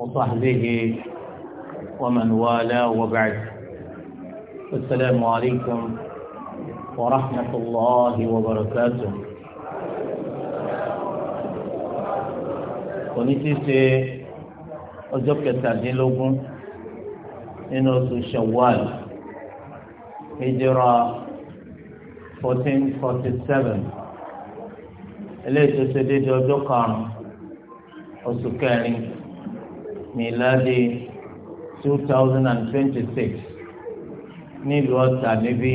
وصحبه ومن والاه وبعد السلام عليكم ورحمة الله وبركاته ونسيسي أجبك التعديلوكم إنه شوال هجرة 1447 eléyìí tó ṣe miladi 2026. thousand and twenty-six nílùú ọ̀tà níbí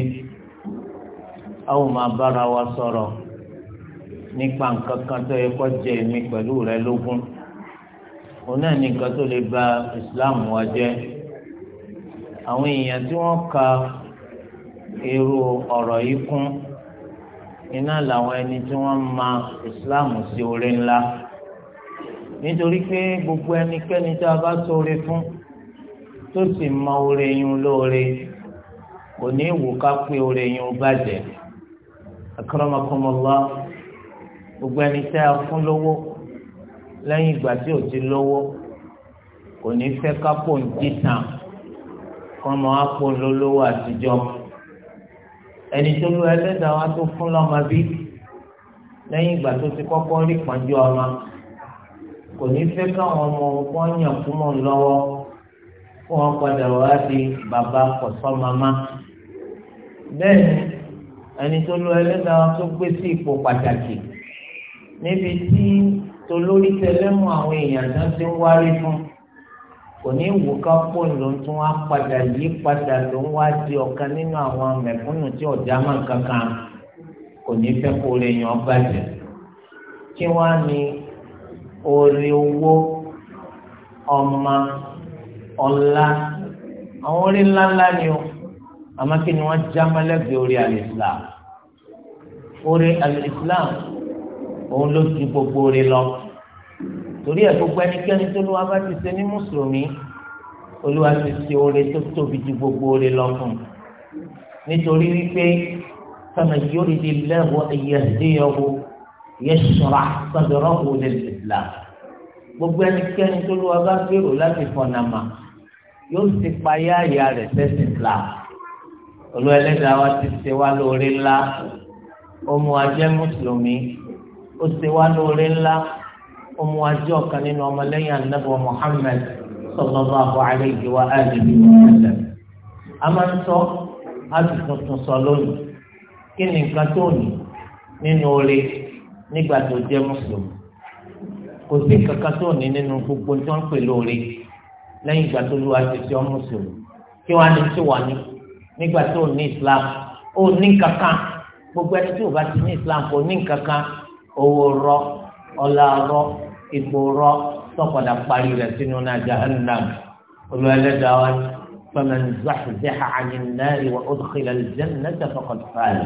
àwọn máa bára wa sọ̀rọ̀ nípa nǹkan kan tó yẹ kó jẹ èmi pẹ̀lú rẹ lógún òun náà ní nǹkan tó lè ba Islam wa jẹ́ àwọn èèyàn tí wọ́n ka èrò ọ̀rọ̀ yìí kún iná làwọn ẹni tí wọ́n ma Islam sí orí ńlá. Si nítorí pé gbogbo ẹnikẹ́ni tá a bá ṣoore fún tó sì mọ oore yín lóore kò ní wò ká pé oore yín bàjẹ́ akramakumullah gbogbo ẹni tá a fún lówó lẹ́yìn ìgbà tí ò ti lówó kò ní fẹ́ ká pò ń dìtàn kọ́mọ apò lólówó àtijọ́ ẹni tó lu ẹlẹ́dàá wa tó fún lọ́mọ bí lẹ́yìn ìgbà tó ti kọ́kọ́ rí pọ́njú ọmọ kò ní fẹ́ káwọn ọmọ wọn yàn fún mọ́ lọ́wọ́ kó wọn padà wá di bàbá kọ̀tọ́ màmá. bẹ́ẹ̀ ni ẹni tó lọ ẹlẹ́dàá tó gbé sí ipò pàtàkì níbi tí tolórí tẹlẹ́mú àwọn èèyàn náà ti ń wárí fún kò ní wù ká pọ̀ ló ń tún wá padà yí padà ló ń wá di ọ̀kan nínú àwọn mẹ̀kúnnù tí ọ̀já máa kankan kò ní fẹ́ kó lè yàn ọ́ bàjẹ́ kí wọ́n á ní orí owó ọmọ ọlá àwọn orí ńláńlá ni o àmọ́ kí ni wọ́n já mọ́lẹ́gbẹ̀ẹ́ orí alìsílám orí alìsílám òun ló ju gbogbo orí lọ torí ẹ̀ gbogbo ẹnikẹ́ni tó lówó abá ti ṣe ní mùsùlùmí olúwa ti ṣe orí tó tóbi ju gbogbo orí lọ fún un nítorí wípé sọmọ yóò di lẹ́wọ̀ ẹ̀yẹ ẹ̀dẹ́yẹwò yashrah sadrahu lil islam gbogbo ẹnikẹ́ni tó lọ́wọ́ bá gbèrò láti fọ̀nà mà yóò ti payá ìyá rẹ̀ sẹ́sìn islam olùwẹ̀lẹ́dàá wa ti ṣe wá lóore ńlá ọmọ ajẹ́ mùsùlùmí ó ṣe wá lóore ńlá ọmọ ajé ọ̀kan nínú ọmọlẹ́yìn anábọ̀ Muhammad sallallahu alayhi wa alihi wa sallam. a máa ń sọ a ti tuntun sọ lónìí kí ni nǹkan tó ní nínú oore nígbà tó jẹ́ mùsùlùmí kò sí kankan tó ní nínú gbogbo tó ń pè lóore lẹ́yìn ìgbà tó lu àṣìṣe ọ mùsùlùmí kí wọ́n á ní tí wọ́n ní nígbà tó ní islam ó ní kankan gbogbo ẹni tí ò bá ti ní islam kò ní kankan owó rọ ọlá rọ ipò rọ tọkọdà parí rẹ̀ sínú náà jahannam olú ẹlẹ́dàá wa فمن زحزح عن النار وأدخل الجنة فقد فاز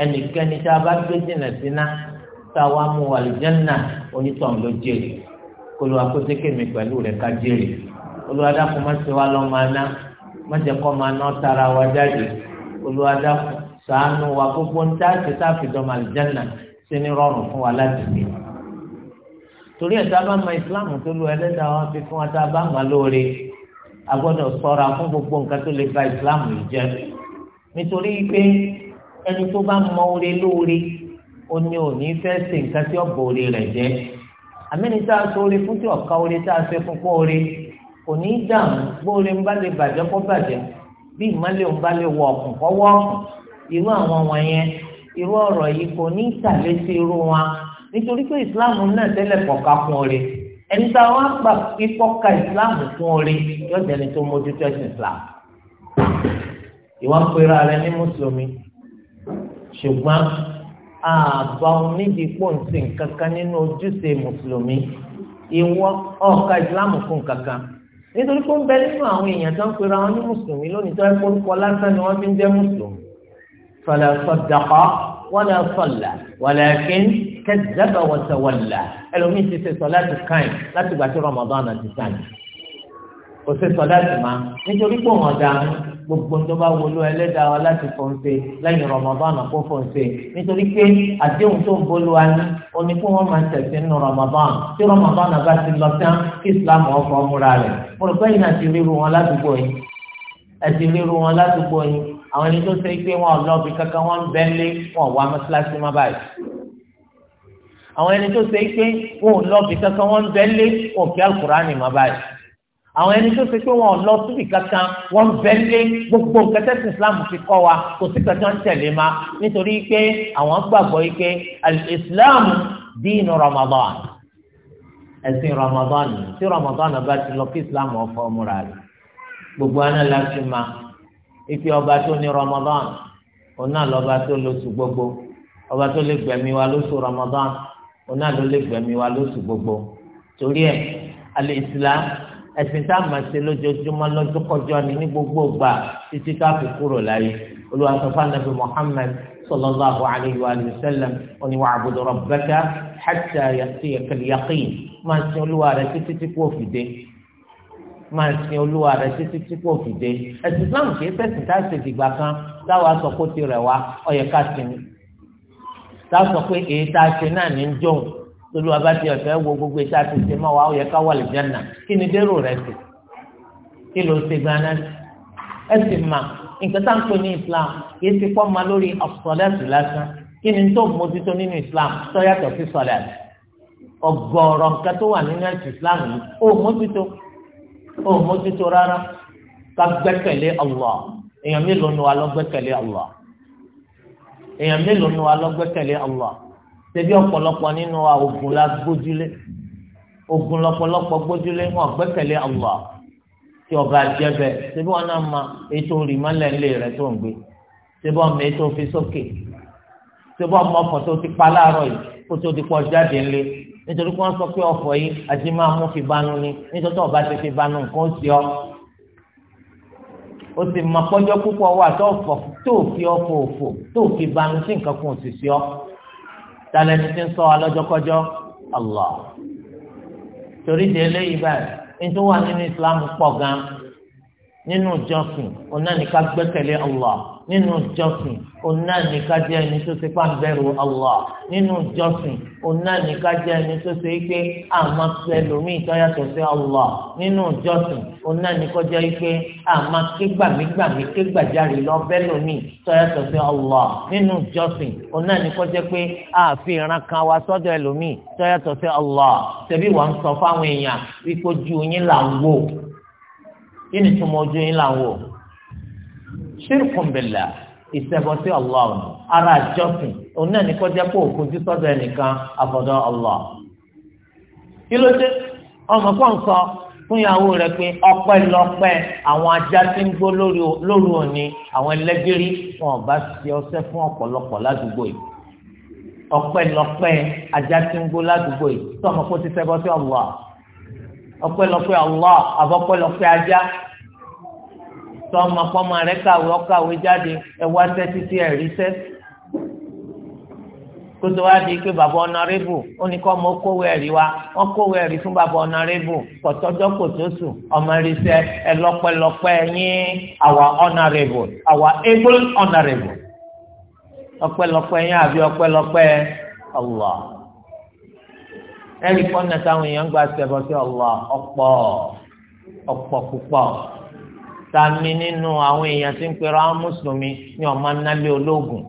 ẹnikẹ́ni tá a bá gbé jìnnà síná tá a wá mú àlùjànnà onítàn ló jèrè kólú akósékè mi pẹ̀lú rẹ̀ ká jèrè Olúwa dákun má ṣe wá lọ́mọ aná má jẹ́ kọ́ máa ná tara wa jáde Olúwa dákun wa gbogbo ń dá ṣe tá a fi dọ́mọ àlùjànnà ṣe rọrùn fún wa láti gbé torí ẹ̀ bá ma Islam tó lu ẹlẹ́dàá wa fi fún wa tá a bá ma lóore a gbọ́dọ̀ ṣọ́ra fún gbogbo nǹkan tó lè ba Islam yìí jẹ́ nítorí pé ẹni tó bá mọ oore lóore ó ní òní fẹ́ ṣe nǹkan tí ọ̀bọ̀ orí rẹ̀ jẹ́ àmínú tá a sọ orí fún tí ọ̀ka orí tá a ṣe fún pọ́ orí kò ní í dààmú gbóore ń bá lè bàjẹ́ kó bàjẹ́ bí ìmọ̀lẹ́ ń bá lè wọ ọ̀kùn kó wọ́ ọ̀kùn irú àwọn wọn yẹn irú ọ̀rọ̀ yìí kò ní tàlẹ́ sí irú wọn nítorí pé ìsìláàmù náà tẹ́lẹ̀ kọ̀ọ̀ká fún orí ẹni tá a wá gbà pípọ́ ka ìsìláàmù fún orí yóò jẹni tó mójútó ẹ̀sìn islam ìwà ń pera rẹ ní mùsùlùmí ṣùgbọ́n àbá onídìí pò ń sìn kankan nínú ojúṣe mùsùlùmí ìwọ ọ̀ka ìsìláàmù fún kankan nítorí pé ń bẹ nínú àwọn èèyàn tó ń pera wọn ní mùsùlùmí lónìí tó ń korúkọ lásán ni wọn fi ń jẹ mùsùlùmí fala saddaqa wala salla walakin kadhaba wa tawalla ẹlòmíì ti ṣe sọ láti káyìn láti gbà Ramadan àti sáyìn kò ṣe sọ láti má nítorí pé òun ọ̀daràn gbogbo tó bá wọlé ẹlẹ́dàá wa láti fọ́n ṣe lẹ́yìn Ramadan kó fọ́n ṣe nítorí pé àdéhùn tó ń bolo wa ní oní kó wọ́n máa ń tẹ̀sí nínú Ramadan tí Ramadan bá ti lọ tán kí Islam ọkọ̀ múra rẹ̀ mo rò pé ìnà ti ríru wọn ládùúgbò yìí ẹ ti ríru wọn ládùúgbò yìí àwọn ẹni tó ṣe pé wọn ò lọ bí kankan wọn ń bẹ́ńlé wọn ò wá mọ́ṣáláṣí má báyìí àwọn ẹni tó ṣe pé wọn ò lọ bí kankan wọn ń bẹ́ńlé wọn kí Al-Qur'ani má báyìí àwọn ẹni tó ṣe pé wọn lọ síbi kankan wọn bẹ́lẹ̀ gbogbo kẹtẹ́sì islam ti kọ́ wa kò sí kankan tẹ̀lé ma nítorí pé àwọn gbàgbọ́ yìí pé islam dín ramadan ẹ̀sìn ramadan tí ramadan bá ti lọ kí islam ọ̀fọ̀ múra rẹ̀ gbogbo aná la ma ife ọba tó ní ramadan ọ̀nà lọ́ba tó lóṣù gbogbo ọba tó lè gbẹ̀mí wa lóṣù ramadan ọ̀nà ló lè gbẹ̀mí wa lóṣù gbogbo torí ẹ̀ alẹ́ islam ẹ̀sìn tá a máa ṣe lójoojúmọ́ lọ́dúnkọjọ́ ni ní gbogbo ìgbà títí ká fi kúrò láyé olúwa sọ fún anabi muhammed sallallahu alayhi wa sallam oní wa'budu rabbaka hatta ya'tiyaka al-yaqin máa sin olúwa rẹ títí tí kò fi dé máa sin olúwa rẹ títí tí kò fi dé ẹ̀sìn islam kì í fẹ̀sìn tá a ṣe dìgbà kan táwa sọ kó ti rẹ̀ wá ó yẹ ká sinmi tá a sọ pé èyí tá a ṣe náà ní ń jóun torí wa bá ti ọ̀fẹ́ wo gbogbo iṣẹ́ àti ìṣe mọ́ wa ó yẹ ká wà lè jẹ́nà kí ni dérò rẹ sí kí ló ṣe gan-an ẹ sì mà nǹkan tá ń pè ní Islam kì í ti pọ́ ma lórí ọ̀sọ̀lẹ́sì lásán kí ni tó mójútó nínú Islam tó yàtọ̀ sí sọ̀lẹ́sì ọ̀gọ̀ọ̀rọ̀ nǹkan tó wà nínú ẹ̀sìn Islam yìí ó mójútó ó mójútó rárá ká gbẹ́kẹ̀lé Allah èèyàn mélòó ni wa lọ gbẹ́kẹ̀lé Allah èèyàn mélòó ni Allah ṣebí ọ̀pọ̀lọpọ̀ nínú wa ogun la gbójúlé ogun lọ́pọ̀lọpọ̀ gbójúlé wọn gbẹ́kẹ̀lé Allah tí ọba jẹbẹ ṣebí wọn náà ma ètò rìmọlẹ ńlẹ rẹ tó ń gbé ṣebí wọn mọ ètò fi sókè ṣebí wọn mọ ọ̀fọ̀ tó ti pa láàárọ̀ yìí kó tó di pọ jáde ńlẹ nítorí kí wọn sọ pé ọ̀fọ̀ yìí àti máa mú fi banú ni nítorí ọba ti fi banú nǹkan ó sì ọ ó sì mọ pọjọ púpọ̀ wà tó fi ọ̀fọ̀ òfò tó fi banú sí nǹkan kan ò sì sí ọ tálẹ́ ní ti ń sọ alọ́jọ́kọ́jọ́ Allah torí di eléyìí báyìí nítorí wà nínú Islam pọ̀ gan nínú ìjọsìn onáníkà gbẹ́kẹ̀lé Allah. nínú jọ́sìn ọ̀nà nìkan jẹ́ ẹni tó ṣe Allah nínú jọ́sìn ọ̀nà jẹ́ ẹni tó ṣe pé sí nínú jọ́sìn ọ̀nà nìkan jẹ́ pé sí Allah nínú jọ́sìn ọ̀nà nìkan jẹ́ pé àfihàn kan wá sọ́dọ̀ ẹlòmíì tó sí Allah tẹ̀bí wà ń sọ fáwọn èèyàn wípé ojú yín là ń wò ni túmọ̀ ṣírkùn bìlà ìṣẹ̀bọ̀sí Allah ọ̀nà ara àjọsìn òun náà ní kọjá pé òkun tí sọ́dọ̀ ẹnìkan àfọ̀dọ̀ Allah. kí ló dé ọmọ kan sọ fún ìyàwó rẹ pé ọpẹ́ lọpẹ́ àwọn ajá tí ń gbó lóru òní àwọn ẹlẹ́gẹ́rì wọn ò bá ṣe ọṣẹ́ fún ọ̀pọ̀lọpọ̀ ládùúgbò yìí ọpẹ́ lọpẹ́ ajá tí ń gbó ládùúgbò yìí tọmọ kó ti ṣẹbọ sí Allah ọpẹ́ lọpẹ́ Allah àbọpẹ́ lọpẹ́ ajá tọ́ ọmọ pọ́nmọ rẹ kàwé ọkàwé jáde ẹwà sẹ́ títí ẹ̀rí sẹ́ kótó wá di pé bàbá ọ̀nàrẹ́bù ó ní kọ́ ọmọ kówó ẹ̀rí wa wọ́n kówó ẹ̀rí fún bàbá ọ̀nàrẹ́bù kọ̀tọ́jọ́ kò tó sùn ọmọ irisẹ́ ẹ lọ́pẹ́lọpẹ́ yín àwa ọ̀nàrẹ́bù àwa able ọ̀nàrẹ́bù ọpẹ́lọpẹ́ yín àbí ọpẹ́lọpẹ́ Allah ẹ̀rí kọ́nà táwọn èèyàn gba ṣẹbọ sí Allah ọ̀pọ̀ ọ̀pọ̀ púpọ̀ tani nínú àwọn èèyàn tí ń pera àwọn mùsùlùmí ni ọmọ nálé ológun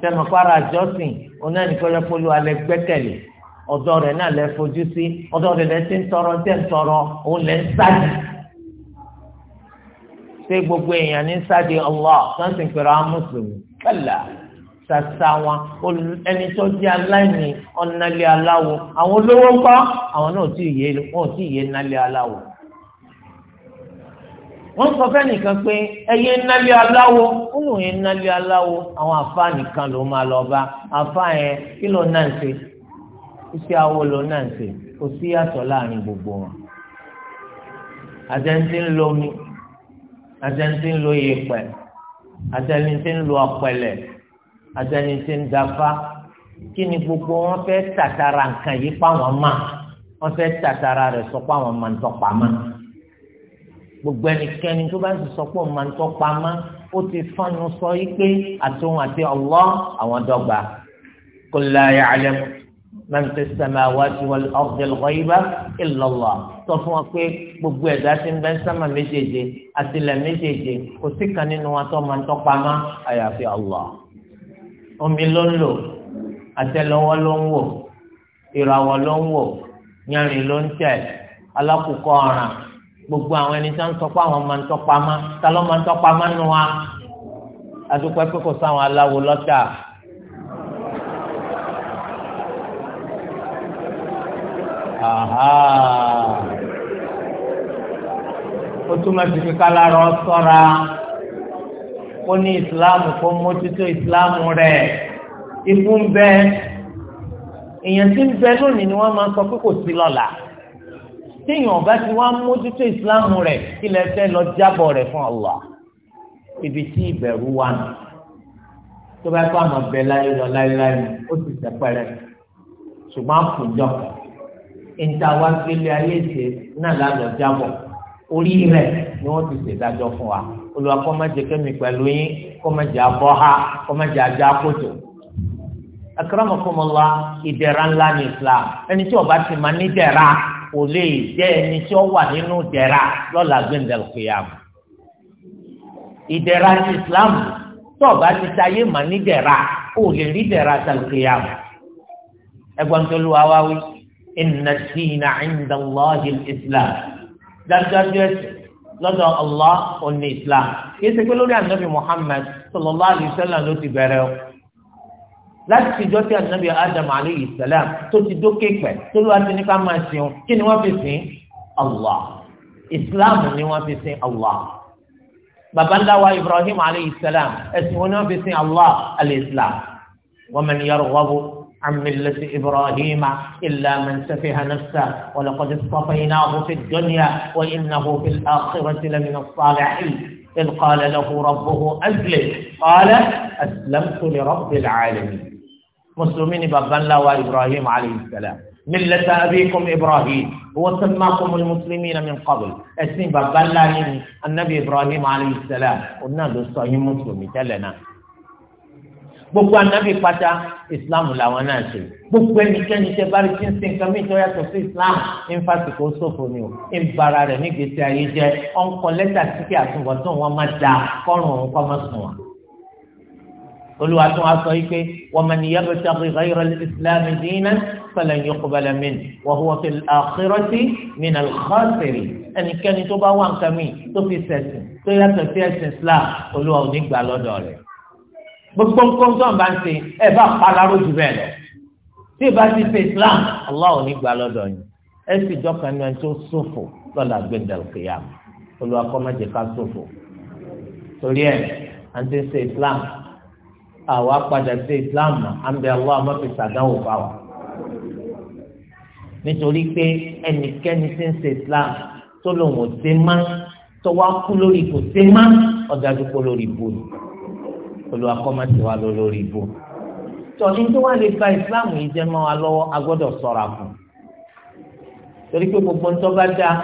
sẹmọkpara jọsìn onánìkọyọ polo alẹ gbẹ́kẹ̀lé ọ̀dọ̀ rẹ̀ náà lẹ fojú sí ọ̀dọ̀ rẹ̀ lẹ ti ń tọrọ tẹ ń tọrọ òun lẹ ń sáàdì ṣé gbogbo èèyàn ní sáàdì Allah tó ń sìn pera àwọn mùsùlùmí kẹlẹ sasa wọn ẹni tó jẹ aláìní ọ̀nàlẹ́ aláwo àwọn olówó ńkọ́ àwọn náà ò tí ì yé wọn ò tí ì wọ́n sọ fẹ́ nìkan pé ẹyẹ ńnálé aláwo ó lò yẹn ńnálé aláwo àwọn àfa nìkan ló máa lọ bá àfa yẹn kí ló náà ń ṣe iṣẹ́ awo ló náà ń ṣe kò sí yàtọ̀ láàrin gbogbo wọn àtẹnudí ń lo omi àtẹnudí ń lo iyẹ̀pẹ̀ àtẹnudí ń lo ọ̀pẹ̀lẹ̀ àtẹnudí ń dáfá kí ni gbogbo wọn fẹ́ tàtàrà nǹkan yìí pa wọn mọ́ wọn fẹ́ tàtàrà rẹ̀ sọ pa wọn mọ́ ń tọpa mọ́ gbogbo ẹnikẹ́ni tó bá sì sọ pé ọmọ ń tọ́ pamọ́ ó ti fọ́nù sọ yí pé àtòun àti Allah àwọn dọ́gba kul la ya'lamu man fis samawati wal ardi al-ghayba illa Allah sọ fún wa pé gbogbo ẹ̀dá tí ń bẹ ń sámà méjèèjì àtìlẹ̀ méjèèjì kò sí kan nínú wa tó máa ń tọ́ pamọ́ àyàfi Allah omi ló ń lò àtẹ́lẹwọ́ ló ń wò ìràwọ̀ ló ń wò yanrìn ló ń tẹ̀ alákòókò ọ̀ràn gbogbo àwọn ẹni tó ń tọpọ àwọn máa ń tọpa má ta ló máa ń tọpa má nù wa adúpọ̀ ẹ pé kò sáwọn aláwo lọ́tà. ó túmọ̀ sí kíkà lára ọ sọ́ra kó ní ìsìláàmù kó mójútó ìsìláàmù rẹ̀ ikú ń bẹ èèyàn tí ń bẹ lónìí ni wọ́n máa ń sọ pé kò sí lọ́la téèyàn bá ti wá mójútó ìsìláàmù rẹ̀ kí lè fẹ́ lọ jábọ̀ rẹ̀ fún Allah ibi tí ìbẹ̀rù wà nù tó bá kó àmọ̀ bẹ láyé lọ láéláé mu ó sì sẹ́pẹ̀rẹ̀ ṣùgbọ́n àpòjọ ìta wá sílé ayé ìṣe náà lálọ́ jábọ̀ orí rẹ̀ ni wọ́n ti ṣèdájọ́ fún wa Olúwa kó kẹ́mi pẹ̀lú yín kó má abọ́ ha kó má ajá kótó akramakumullah ìdẹ̀ra ńlá ní Islam ẹni tí ó bá ti máa ní dẹ̀ra kò lè jẹ́ ẹni tí ó wà nínú ìdẹ̀ra lọ́la gbẹ̀ndẹ̀lùkìyàmù ìdẹ̀ra ti islam tó o bá ti sáyé mà ní ìdẹ̀ra kò lè rí ìdẹ̀ra gbẹ̀ndẹ̀lùkìyàmù ẹgbọ́n tó lu wa wí inna dina inda allahi islam dájúdájú ẹsẹ̀ lọ́dọ̀ allah oní islam kì í pé lórí anabi muhammad sallallahu alayhi ló ti bẹ̀rẹ̀ o. láti fìjọ tí anabi adam aleyhi salam tó ti dókè pẹ tó ló wá sí ní ati sìn kí ni wọ́n fi sìn allah islam ni wọ́n fi sìn allah baba ńlá wa ibrahim aleyhi salam ẹ̀sìn wọn ni wọ́n fi sìn allah aleyhi islam wọn mẹni yàrá ibrahim ilà wàbọ. عن ملة إبراهيم إلا من سفه نفسه ولقد اصطفيناه في الدنيا وإنه في الآخرة لمن الصالحين إذ قال له ربه أسلم قال أسلمت لرب العالمين مسلمين ni baba ńlá wa ibrahim alayhi salam millata abikum ibrahim wa sammakum almuslimina min qabl ẹ̀sìn baba ńlá yín anabi ibrahim alayhi salam ọ̀nà ló sọ yín mùsùlùmí tẹ́lẹ̀ náà gbogbo anabi pátá islam làwọn náà ṣe gbogbo ẹnikẹ́ni tẹ bá rí tí ń sin nǹkan mi sí islam ńfàsìkò sófo ni o ńbara rẹ̀ nígbèsè ayé jẹ́ ọ̀nkọ́ lẹ́tà sí kí àtúbọ̀tán wọn má da kọ́rùn-ún kọ́ wọn olùwà tó wá sọ yìí pé waman yabtaghi ghayra al-islami dinan falan yuqbala minhu wa huwa fil akhirati minal khasirin ẹnikẹ́ni tó bá wà nǹkan mi tó fi sẹ̀sìn tó yàtọ̀ sí ẹ̀sìn Islam olùwà ò ní gbà lọ́dọ̀ rẹ̀ gbogbo nǹkan tó ń bá ń ṣe ẹ bá paláró jù bẹ́ẹ̀ lọ tí ìbá ti ṣe Islam Allah ò ní gbà lọ́dọ̀ yìí ẹ àwa padà sí islam náà àǹbẹ̀ allah má fi sàdánwò bá wa nítorí pé ẹnikẹ́ni tí ń ṣe islam tó lòun ò ṣe má tó wá kú lórí kò ṣe má ọ̀dájú kó lórí ibò ni olùwàkọ́mọ̀tì wa lọ lórí ibò tọ́ni tó wá lè ba islam yìí jẹ́ mọ́ wa lọ́wọ́ a gbọ́dọ̀ sọ̀ra fún torí pé gbogbo ń tọ́ bá dáa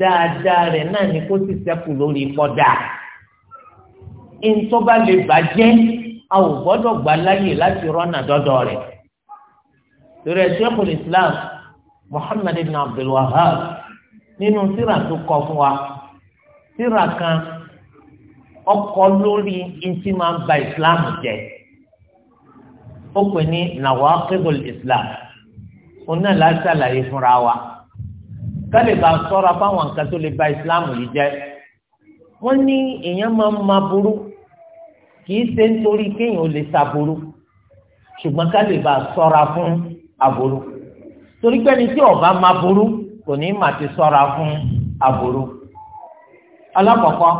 dáadáa rẹ̀ náà ni kó sì sẹ́kù lórí ipò dáa ń tọ́ lè bàjẹ́ a ò gbọ́dọ̀ gbà láyè láti rọ́nà dọ́dọ̀ rẹ̀ rẹ̀ Sheikhul Islam Muhammad ibn Abdul Wahhab nínú síra tó kọ fún wa síra kan ọkọ lórí ntí máa ń ba Islam jẹ́ ó pè ní nawaqidul Islam oná làásàlàyé fúnra wa kálí bá sọ́ra fáwọn nǹkan tó lè ba Islam yìí jẹ́ wọ́n ní èèyàn máa ma burú kìí ṣe nítorí kéèyàn lè ṣàbòrò ṣùgbọ́n ká lè bá a sọ́ra fún àbòrò torí pé ẹni tí ọba máa ború kò ní mà ti sọ́ra fún àbòrò. alákọ̀ọ́kọ́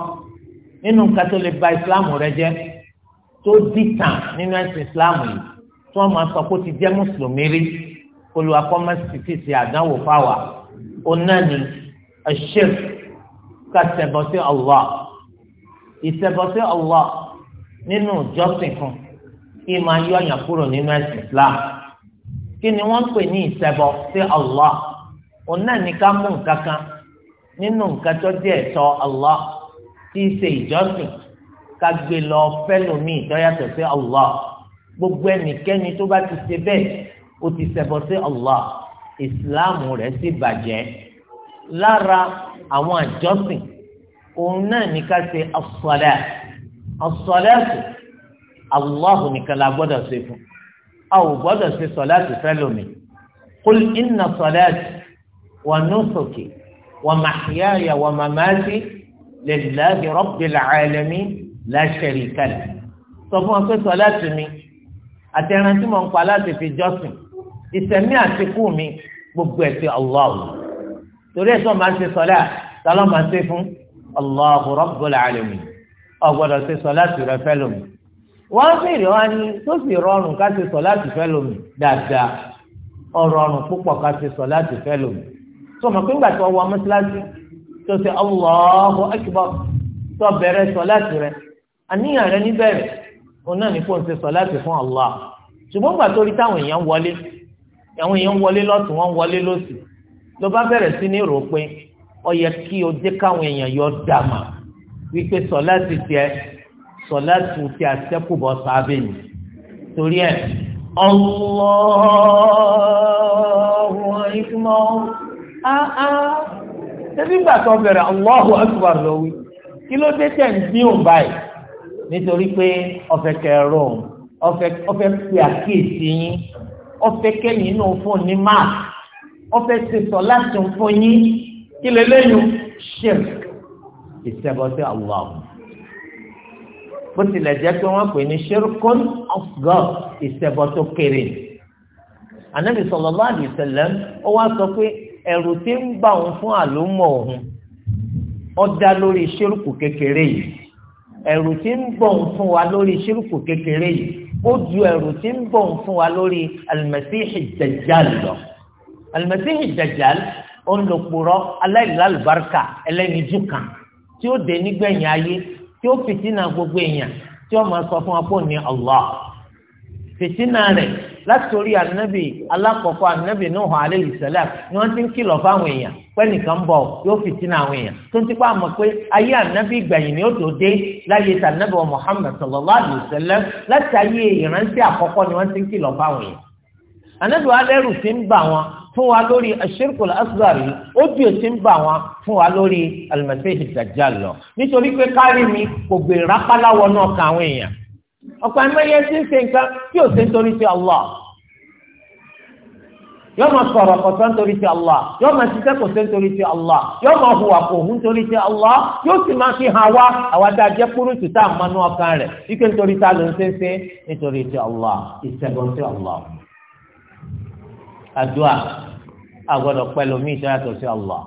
nínú nǹkan tó lè ba ìsìláàmù rẹ jẹ́ tó dìtàn nínú ẹ̀sìn ìsìláàmù yìí tí wọ́n máa sọ pé ó ti jẹ́ mùsùlùmí rí olùwàkọ́mọ́sì ti ṣe àdánwò fáwà onáni ẹ̀ṣẹ́ kàṣẹ̀bọ̀ sí Allah ìṣẹ̀bọ̀ Allah nínú ìjọsìn fún kí máa yọ ọyàn kúrò nínú ẹsìn Islam kí ni wọ́n ń pè ní ìṣẹbọ sí Allah òun náà ní ká mú nǹkan kan nínú nǹkan tó jẹ́ ẹ̀tọ́ Allah tí í ṣe ìjọsìn ká gbé lọ fẹ́lòmíì tó sí Allah gbogbo ẹnikẹ́ni tó bá ti ṣe bẹ́ẹ̀ ó ti ṣẹbọ sí Allah Islam rẹ̀ sì bàjẹ́ lára àwọn àjọsìn òun náà ní ká ṣe as ọ̀sọ̀lẹ́sì Allahu nìkan la gbọ́dọ̀ ṣe fún a ò gbọ́dọ̀ ṣe sọ̀láàtì fẹ́lómi kul inna sọ̀láàtì wa nusuki wa mahyaya wa mamati lillahi rabbil alamin la sharika lahu sọ fún wọn pé sọ̀láàtì mi àtẹ̀ràn tí mo ń pa láti fi jọ́sìn ìsẹ̀mí àtikú mi gbogbo ẹ̀ sí torí ẹ̀ sọ ma ṣe sọ̀láàtì sálọ́ ma ṣe fún Allahu rabbil alamin ọ̀gbọ́dọ̀ ṣe sọ láti rẹ fẹ́ lómi wọ́n béèrè wá ní tó sì rọrùn ká ṣe sọ láti fẹ́ lómi dáadáa ọ̀rọ̀rùn púpọ̀ ká ṣe sọ láti fẹ́ lómi tó mọ̀ pé ńgbà tó wọ mọ́ṣáláṣí tó ṣe Allahu akbar tó bẹ̀rẹ̀ sọ láti rẹ àníyàn rẹ níbẹ̀rẹ̀ òun náà ní kó ń ṣe sọ láti fún Allah ṣùgbọ́n ńgbà tó rí táwọn èèyàn wọlé àwọn èèyàn wọlé lọ́tún wọn wọlé lọ́sì ló wípé sọlá ti tiẹ̀ sọlá tù tí a sẹ́kù bọ́ sábẹ́ ni torí ẹ̀ ọlọ́ọ̀hún ìfúnmọ́ áá ṣẹ́bí gbà tó bẹ̀rẹ̀ ọlọ́ọ̀hún akbar lọ́wọ́ kí ló dé tẹ̀ ń dín òun báyìí nítorí pé ọ̀fẹ́ kẹrọ òun ọ̀fẹ́ pé àkíyèsí yín ọ̀fẹ́ kẹ́yìn inú fún ní máàkì ọ̀fẹ́ ṣe sọ láti fún yín kí lè lẹ́yìn ṣẹ́fù ìṣẹ́bọ sí Allah bó tilẹ̀ jẹ́ pé wọ́n pè ní ṣírkún asghar ìṣẹ́bọ tó kéré anabi sallallahu alaihi wasallam ó wá sọ pé ẹ̀rù tí ń bà òun fún àlùmọ̀ òun ó dá lórí ṣírkù kékeré yìí ẹ̀rù tí ń bọ̀ òun fún wa lórí ṣírkù kékeré yìí ó ju ẹ̀rù tí ń bọ̀ òun fún wa lórí alimẹsíhì dajjal lọ alimẹsíhì dajjal ó ń lò kpọ̀rọ̀ aláìlálùbáríkà ẹlẹ́yinjú kan tí ó dé nígbẹ̀yìn ayé tí ó fìtínà gbogbo èèyàn tí ó máa sọ fún apò ní Allah fìtínà rẹ̀ láti orí ànábì alákọ̀ọ́kọ́ ànábì Nuhu alayhi salam ni wọ́n ti ń kìlọ̀ fáwọn èèyàn pé nìkan bọ̀ yóò fìtínà àwọn èèyàn tó ń tipa mọ̀ pé ayé ànábì gbẹ̀yìn ni ó tó dé láyé tànábì wa Muhammad sallallahu alayhi wa láti ayé ìrántí àkọ́kọ́ ni wọ́n ti ń kìlọ̀ fáwọn èèyàn ànábì wa lẹ́rù ti ń bà wọn fún wa lórí ashirkul asghari ó ju èsì ń bà wọn fún wa lórí alimẹsẹ́hì dajjal lọ nítorí pé kárí mi kò gbé rápálá wọnú ọkàn àwọn èèyàn ọ̀pọ̀ ẹ̀mẹ́yẹ ti ń ṣe nǹkan tí ò ṣe nítorí ti Allah yọ ma sọ̀rọ̀ kọ̀tọ́ nítorí ti Allah yọ ma ṣiṣẹ́ kò ṣe nítorí ti Allah yọ ma hùwà kò hù nítorí ti Allah yóò sì máa fi hàn wá àwa dá jẹ́ kúrú tù tá ọkàn rẹ̀ ike nítorí ta ló ń ṣe ń ṣe nítorí ti Allah ìṣẹ́gun ti Allah àdúà agbọ́dọ̀ pẹ́ lomi tó yàtọ̀ sí Allah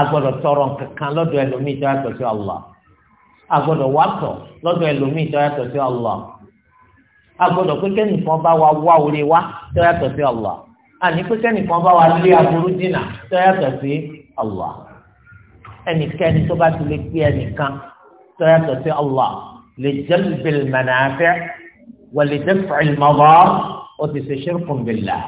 agbọ́dọ̀ tọrọ kankan lọ́dọ̀ ẹlòmíì tó yàtọ̀ sí Allah agbọ́dọ̀ wàtọ̀ lọ́dọ̀ ẹlòmíì tó yàtọ̀ sí Allah agbọ́dọ̀ pẹkẹ nìkan bá wa wá orí wa tó yàtọ̀ sí Allah àní pẹkẹ nìkan bá wa lé aburú dínà tó yàtọ̀ sí Allah ẹnikẹ́ni tó bá ti lè pé ẹnìkan tó yàtọ̀ sí Allah li jalbil manafi' wa li daf'il madar ó ti ṣe ṣirkun billah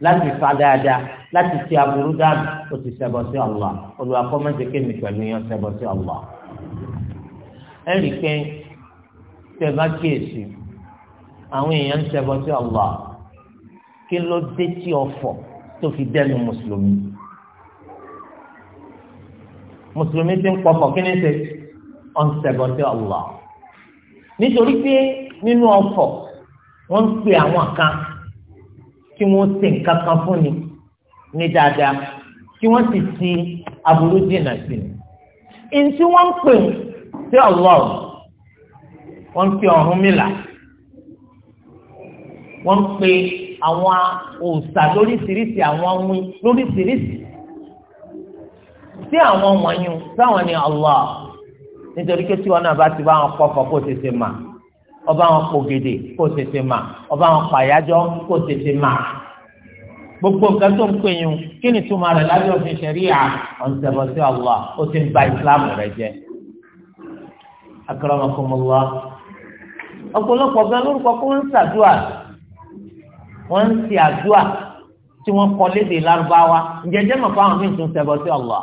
láti fa dáadáa láti ṣe aburú dáàbò ó ti ṣẹbọ sí Allah olùwàkọ́mọ́sẹ̀kẹ́ mi pẹ̀lú yan ṣẹbọ sí Allah. ẹ rí i pé tẹ bá kíyèsí àwọn èèyàn ń ṣẹbọ sí Allah kí ló dé tí ọ̀fọ̀ tó fi dẹnu mùsùlùmí mùsùlùmí ti ń pọ̀fọ̀ kí ni ṣe ọ̀n ṣẹbọ sí Allah nítorí pé nínú ọ̀fọ̀ wọ́n ń pè àwọn kan tí wọ́n ṣe nǹkan kan fún ni ní dáadáa tí wọ́n sì ti aburú dènà sí ni. Ìyẹn wọ́n ń pè sí Allah wọ́n ń pè Ọ̀rúnmìlà wọ́n ń pè àwọn òòṣà lóríṣiríṣi àwọn ohun lóríṣiríṣi tí àwọn wọ̀nyí sáwọn ni Allah nítorí pé tí wọn náà bá ti bá wọn kọ́ fọ́ kó tètè máa ọba wọn kò gèdè kó tètè mà ọba wọn pàyájọ kó tètè mà gbogbo nǹkan tó ń pè yín kí ni túmọ̀ rẹ̀ lábẹ́ òfin ṣẹ̀ríà ọ̀nsẹ̀bọ̀ sí Allah ó ti ń ba ìsìláàmù rẹ̀ jẹ́ akramakumullah ọ̀pọ̀lọpọ̀ gan lórúkọ kó ń ṣàdúà wọ́n ń ṣe àdúà tí wọ́n kọ lédè lárúbáwá ǹjẹ́jẹ́ mọ̀ fún àwọn míì tó ń ṣẹbọ sí Allah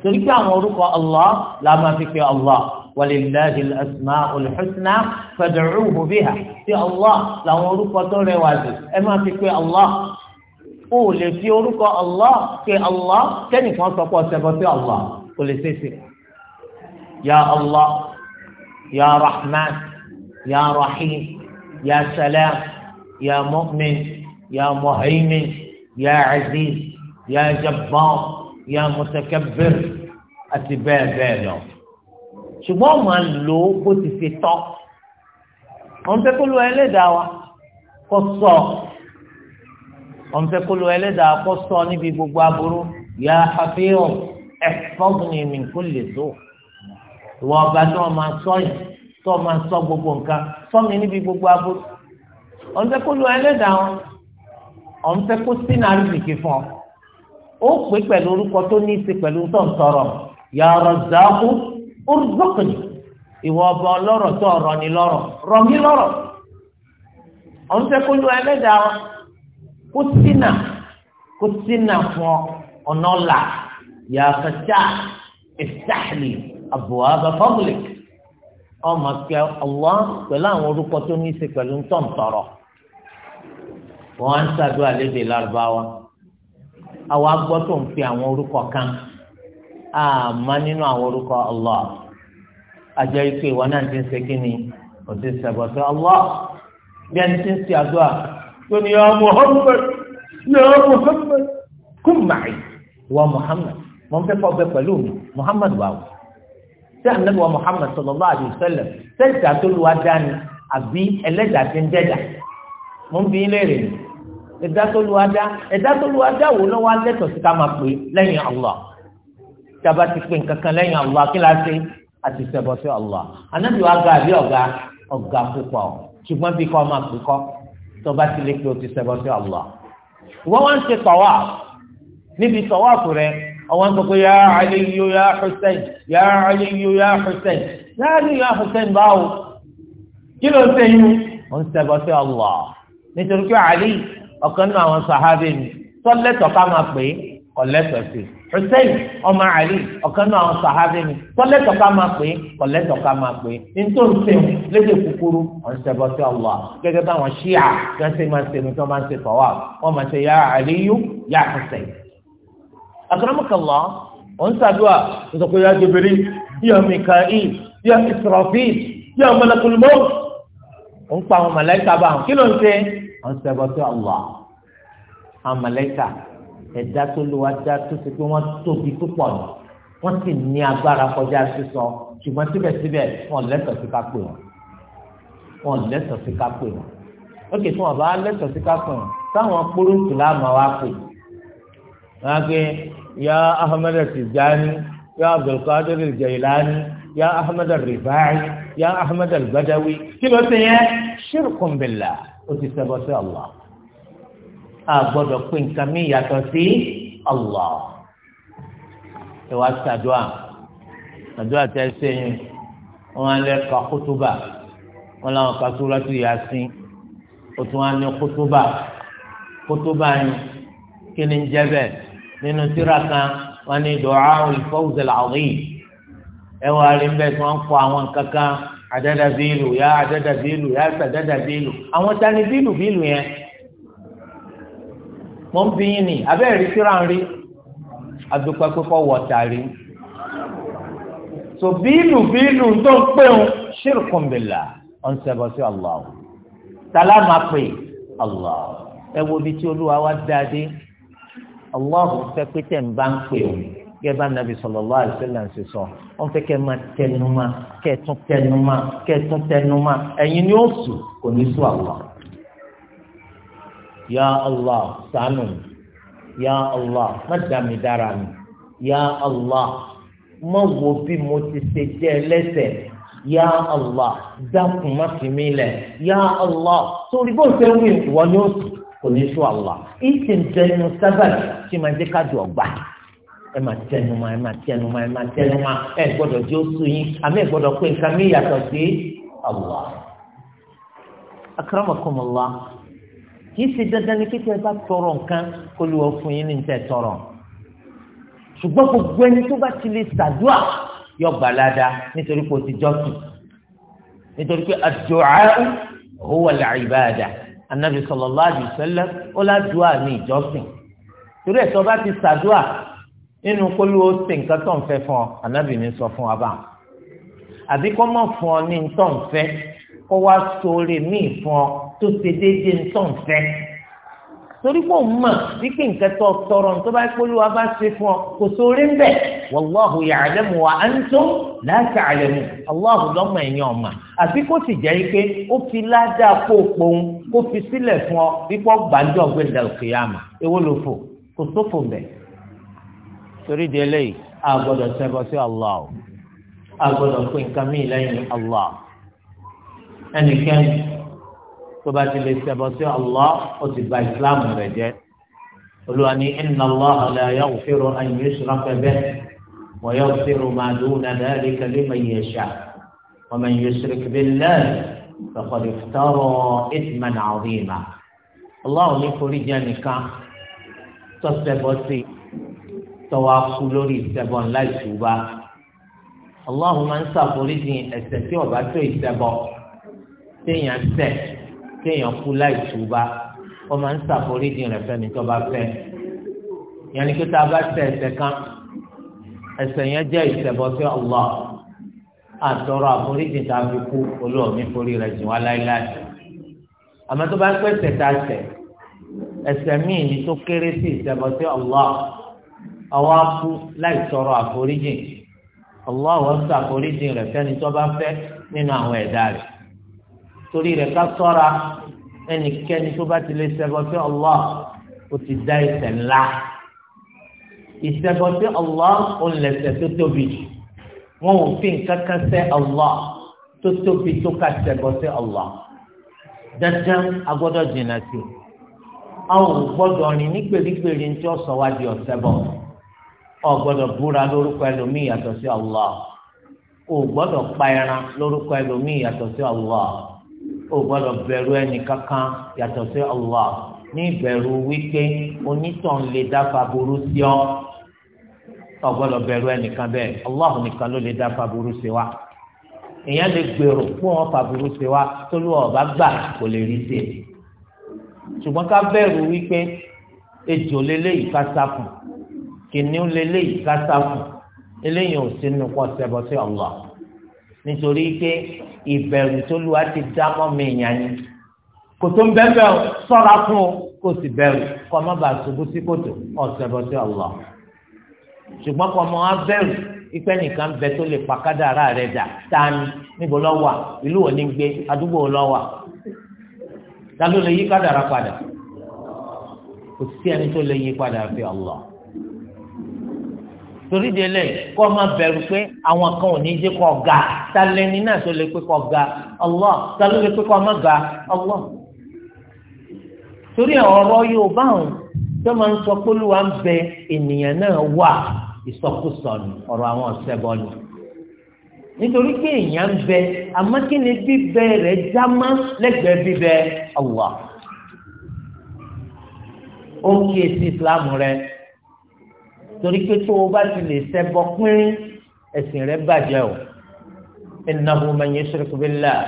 torí pé àwọn orúkọ Allah la máa fi pe Allah walillahi al-asma'ul husna fad'uhu biha sí allah làwọn orúkọ tó rẹwà jù ẹ máa fi pé allah o lè fi orúkọ allah pé allah kẹ́nìkan sọ pé ọ̀sẹ̀ bọ́ sí allah kò lè ṣeéṣe ya allah ya rahman ya rahim ya salam ya mu'min ya muhaymin ya aziz ya jabbar ya mutakabbir àti bẹ́ẹ̀ bẹ́ẹ̀ lọ ṣùgbọ́n ọmọ lò ó bó ti ṣe tọ́ ọ̀n fẹ́ kó lo ẹlẹ́dàá wa kó sọ ọ̀n fẹ́ kó lo ẹlẹ́dàá wa kó sọ níbi gbogbo aburú ya hafi'un ihfazni min kulli su' ìwọ ọba tí wọ́n máa sọ yìí tí wọ́n máa sọ gbogbo nǹkan sọ mi níbi gbogbo aburú ọ̀n fẹ́ kó lo ẹlẹ́dàá wa ọ̀n fẹ́ kó sínú àrísìkí fún ọ ó pè pẹ̀lú orúkọ tó ní í ṣe pẹ̀lú tó ń tọrọ ya Razzaqu orúkọ̀nì ìwọ ọba ọlọ́rọ̀ tó ọ̀rọ̀ ni lọ́rọ̀ rọ̀mí lọ́rọ̀ ọ̀hún fẹ́ kó lu ẹlẹ́dàá wa kó sínà kó sínà fún ọ̀nà ọ̀la yà fẹ́tà ìfẹ́tàlì àbùwá bá fọ́bùlìk ọmọ kẹ ọwọ́ pẹ̀lú àwọn orúkọ tó ní í ṣe pẹ̀lú ntọ̀ntọ̀rọ̀ wọn á ń ṣàdúrà lédè lárúbáwá àwa gbọ́ tó ń fi àwọn orúkọ kan àmà nínú àwọn orúkọ Allah àjẹ́ ikú ìwọ náà ti ń ṣe kí ni kò ti sẹ̀bọ̀ sí Allah bí ẹni ti ń ṣe àdúrà tó ní ya Muhammad ya Muhammad kún màáyì wa Muhammad mo ń fẹ́ kọ́ bẹ pẹ̀lú mi Muhammad wà wò sí ànábì wa Muhammad sallallahu alaihi wasallam sẹ́ẹ̀tì àtolúwa dání àbí ẹlẹ́dàá ti ń dẹ́dà mo ń bí ilé rẹ̀ ẹ̀dá tó lu adá ẹ̀dá tó lu adá wò lọ́wọ́ alẹ́tọ̀ sí máa pè lẹ́yìn Allah tába ti pè nǹkankan lẹ́yìn Allah kí la ṣe àti ṣẹbọ sí Allah anábì wa ga àbí ọ̀gá ọ̀gá púpọ̀ ṣùgbọ́n bí kò máa pè kọ́ tọba ti lè pè o ti ṣẹbọ sí Allah wọ́n wá ń ṣe tọ̀wá níbi tọ̀wá rẹ ọwọ́n ń sọ pé yá Aliyu yá Hussein yá Aliyu yá Hussein yá Aliyu yá Hussein báwo kí ló ń ṣe yín ó ń ṣẹbọ sí Allah nítorí pé Ali ọ̀kan náà àwọn sàhábẹ́ mi ká máa pè é kọlẹtọsí Hussein ọmọ Ali ọ̀kan náà àwọn sàhábẹ ni kọlẹtọ ká máa pè é kọlẹtọ ká máa pè é nítorí sẹun lédè kúkúrú ọ̀nsẹ̀bọ̀ sí ọ̀wà gẹ́gẹ́ báwọn ṣíà kí wọ́n ṣe máa ṣe nítorí máa ń ṣe tọ́wà wọ́n máa ṣe yá Aliyu yá Hussein. àkàràmọ̀kànlá ọ̀nsàdúà nsọ̀kọ̀ yá Jibril yá Mikail yá Israfil yá Malakul Maut pa àwọn màlàíkà báwọn kí ló ń ṣe ọ̀nsẹ̀bọ̀ sí àwọn màlàíkà ẹ̀dá tó lò wá dá tó ṣe pé wọ́n tóbi púpọ̀ ni wọ́n sì ní agbára kọjá sísọ ṣùgbọ́n síbẹ̀síbẹ̀ wọ́n lẹ́tọ̀ọ́ sí ká pè wọ́n wọ́n lẹ́tọ̀ọ́ sí ká pè wọ́n ókè tí wọ́n bá lẹ́tọ̀ọ́ sí ká pè wọ́n táwọn kúrúǹtù láàmú wa pè wọ́n á gbé ya Ahmed Tijani ya Abdulkadir Jailani ya Ahmed Rifai ya Ahmed Badawi kí ló ti yẹ ṣírkùn ó ti ṣẹbọ sí Allah a gbọ́dọ̀ pé nǹkan mi yàtọ̀ sí Allah ẹ wá ṣàdúà àdúà tẹ ṣe yín wọn lè ka kótóbà wọn làwọn ka súrátù Yásín o tún wọn ní kótóbà kótóbà yín kí ni ń jẹ bẹ́ẹ̀ nínú tírà kan wọn ní du'aul fawzil azim ẹ wá rí ń bẹ tí wọn kọ àwọn kankan àdàdà bílù yá àdàdà bílù yá sàdàdà bílù àwọn tani bílù bílù yẹn mo ń bí yín ni abẹ́rẹ́ rí síra ń rí adúpẹ́ pípọ̀ wọ̀ tàrí so bílù bílù tó ń pẹ́hùn ṣírkùn bìlà ọ̀n ṣẹbọ sí Allah sálámà pé Allah ẹ wo bí tí olúwa wá dáadé Allah fẹ́ pé tẹ̀ ń bá ń pè ọ́ gẹ́gẹ́ nàbì sallallahu alaihi wasallam ṣe sọ wọ́n fẹ́ kẹ́ máa tẹnumá kẹ́ tún tẹnumá kẹ́ tún tẹnumá ẹ̀yin ni ó sùn kò ní sùn Allah ya allah ṣàánú mi ya allah má dà mí dára mi ya allah má wo bí mo ti ṣe jẹ́ ẹlẹ́ṣẹ̀ ya allah dákun má fi mí lẹ̀ ya allah sórí bó ṣe ń wí ìwọ ni ó sì kò ní sọ allah ìsìn jẹnu sábàbí tí màá jẹ́ ká dùn ọgbà ẹ máa tẹnu ma ẹ máa tẹnu ma ẹ máa tẹnu ma ẹ gbọ́dọ̀ jẹ oṣù yín àmì ẹ gbọ́dọ̀ pé nǹkan mi yàtọ̀ sí Allah akramakumullah kì í ṣe dandan ni kíkẹ́ bá tọrọ nǹkan kó lè wọ fún yín ní tẹ tọrọ ṣùgbọ́n gbogbo ẹni tó bá ti lè ṣàdúà yọ gbàládà nítorí pé o ti jọ́sù nítorí pé àdúà huwa al-ibada anabi sallallahu alaihi wasallam ó ládùá ní ìjọ́sìn torí ẹ̀ tó bá ti ṣàdúà nínú kólú ó ṣe nǹkan tó ń fẹ́ fún ọ anabi ní sọ fún wa àbí kó mọ̀ fún ọ ní tó ń fẹ́ kó wá sóore míì fún ọ tó ṣe déédéé ńtọ̀ nfẹ́ torí pé òun mọ̀ wípé nǹkan tó tọrọ tó bá polówó wa bá ṣe fún ọ kò sóore ń bẹ̀ wàláhù ya'lamu wa antum la ta'lamun aláhù lọ́mọ ẹ̀yìn ọ̀mà àti kó sì jẹ́ pé ó fi ládàá kó pọ̀ ń kó fi sílẹ̀ fún ọ wípé gbàdúrà gbẹ̀dà òkè àmà ewó ló fò kò sófò bẹ̀. torí di eléyìí a gbọ́dọ̀ ṣẹbọ sí Allah a gbọ́dọ̀ pé nǹkan mí tó bá ti lè ṣẹbọ sí Allah ó ti bà ìsìláàmù rẹ̀ jẹ́ olùwà ní inna Allaha la yaghfiru an yushraka bihi wa yaghfiru ma duna dhalika liman yasha wa man yushrik billahi faqad iftara ithman 'azima Allah ní forí jẹ́ nìkan tó ṣẹbọ sí tọ́wọ́ kú lórí ìṣẹbọ ńlá ìṣùbà Allah máa ń ṣàforíjì ẹ̀ṣẹ̀ tí ó tó ìṣẹbọ téèyàn ṣẹ̀ kéèyàn kú láì túbá ó máa ń ṣàforíjì rẹ̀ fẹ́ni tó bá fẹ́ yẹn ni kíkọ́ bá ṣẹ̀ ẹ̀ṣẹ̀ kan ẹ̀ṣẹ̀ yẹn jẹ́ ìṣẹ̀bọ sí Allah àtọrọ àforíjì tá a fi kú olóòmí forí rẹ̀ jìn wá láéláé àmọ́ tó bá ń pèsè tá a ṣẹ̀ ẹ̀ṣẹ̀ míì ni tó kéré sí ìṣẹ̀bọ sí Allah àwa láì tọrọ àforíjì Allah ó ṣàforíjì rẹ̀ fẹ́ni tó bá fẹ́ nínú àwọn ẹ̀dá rẹ̀ torí rẹ̀ ká sọ́ra ẹnikẹ́ni tó bá ti lè ṣẹbọ sí Allah ó ti dá ẹ̀ṣẹ̀ ńlá ìṣẹbọ sí Allah ó ń lẹ̀ṣẹ̀ tó tóbi wọn ò fi nǹkan kan ṣẹ Allah tó tóbi tó ká ṣẹbọ sí Allah dandan agbọ́dọ̀ jìnnà sí i àwọn gbọ́dọ̀ rìn ní gbèrígbèrí ní tí ó sọ wá di ọ̀sẹ̀ bọ̀ ọ gbọ́dọ̀ búra lórúkọ ẹlòmíì sí Allah ò gbọ́dọ̀ pa ẹran lórúkọ ẹlòmíì sí Allah o gbọ́dọ̀ bẹ̀rù ẹnì kankan yàtọ̀ sí Allah ní ìbẹ̀rù wípé onítàn lè dáfa burú sí ọ o gbọ́dọ̀ bẹ̀rù ẹnìkan bẹ́ẹ̀ Allah nìkan ló lè dáfa burú sí wa èèyàn lè gbèrò fún ọfà burú sí wa tó lù ọba gbà kò lè rí sí i ṣùgbọ́n ká bẹ̀rù wípé ejò lélẹ́yìí ká sáfù kìnìún lélẹ́yìí ká sáfù eléyìí ò sínú pọ̀ sẹ́bọ̀ sí Allah nítorí pé ìbẹ̀rù tó lu àti dámọ́ mi yàn ni kò tó ń bẹ́ẹ̀ sọ́ra fún o kò sì bẹ̀rù kọ́ ọ má bàa ṣubú sí kòtò ọ̀sẹ̀ bọ́ sí ọ̀lọ́ ṣùgbọ́n kọ́ ọmọ wa bẹ̀rù ìpè nìkan bẹ tó lè pàkádà ara rẹ dà tani níbo lọ wà ìlú wo ni gbé àdúgbò lọ wà ta ló lè yí kádàrá padà kò sí ẹni tó lè yí padà fi Allah torí de lẹ kó máa bẹ̀rù pé àwọn kan ò ní jẹ́ kó ga talẹni náà tó lè pé kó ga Allah taló lè pé kó má ga Allah torí ọ̀rọ̀ Yorùbá ọ̀hún tó máa ń sọ pé olúwa ń bẹ ènìyàn náà wà ìsọkúsọ ni àwọn ọ̀sẹ̀ bọ́ ni nítorí pé èèyàn ń bẹ àmọ́ kí ni bíbẹ rẹ̀ já má lẹ́gbẹ̀ẹ́ bíbẹ Allah ó kí etí Islam rẹ̀ torí pé tó o bá ti lè ṣẹbọ pínrín ẹ̀sìn rẹ bàjẹ́ o innahu man yushrik billah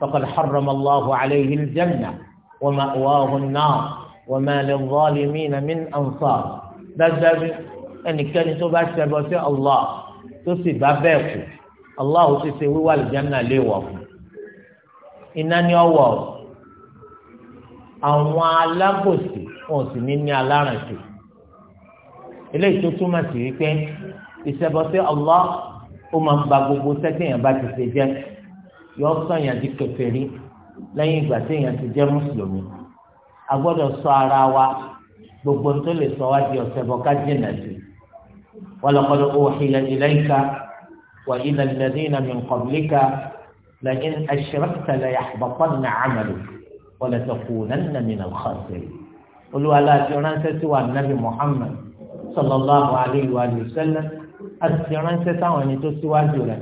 faqad harrama Allahu alayhi al-janna wa ma'wahu an-nar wa ma lil-zalimina min ansar dájúdájú ẹnikẹ́ni tó bá ṣẹbọ sí Allah tó sì bá bẹ́ẹ̀ kú Allah ti ṣe wíwá al-janna léèwọ̀ fún iná ní ọwọ́ àwọn alábòsí wọn sì ní ní alárànṣe eléyìí tó túmọ̀ sí wípé ìṣẹbọ sí Allah ó máa ń ba gbogbo sẹ́tẹ̀yàn bá ti ṣe jẹ́ yọ sọ̀yàn di kèfèrí lẹ́yìn ìgbà téèyàn ti jẹ́ mùsùlùmí a gbọ́dọ̀ ṣọ́ ara wa gbogbo tó lè sọ wá di ọ̀ṣẹbọ ká jìnà sí walaqad uhiya ilayka wa ila alladhina min qablika la'in ashrakta layahbatanna 'amaluka wa latakunanna sallallahu alayhi wa sallam àti ránṣẹ́ sáwọn ẹni tó síwájú rẹ̀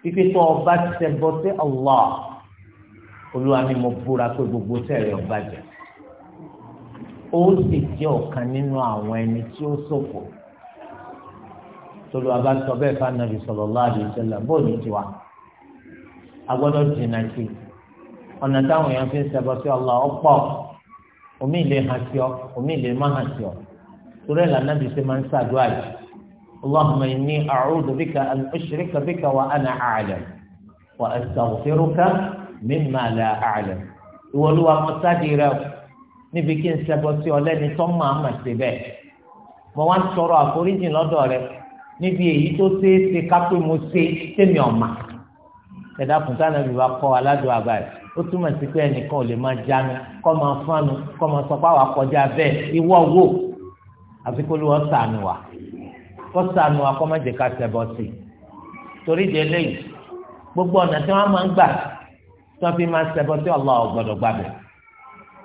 fífi tó ọba ṣẹbọ sí Allah olúwa mi mo búra pé gbogbo sẹ́rẹ̀ ọba jẹ ó sì jẹ́ ọ̀kan nínú àwọn ẹni tí ó ṣòfò tolu aba sọ bẹ́ẹ̀ fún anabi sallallahu alayhi wa sallam bóòlù tiwa agbọ́dọ̀ jìnnà sí ọ̀nà táwọn èèyàn fi ń ṣẹbọ sí Allah ọ̀pọ̀ omi ìlé hàn ọ omi ìlé má hàn ọ torí ẹ̀ lànàbì ṣe اللهم ń ṣàdúrà بك allahumma inni a'udhu bika an ushrika bika wa ana a'lam wa astaghfiruka mimma la a'lam ìwọlúwa mo sáàdì rẹ o níbi kí n ṣẹbọ sí ọ lẹ́ni tó máa mà ṣe bẹ́ẹ̀ mo wá ń tọrọ àforíjì lọ́dọ̀ rẹ níbi èyí tó ṣeé ṣe ká pé mo ṣe tèmi ọ̀mà ẹ̀dá kùtà náà bìbá kọ́ aládùn àbáyé ó túmọ̀ sí pé ẹnìkan ò lè máa jánu kọ́ máa fánu kọ́ máa sọ pé àwọn akọjá bẹ́ẹ̀ ìwọ wo àfi kó ló wọ́n sànù wa kó sànù wa kó má jẹ ká ṣẹbọ sí torí di eléyìí gbogbo ọ̀nà tí wọ́n máa ń gbà tí wọ́n fi máa ṣẹbọ sí Allah ọ̀gbọ́dọ̀ gbàgbẹ́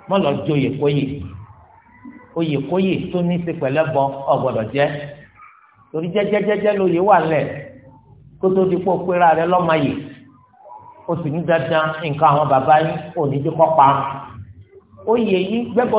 mọ́ lọ jó oyèkóyè oyèkóyè tó ní í ṣe pẹ̀lẹ́ bọ ọ̀gbọ́dọ̀ jẹ́ torí jẹ́jẹ́jẹ́jẹ́ lóye wà lẹ̀ kó tó di pọ̀ pé rẹ lọ́mọ yìí o sì ní dandan nǹkan àwọn bàbá yín òní dé kọ́ pa oyè yìí gbẹ́bọ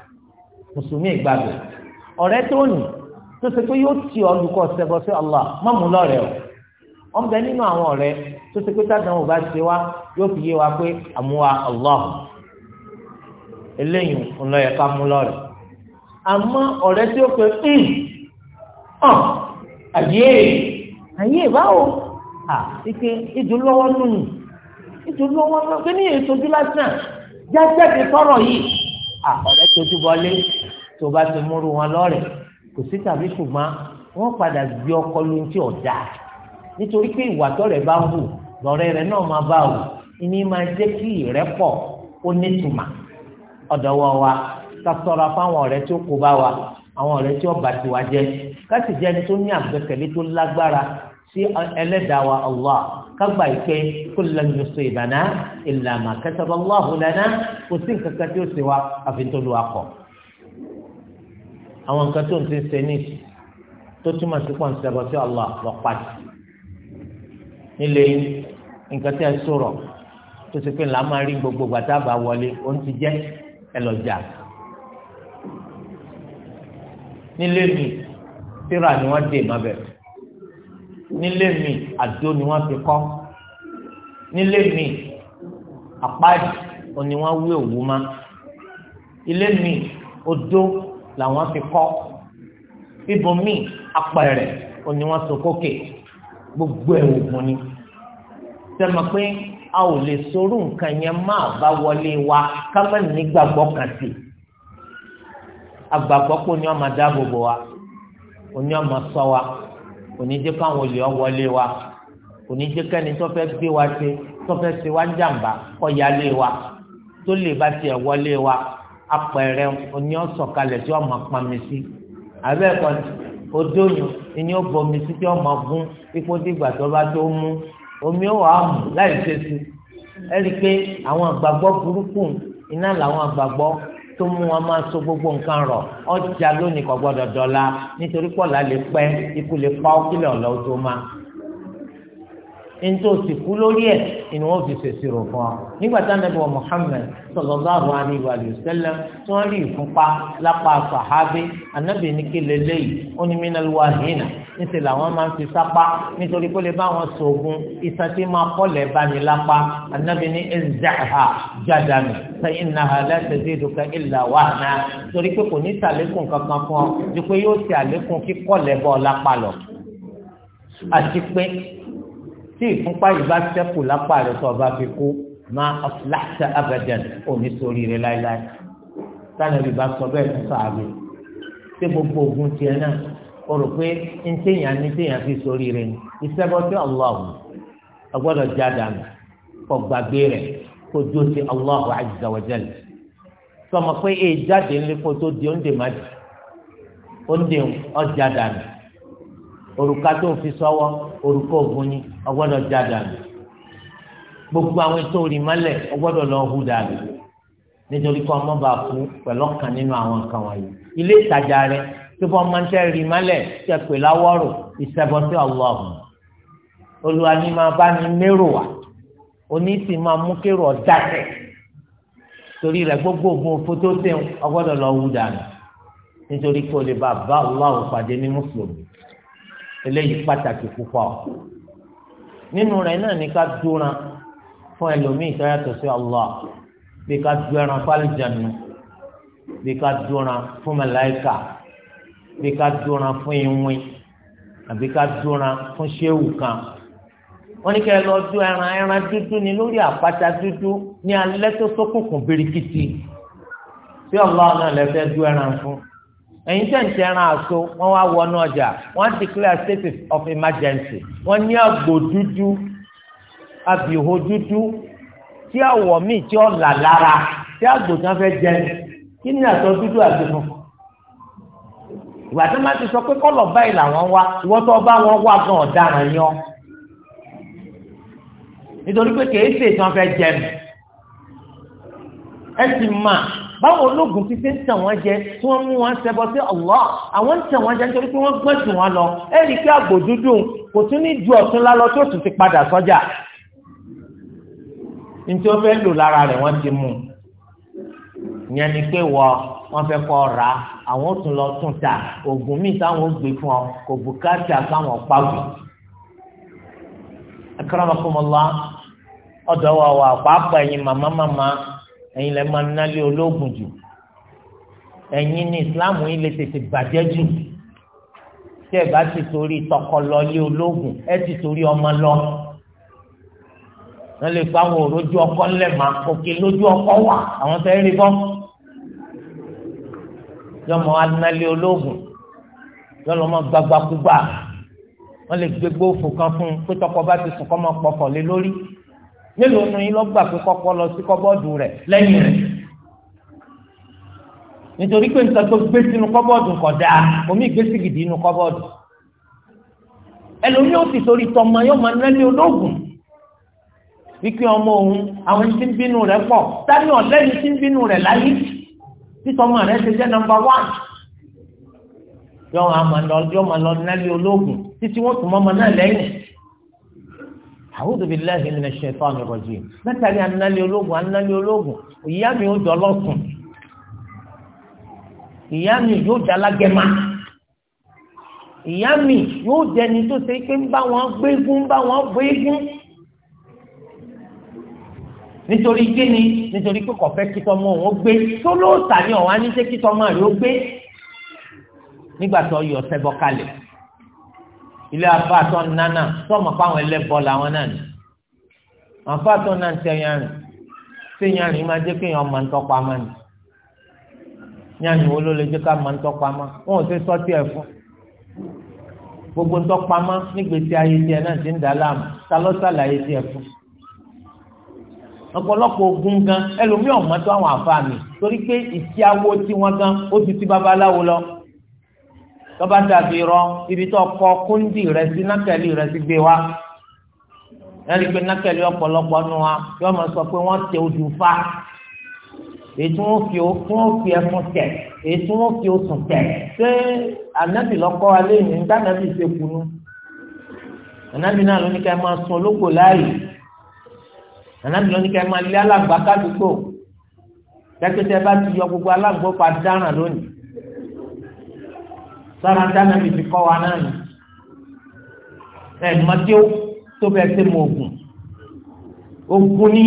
mùsùlùmí ìgbàgbọ́ ọ̀rẹ́ tó nì tó ṣe pé yóò ti ọlùkọ́ ṣẹbọ sí Allah má mú lọ́rẹ̀ o wọ́n bẹ nínú àwọn ọ̀rẹ́ tó ṣe pé tádàn ò bá ṣe wá yóò fi yé wa pé àmúwa Allah eléyìí ń lọ yẹ ká mú lọ́rẹ̀ àmọ́ ọ̀rẹ́ tí ó pe ń hmm, hàn àyè àyè báwo à ike ìdúlọ́wọ́ nù ìdúlọ́wọ́ nù kí ni èso ojú lásán jájáde sọ̀rọ̀ yìí àkọ́rẹ́ tójú bọ́lé tó bá ti múru wọn lọ́rẹ̀ kò sí tàbí ṣùgbọ́n wọ́n padà gbé ọkọ lóhun tí ọ̀dà nítorí pé ìwà tọ́rẹ̀ bá wù lọ́rẹ́ rẹ náà máa bá wù ní máa jẹ́ kí ìrẹ́pọ̀ ó nítumà ọ̀dọ̀ wọ wa ká ṣọ́ra fáwọn ọ̀rẹ́ tí kó bá wa àwọn ọ̀rẹ́ tí ó tiwa jẹ́ ká sì jẹ́ ẹni tó ní àgbẹ̀kẹ̀lé tó lágbára sí ẹlẹ́dàá wa allah kágbà ìpè kó lẹ́nu sọ ìbànú ìlànà kẹsàbọ̀ allahu lẹ́nà kò sí nǹkan kan tí ó ṣe wa àfi tó lu akọ. àwọn nǹkan tó ń ti ṣe ní tó túmọ̀ sí pọ̀ ń ṣẹbọ sí allah lọ pàdé nílé nǹkan tí a sọ̀rọ̀ tó ti pé ńlá máa rí gbogbo gbàtàbà wọlé ó ti jẹ́ ẹlọ́jà nílé mi tíra ni wọ́n dè má nílé mi àdó ni wọ́n fi kọ́ nílé mi àpáàdì ni wọ́n wé òwú ma ilé mi odó làwọn fi kọ́ ibòmí apẹ̀rẹ̀ ni wọ́n so kókè gbogbo ẹ̀ ògùn ni sẹ́mi pé a ò lè sorú nǹkan yẹn máa bá wọlé wa ká má nígbàgbọ́ kan sí i agbàgbọ́ pé oní ọmọ dáàbò bò wa oní ọmọ ṣọ́ wa kò ní jẹ́ káwọn olè wọlé wa kò ní jẹ́ kẹ́ni tó fẹ́ gbé wa ṣe tó fẹ́ ṣe wá jàǹbá ọ̀yálé wa tó lè bá tiẹ̀ wọlé wa apẹ̀rẹ̀ oní ọ̀sọ̀kalẹ̀ tí wọ́n máa pami sí abẹ́ kan odóyún ni ó bomi sí tí wọ́n gún ipò dìgbà tó bá tó mú omi ó wàá mú láì ṣe sí ẹ rí i pé àwọn àgbàgbọ́ burúkú iná làwọn àgbàgbọ́ tó mú wọn máa so gbogbo nǹkan rọ̀ ọjà lónìí kò gbọ́dọ̀ dọ̀la nítorí pọ̀lá lè pẹ́ ikú lè pa ọ́ kílẹ̀ ọ̀lọ́ tó máa ntòsí kú lórí ẹ̀ ni wọ́n fi ṣèṣirò fún ọ. nígbà tá nàbí wa Muhammad sallallahu alayhi wa sallam tí wọ́n rí ìfúnpá lápá sàhábé anábì ní kí lélẹ́yìí ó ní minal wahina níṣẹ́ làwọn máa ń fi sápá nítorí pé lè bá wọn sòògùn iṣan tí máa kọ́lẹ̀ bá ní lápá anábì ní ẹ̀zẹ̀hà jádàmì sẹ́yìn náà lẹ́sẹ̀dé ìdókè ìlà wà náà torí pé kò ní sàlékún kankan fún ọ àti pé tí ìfúnpá yìí bá ṣẹ́kù lápá rẹ̀ tó ọba fi kú máa ọ̀fìláṣà abadan òní sórí rẹ̀ láéláé sanabi bá sọ bẹ́ẹ̀ fún sàbẹ̀ tí gbogbo ogun tiẹ̀ náà o rò pé ń téèyàn ní téèyàn fi sórí rẹ̀ ni ìṣẹ́bọ sí Allahu ọgbọ́dọ̀ já dànù kọ gbàgbé rẹ̀ kó dúró sí Allahu azza wa jalla sọmọ pé èyí jáde ńlẹ́kọ̀ọ́ tó di oúnjẹ òrùka tó fi sọ́wọ́ òrùka ògùn ni ọgbọ́dọ̀ já dànù gbogbo àwọn ètò ìrìnmọ́lẹ̀ ọgbọ́dọ̀ lọ hù dànù nítorí kọ́ ọmọ bá fún pẹ̀lú ọ̀kan nínú àwọn nǹkan wọ̀nyí ilé ìtajà rẹ tí wọ́n máa ń tẹ́ ìrìnmọ́lẹ̀ tẹ̀ pé láwọ́rò ìṣẹ́bọsí ọlọ́ọ̀hún olùwà ni máa bá ní mérò wá oní sì máa mú kérò ọ̀dà torí rẹ gbogbo ògùn òfo tó tẹ̀ ọgbọ́dọ̀ lọ hù dànù nítorí kí o lè bá bá ọlọ́ọ̀hún eléyìí pàtàkì púpọ̀ nínú rẹ̀ náà ní ká dúra fún ẹlòmíì tó yàtọ̀ sí Allah bí ká dúra fálìjànù bí ká dúra fún màláíkà bí ká dúra fún ìwìn àbí ká dúra fún ṣéwù kan wọ́n ní kẹ́ ẹ lọ dú ẹran ẹran dúdú ni lórí àpáta dúdú ní alẹ́ tó ṣókùnkùn birikiti tí Allah náà lè fẹ́ dú ẹran fún ẹ̀yin tẹ̀ ń tẹran àṣọ wọ́n wá wọnú ọjà wọ́n declare state of emergency wọ́n ní àgbò dúdú abìhó dúdú tí àwọ̀ míì tí ó là lára tí àgbò tí wọ́n fẹ́ jẹ kí ni àtọ̀ dúdú àti funfun ìgbà tí wọ́n máa ti sọ pé kọ́lọ̀ báyìí làwọn wá ìwọ́n tó bá wọn wá gan ọ̀daràn yan nítorí pé kèé ṣe tí wọ́n fẹ́ jẹ ẹ sì máa báwo ológun ti ṣe ń tàn wọ́n jẹ tí wọ́n mú wọn ṣẹbọ sí Allah àwọn ń tàn wọ́n jẹ nítorí pé wọ́n gbọ́n jù wọn lọ ẹ rí i pé àgbò dúdú kò tún ní ju ọ̀tún lálọ tó tún ti padà sọ́jà ní tí wọ́n fẹ́ lò lára rẹ̀ wọ́n ti mú un yẹn ni pé wọ́n wọ́n fẹ́ kọ́ ra àwọn ò tún lọ tún ta oògùn míì táwọn ò gbé fún ọ kò bùkátà káwọn pàwọ́ akramakumullah ọ̀dọ̀ wa wà pàápàá ẹ̀yin màmá màmá ẹ̀yin lẹ máa nálé ológun jù ẹ̀yin ní ìsìláàmù yìí lè tètè bàjẹ́ jù tí ẹ bá ti torí tọkọ lọ lé ológun ẹ ti torí ọmọ lọ wọn lè pa àwọn òrojú ọkọ ńlẹ mà òkè lójú ọkọ wà àwọn fẹẹ rí bọ yọmọ análé ológun yọlọmọ gbagbakugbà wọn lè gbégbó òfò kan fún un pé tọkọ bá ti sùn kọ́ mọ́ pọkàn lé lórí mélòó nu yín lọ́gbà pé kọ́kọ́ lọ sí kọ́bọ́ọ̀dù rẹ̀ lẹ́yìn rẹ̀ nítorí pé nǹkan tó gbé sínú kọ́bọ́ọ̀dù kọ̀ dáa omi gbé sìgìdì inú kọ́bọ́ọ̀dù ẹlòmíì ó sì sórí tọmọ yóò máa nálé olóògùn wípé ọmọ òun àwọn tí ń bínú rẹ̀ pọ̀ sani ọ̀lẹ́ni tí ń bínú rẹ̀ láyé títọ́mọ rẹ̀ ti jẹ́ nọ́mbà wán yọ máa lọ nálé olóògùn títí wọ́n tún mọ́ ọmọ náà lẹ́yìn a'udhu billahi minash shaitanir rajim látàrí análẹ́ ológun análẹ́ ológun ìyá mi ò jọ lọ́sùn ìyá mi yóò jẹ alágẹ̀má ìyá mi yóò jẹ ẹni tó ṣe pé ń bá wọn gbégún ń bá wọn gbégún nítorí kíni nítorí pé kò fẹ́ kí tọmọ òun gbé tó lóòótá ni ọ̀hún á ní ṣe kí tọmọ rẹ̀ gbé nígbà tó yọ ọ̀sẹ̀ bọ́ kalẹ̀ ilé afa àtọ nánà sọmọ fáwọn ẹlẹbọ làwọn náà ni àfa àtọ náà ń tẹ yanrìn tẹ yanrìn máa jẹ kéèyàn máa ń tọpa máa ni yanrìn wo ló lè jẹ ká máa ń tọpa máa wọn ò ṣe sọtì ẹ fún gbogbo ń tọpa máa nígbèsè ayé tiẹ náà ti ń dà láàmú ta ló sàlàyé tiẹ fún ọ̀pọ̀lọpọ̀ ogun gan ẹlòmíràn mọtò àwọn àfa mi torí pé ìtí awo tí wọn gan ó ti ti babaláwo lọ tọ́ba dàbí irọ́ ibi tó kọ kúndì rẹ sí nákẹ́lì rẹ sí gbé wa ẹni pé nákẹ́lì ọ̀pọ̀lọpọ̀ nu wa yọ ọmọ sọ pé wọ́n tẹ ojú fa ètò wọn fi òkun òfi ẹfun tẹ ètò wọn fi òsùn tẹ ṣé anabi lọkọ alẹ ní níta anabi ṣe kunu anabi náà lóní ká máa sun olóko láàyè anabi lóní ká máa lé alàgbà kádùúgbò kẹkẹtẹ bá ti yọ gbogbo alágbó pa dáràn lónìí sára dáná mi fi kọ́ wa náà nù ẹ̀ mọ́tí ó tó bẹ́ẹ̀ ṣe mọ ògùn ògùn ní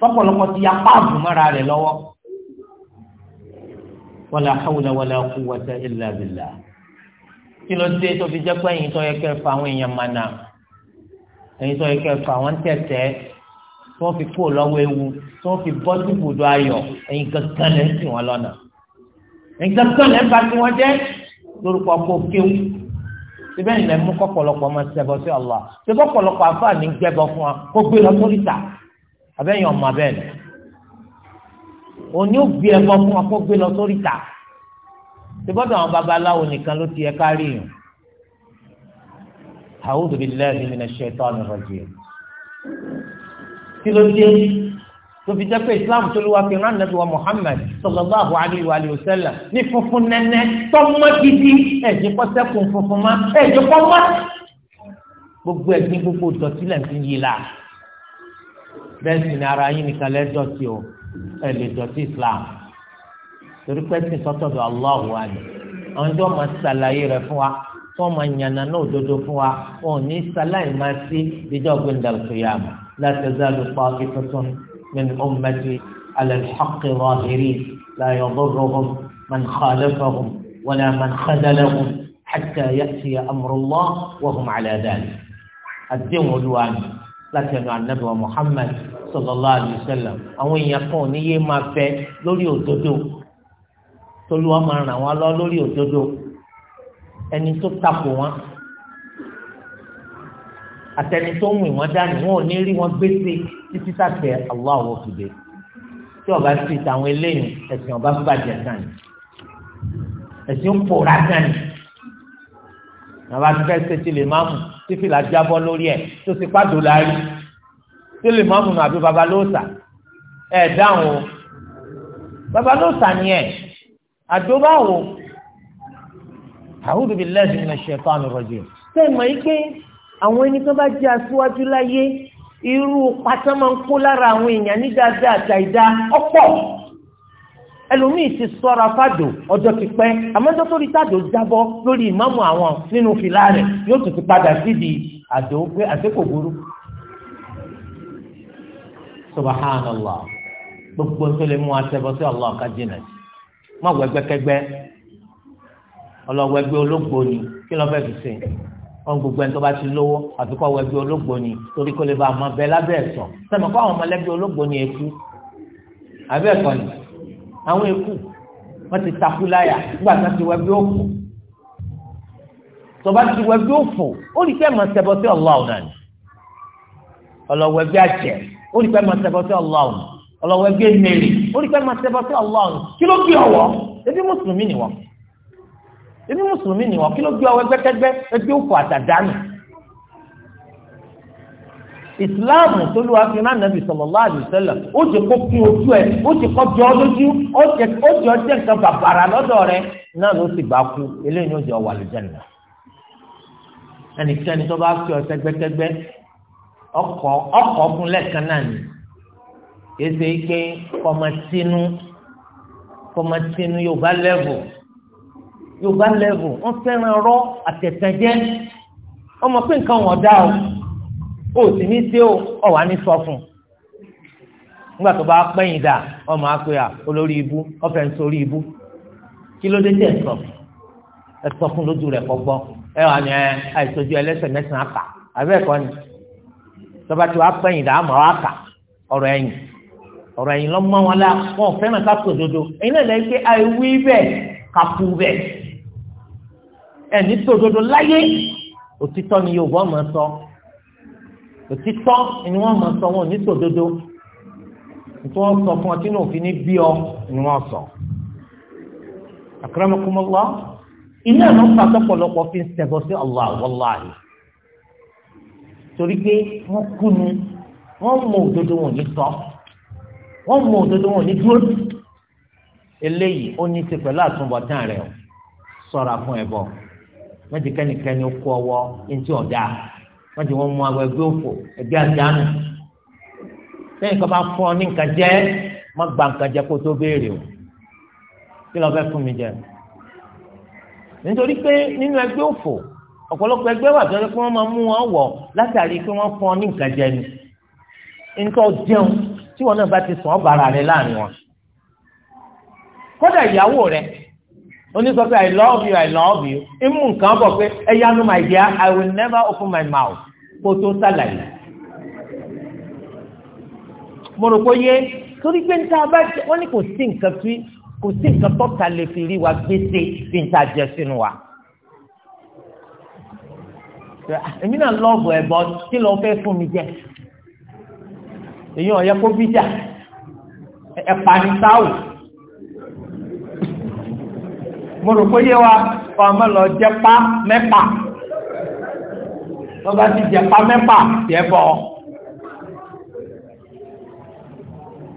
lọ́pọ̀lọpọ̀ ti ya páàbù mọ́ra rẹ̀ lọ́wọ́ wala hawla wala quwwata illa billah kí ló dé tó fi jẹ́ pé ẹ̀yin tó yẹ kẹ́ fa àwọn èèyàn mànà ẹ̀yin tó yẹ kẹ́ fa àwọn tẹ̀tẹ̀ tí wọ́n fi kó lọ́wọ́ ewu tí wọ́n fi bọ́ sí ibùdó ayọ̀ ẹ̀yin gangan lẹ́ ń lọ́nà ẹ̀yin gangan lẹ́ lórúkọ kó kéwú síbẹ̀ ìlẹ̀ mú kọ́pọ̀lọpọ̀ máa ṣẹbọ sí Allah síbẹ̀ ọ̀pọ̀lọpọ̀ àfààní gbẹbọ fún wa kó gbé lọ sórí ta abẹ́yẹn ọmọ abẹ́ rẹ̀ òní ò gbé ẹbọ fún wa kó gbé lọ sórí ta síbẹ̀ ọ̀dọ̀ àwọn babaláwo nìkan ló ti ẹ kárí yìí A'udhu billahi minash shaitani rajim kí ló dé tóbi jẹ́ pé islam tó ló wá fi rán nàbí wa muhammad sallallahu alayhi wa alihi wa sallam ní funfun nẹ́nẹ́ tọ́mọ́ gidi ẹ̀jẹ̀ pọ́sẹ́kùn funfun má ẹ̀jẹ̀ pọ́mọ́ gbogbo ẹ̀gbin gbogbo dọ̀tí lẹ̀ ń fi yí la bẹ́ẹ̀ sì ni ara yín nìkan lẹ́ dọ̀tí o ẹ̀ lè dọ̀tí islam torí pé sì sọ́tọ̀dọ̀ allah wa ni àwọn tí wọ́n máa ṣàlàyé rẹ̀ fún wa tí wọ́n máa yànnà náà òdodo fún wa wọn ò ní ṣàlàyé máa sí ìjọ́ gbẹ̀ndàlùfẹ́yàmù láti ẹ̀zá lùpọ̀ akíkọ́tún من أمتي على الحق ظاهرين لا يضرهم من خالفهم ولا من خذلهم حتى يأتي أمر الله وهم على ذلك الدين والوان لكن نبي محمد صلى الله عليه وسلم àwọn èèyàn kan ní yé máa fẹ́ lórí òdodo tolúwa máa ràn wọn lọ lórí òdodo ẹni tó takò wọn àtẹni tó ń wìn wọn dání wọn títí sàkẹ́ Allah ò fi dé tí ọba ti tàwọn eléyìí ẹ̀sìn ọba bàjẹ́ sàn yìí ẹ̀sìn ń pòórá sàn yìí nàbà tó fẹ́ ṣe ti lè máa mú tí fìlà jábọ́ lórí ẹ̀ tó ti pàdó láàrí tí lè máa mú nù àbí babalóòsà ẹ̀ dáhùn o babalóòsà ni ẹ̀ àdóbáwò a'udhu billahi minash shaitani rajim sẹ́yìn mọ̀ yìí pé àwọn ẹni tó bá jẹ́ aṣíwájú láyé irú pátá máa ń kó lára àwọn èèyàn ní dáadáa àtàìdá ọ̀pọ̀ ẹlòmíì ti sọra fàdò ọjọ́ ti pẹ́ àmọ́jọ́ tó rí tàdó jábọ́ lórí ìmáàmù àwọn nínú fìlà rẹ̀ yóò tún ti padà sídìí àdó pé àsekò burú. subhanallah gbogbo tó lè mú atẹ́bọ sí Allah ká jìnà sí má wọ ẹgbẹ́kẹ́gbẹ́ ọlọ́wọ́ ẹgbẹ́ ológbò ni kí ló fẹ́ fi sìn wọn gbogbo ẹni tó bá ti lówó àfikọ́ wọ ẹgbẹ́ olóògbò ni torí kó lè ba àmọ́ bẹ lábẹ́ ẹ̀sọ́ sẹ́mi kó àwọn ọmọlẹ́gbẹ́ olóògbò ni èkú àbẹ́ ẹ̀kọ́ ni àwọn èkú wọ́n ti takú láyà nígbà tó ti wọ ẹgbẹ́ òfò tó bá ti wọ ẹgbẹ́ òfò ó lè fẹ́ máa ṣẹbọ sí ọlọ́ ọ̀nà ni ọlọ́wọ́ ẹgbẹ́ àjẹ ó lè fẹ́ máa ṣẹbọ sí ọlọ́ ọ̀nà ọlọ́wọ́ ẹgbẹ́ mẹ́rin ó lè fẹ́ máa ṣẹbọ sí ọlọ́ ọ̀nà kí ló bí ọwọ́ ebi mùsùlùmí ni wọ́n ebi mùsùlùmí ni wọn kí ló gbé ọwọ́ ẹgbẹ́kẹ́gbẹ́ ẹgbẹ́ òkú àtàdánù ìsìláàmù tó lù wá fi rán nàbì sallallahu alaihi wasallam ó ti kó kún ojú ẹ ó ti kọ jọ lójú ó jẹ ọjẹ nǹkan bàbàrà lọ́dọ̀ rẹ̀ náà ló sì bá kú eléyìí ó jẹ ọwà lùjẹnà ẹnikẹ́ni tó bá fi ọ̀sẹ̀ gbẹ́gbẹ́gbẹ́ ọkọ̀ ọkọ̀ ọkùn lẹ́ẹ̀kan náà ni kéde pé kọ́mọtínú kọ́mọtínú yóò bá lẹ́bù yorùbá lẹ́vù wọ́n fẹ́ràn rọ́ àtẹ̀tẹ̀jẹ́ ọmọ pé nǹkan wọ̀n dá o ó sì ní sí o ọ̀wá ní sọ fún un nígbà tó bá pẹ́yìn dà ọmọ akpé à olórí ibú ọ̀fẹ́ ń sórí ibú kí ló dé tẹ̀ sọ ẹ sọ fún lójú rẹ̀ kọ́gbọ́ ẹ wà ní àìsójú ẹlẹ́sẹ̀ mẹ́sàn-án àkà àbẹ́ẹ̀kọ́ ni tọ́ba tí wàá pẹ́yìn dà àmọ́ wàá kà ọ̀rọ̀ ẹ̀yìn ọ̀rọ̀ ẹ̀yìn lọ́mọ wọn la wọn fẹ́ràn ká sòdodo ẹ̀yin náà lẹ́yìn pé àìwí bẹ́ẹ̀ kà kú bẹ́ẹ̀ ẹni tó dodo láyé òtítọ́ ni Yorùbá máa sọ òtítọ́ ni wọ́n máa sọ wọn ò ní tó dodo nítorí wọ́n sọ fún ọ tí náà fi ní bí ọ ni wọ́n sọ. akramakumullah iná ló ń fa tọpọlọpọ fi ń ṣẹbọ sí Allah wallahi torí pé wọ́n kúnu wọ́n mọ òdodo wọn ò ní sọ wọ́n mọ òdodo wọn ò ní dúró eléyìí ó ní í ṣe pẹ̀lú àtúbọ̀tán rẹ̀ o sọ̀ra fún ẹbọ. E wọ́n ti kẹ́nìkẹ́ni kú ọwọ́ ntí ọ̀dà wọ́n ti wọ́n mú àwọn ẹgbẹ́ òfò ẹgbẹ́ àdánù lẹ́yìn kan bá fún ọ ní nǹkan jẹ́ má gba nǹkan jẹ kó tó béèrè o kí lọ́ọ́ fẹ́ fún mi jẹ nítorí pé nínú ẹgbẹ́ òfò ọ̀pọ̀lọpọ̀ ẹgbẹ́ wà tó yẹ kí wọ́n máa mú wọn wọ̀ látàrí pé wọ́n fún ọ ní nǹkan jẹ ni nǹkan jẹun tí wọn náà bá ti sàn ọ́ bàrà rẹ láàrin wọn kódà ìyàwó rẹ onísọ pé i love you i love you imú nǹkan bọ̀ pé ẹ yanu my dear i will never open my mouth kó tó sàlàyé. mo rò pé yé torí pé níta bá jẹ wọn ni kò sí nǹkan fi kò sí nǹkan tọ́ta lè fi rí wa gbèsè fi níta jẹ sínú wa. èmi náà lọ́ọ̀bù ẹ̀bọ kí ló fẹ́ fún mi jẹ èyí ò yẹ kó bí jà ẹ̀ pàdé sáwù mo rò pé yé wa ọmọ lọ jẹpa mẹ́pa tó bá ti jẹpa mẹ́pa tiẹ̀ bọ̀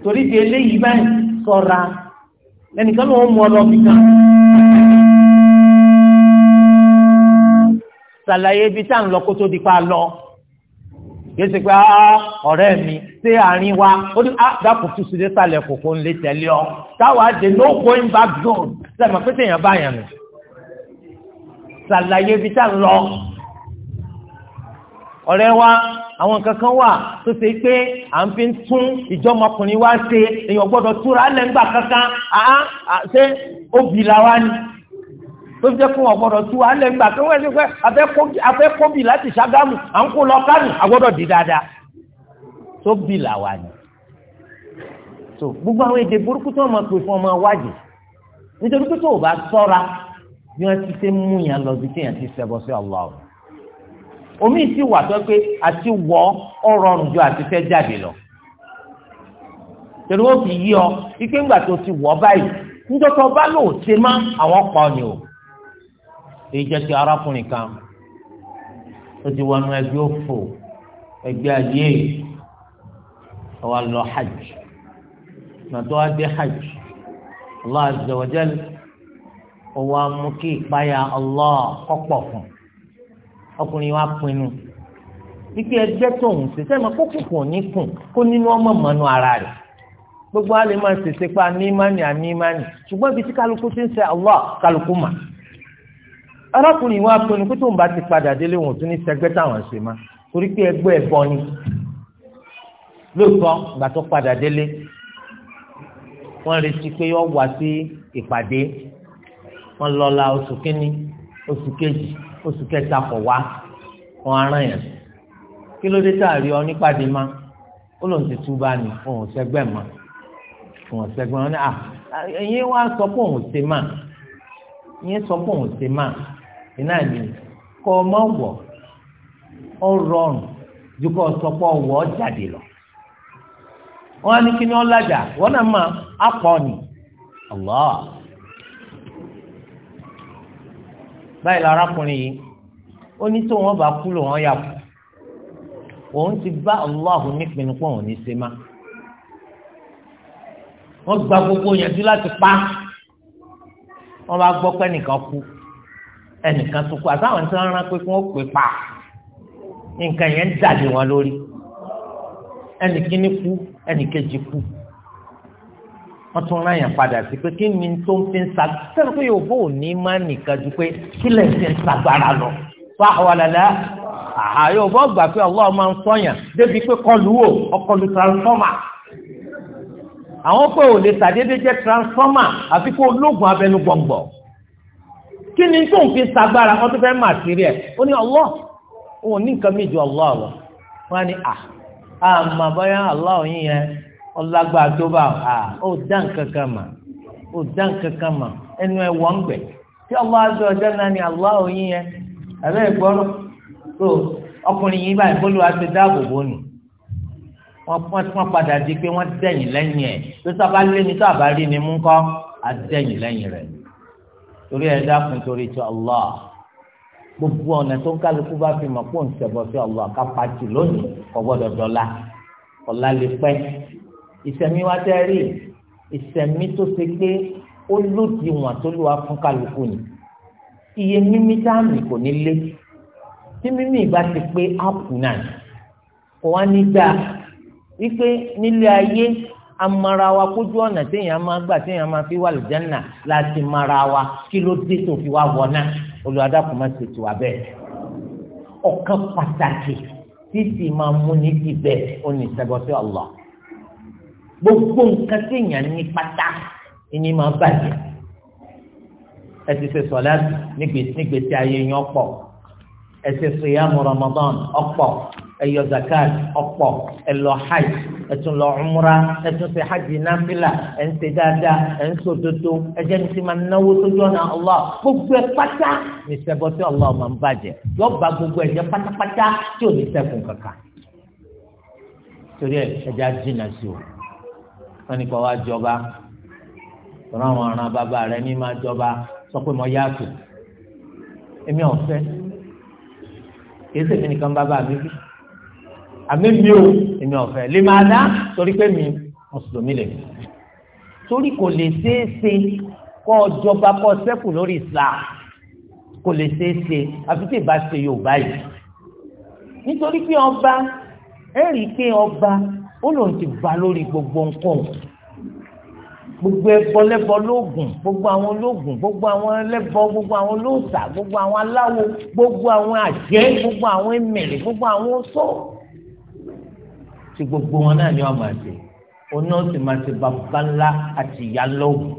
torí di eléyìí báyìí sọ̀ra ẹnìkan ló ń mú ọ fi kan. ṣàlàyé ibi tá ń lọ kó tó di pa lọ yéésì pé ah ọ̀rẹ́ mi ṣé àárín wa ó ní ah dákun tún sílé sàlẹ̀ kòkó ńlẹ̀ tẹ̀lé ọ táwa dé no going back zone sẹ́mi pé téèyàn bá yàn nù ṣàlàyé ibi tá ń lọ ọ̀rẹ́ wa àwọn nǹkan kan wà tó ṣe pé à ń fi tún ìjọmọkùnrin wa ṣe èèyàn gbọ́dọ̀ túra lẹ́ngbà kankan àá ah, ah, ṣé obì làwa ni tó jẹ́ fún ọ̀gbọ́dọ̀ tí wàá lẹ̀ gbà pé wọ́n ẹni pé afẹ́ kóbì láti ṣàgámù à ń kó lọ kánù àgbọ́dọ̀ di dáadáa tó bì làwà ni. tó gbogbo àwọn èdè burúkú tó máa pè fún ọmọ wájì nítorí pé tó o bá sọ́ra bí wọ́n ti ṣe mú yàn lọ sí kéèyàn ti ṣẹbọ sí ọlọ́run. omi ti wà tó pé àti wọ ọ rọrùn ju àti fẹ́ jáde lọ. tẹ̀lé wọ́n fi yí ọ ike ńgbà tó ti wọ̀ báyìí nítorí ọba lóò ṣe má àwọn kan ni o. èyí jẹ́ ti arákùnrin kan ó ti wọnú ẹgbẹ́ òfò ẹgbẹ́ ayé ọwọ́ lọ hajj nàtọ́ wá hajj Allah azza ọwọ́ amú kí Allah kọ́pọ̀ fún ọkùnrin wa pinnu ike ẹgbẹ́ tóun ṣe sẹ́mi kókùnkùn ò ní kùn kó nínú ọmọ mọ́nú ara rẹ̀ gbogbo alẹ́ máa ṣèṣe pa ní mánì àní mánì ṣùgbọ́n ibi tí kálukú ti ń ṣe Allah kálukú mà. arákùnrin wa pinnu pé tóun bá ti padà délé òun tún ní sẹgbẹ́ táwọn ṣe má torí pé ẹgbẹ́ ẹbọ ni lóòótọ́ ìgbà tó padà délé wọ́n retí pé yọ wá sí ìpàdé wọ́n lọ́la oṣù kínní oṣù kejì oṣù kẹta kọ̀ wá wọ́n aràn yẹn kí ló dé tààrí ọ nípàdé má ó lóun ti tú bá ní òun sẹgbẹ́ má òun sẹgbẹ́ wọn ni à ẹ̀yin wá sọ pé òun ṣe má ìyẹn sọ pé òun ṣe má iná ni kọ́ ọ mọ̀ wọ̀ ọ rọrùn ju kọ́ ọ sọpọ̀ wọ̀ ọ jáde lọ. wọ́n á kí ni ọ lájà wọ́n náà máa apọ̀ ni Allah báyìí lárakùnrin yìí ó ní tó wọn bá kú lò wọn yà kú òun ti bá Allah nípinnu pọ̀ òun ní sema wọ́n gba gbogbo yẹn dúró láti pa wọ́n bá gbọ́ pé nìkan kú ẹnìkan tó kú àtàwọn tí wọ́n rán pé kí wọ́n pè pa nǹkan yẹn ń dàdé wọn lórí ẹnìkíní kú ẹnìkejì kú wọ́n tún rán yàn padà sí pé kí ni tó ń fi ń sa sẹ́nu pé yòówó ò ní má nìkan ju pé kílẹ̀ ń fi ń sagbára lọ fún àwàlálà àhà yòówó gbà pé ọlọ́run máa ń sọ̀yàn débi pé kọlu wò ọkọlu transformer àwọn pé ò lè tàdédé jẹ́ transformer àfi kó ológun abẹnú gbọ̀ngbọ̀n. kí ni tó ń fi sagbára wọn tó fẹ́ mà sí rí ẹ̀ ó ní Allah òun ní nǹkan méjì wọn ní à àmà báyà Allah yín yẹn ọlágbà tó bá à ó dá nǹkan kan mà ó dá nǹkan kan mà ẹnu ẹ wọ́n gbẹ̀ tí Allah ọjọ́ náà yẹn ìgbọ́rọ̀ tó ọkùnrin yìí báyìí bólú àti torí ẹ dákun torí ti Allah gbogbo ọ̀nà tó ń kálukú bá fi mọ̀ pọ̀ ń ṣẹbọ sí Allah ká pàtì lónìí kò gbọ́dọ̀ dọ́là ọ̀la lè pẹ́ ìsẹ̀mí wa tẹ́ rí ìsẹ̀mí tó ṣe pé ó lòdì wọn tó lù wá fún kálukú ni iye mímí táàmì kò ní lé tí mímí ìgbà ti pé áàpù náà kò wá ní dáa wípé nílé ayé amara wa kójú ọ̀nà téèyàn máa gbà téèyàn máa fi wà lùjánà láti mara wa kí ló dé tó fi wá wọná olùwádàkùn máa ṣètò abẹ́ ọ̀kan pàtàkì títí máa mú ní ti bẹ́ẹ̀ ó ní sẹ́gbọ́sẹ́ ọ̀lọ́ gbogbo nǹkan téèyàn ní pátá ìní máa bàjẹ́ ẹ ti ṣe sọ̀lá nígbèsí ayé yẹn ọ̀pọ̀ ẹ ti ṣe yàmù Ramadan ọ̀pọ̀ ẹyọ zakat ọ̀pọ̀ ẹlọ hajj ẹtún lọ umra ẹtún ṣe hajj nàfìlà ẹnṣe dáadáa ẹnṣe dodo ẹjẹ ní ti máa náwó sójú ọ̀nà Allah gbogbo ẹ pátá ní sẹ́bọ̀ tí Allah máa ń bàjẹ́ yọ ba gbogbo ẹ̀jẹ̀ pátápátá tí ò ní sẹ́kùn kankan torí ẹ ẹjẹ ajínà sí o wọn ni kò wá jọba tọ́lá àwọn aràn bàbá rẹ ní máa jọba sọ pé mo yáàtò èmi ọ̀fẹ́ kì í sèmi nìkan bàbá mi bí àmì mi ò èmi ọ̀fẹ́ lè máa dá torí pé mi mùsùlùmí lè mi torí kò lè ṣeé ṣe kọ́ ọjọba kọ́ sẹ́kù lórí Islam kò lè ṣeé ṣe àfi tí ìbá ṣe Yorùbá yìí nítorí pé ọba ẹ̀rí pé ọba ó lòun ti bá lórí gbogbo nǹkan gbogbo ẹbọ lẹbọ lóògùn gbogbo àwọn olóògùn gbogbo àwọn ẹlẹbọ gbogbo àwọn olóòṣà gbogbo àwọn aláwo gbogbo àwọn àjẹ́ gbogbo àwọn ẹ̀mẹ̀rẹ̀ gbogbo àwọn oṣó tí gbogbo wọn náà ni wọn máa ṣe oná sì máa ṣe bàbá ńlá àti ìyá lọ́wọ́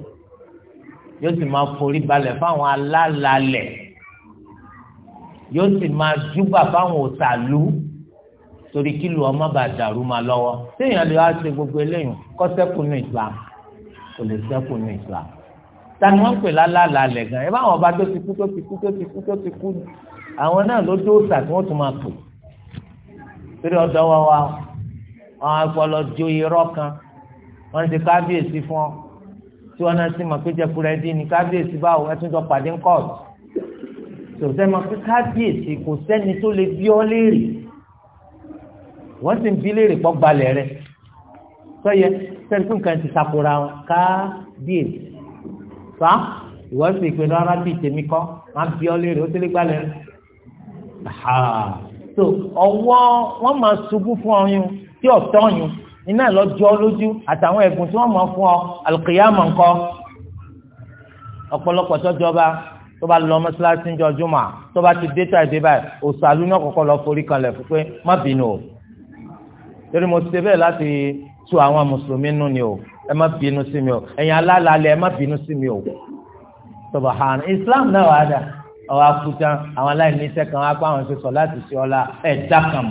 yóò sì máa forí balẹ̀ fáwọn alálàálẹ̀ yóò sì máa júbà fáwọn òtàlú torí kí lu ọmọ bá dàrú máa lọ́wọ́ téèyàn lè wá ṣe gbogbo eléyìí kọ́ sẹ́kùnú Islam kò lè sẹ́kùnú Islam tani wọn pè lálàálẹ̀ gan ẹ bá àwọn ọba tó ti kú tó ti kú tó ti kú tó ti kú àwọn náà ló dóòtà tí wọn tún máa pè torí ọ̀dọ̀ wa wa àwọn agbọ́lọ́ jó irọ́ kan wọ́n ti kábíyèsí fún ọ tí wọ́n náà sì mọ̀ pé jẹkulẹ̀ dín ní kábíyèsí báwo ẹ tún jọ pàdé ń kọ́ọ̀tù tòótọ́ mọ̀ pé kábíyèsí kò sẹ́ni tó lè bí ọ léèrè wọ́n sì ń bí léèrè pọ́ gbalẹ̀ rẹ̀ sọ́yẹ sẹ́ni fún ti sakura kábíyèsí fa ìwọ sì pé rárá bíi tèmi kọ́ máa bí ọ léèrè ó tẹ́lẹ̀ gbalẹ̀ rẹ̀ so ọwọ́ wọ́n máa ṣubú fún ọyún tí ọ̀tọ́ yun iná lọ́jọ́ lójú àtàwọn ẹ̀bùn tí wọ́n mọ̀ fún ọ alùkìyàmọ̀ ńkọ́ ọ̀pọ̀lọpọ̀ tọ́jọba tó bá lọ mọ́ṣáláṣí ń jọjú mà tó bá ti dé tà dé báyìí òṣàlù náà kọ́kọ́ lọ forí kanlẹ̀ fún pé má bínú o torí mo ṣe bẹ́ẹ̀ láti tu àwọn mùsùlùmí nù ni o ẹ má bínú sí mi o ẹ̀yin alálàálẹ̀ ẹ má bínú sí mi o subahana islam náà wà dà ọ̀ àkútà àwọn aláìníṣẹ́ kan wá pa àwọn ṣe sọ láti ṣe ọlá ẹ̀dá kan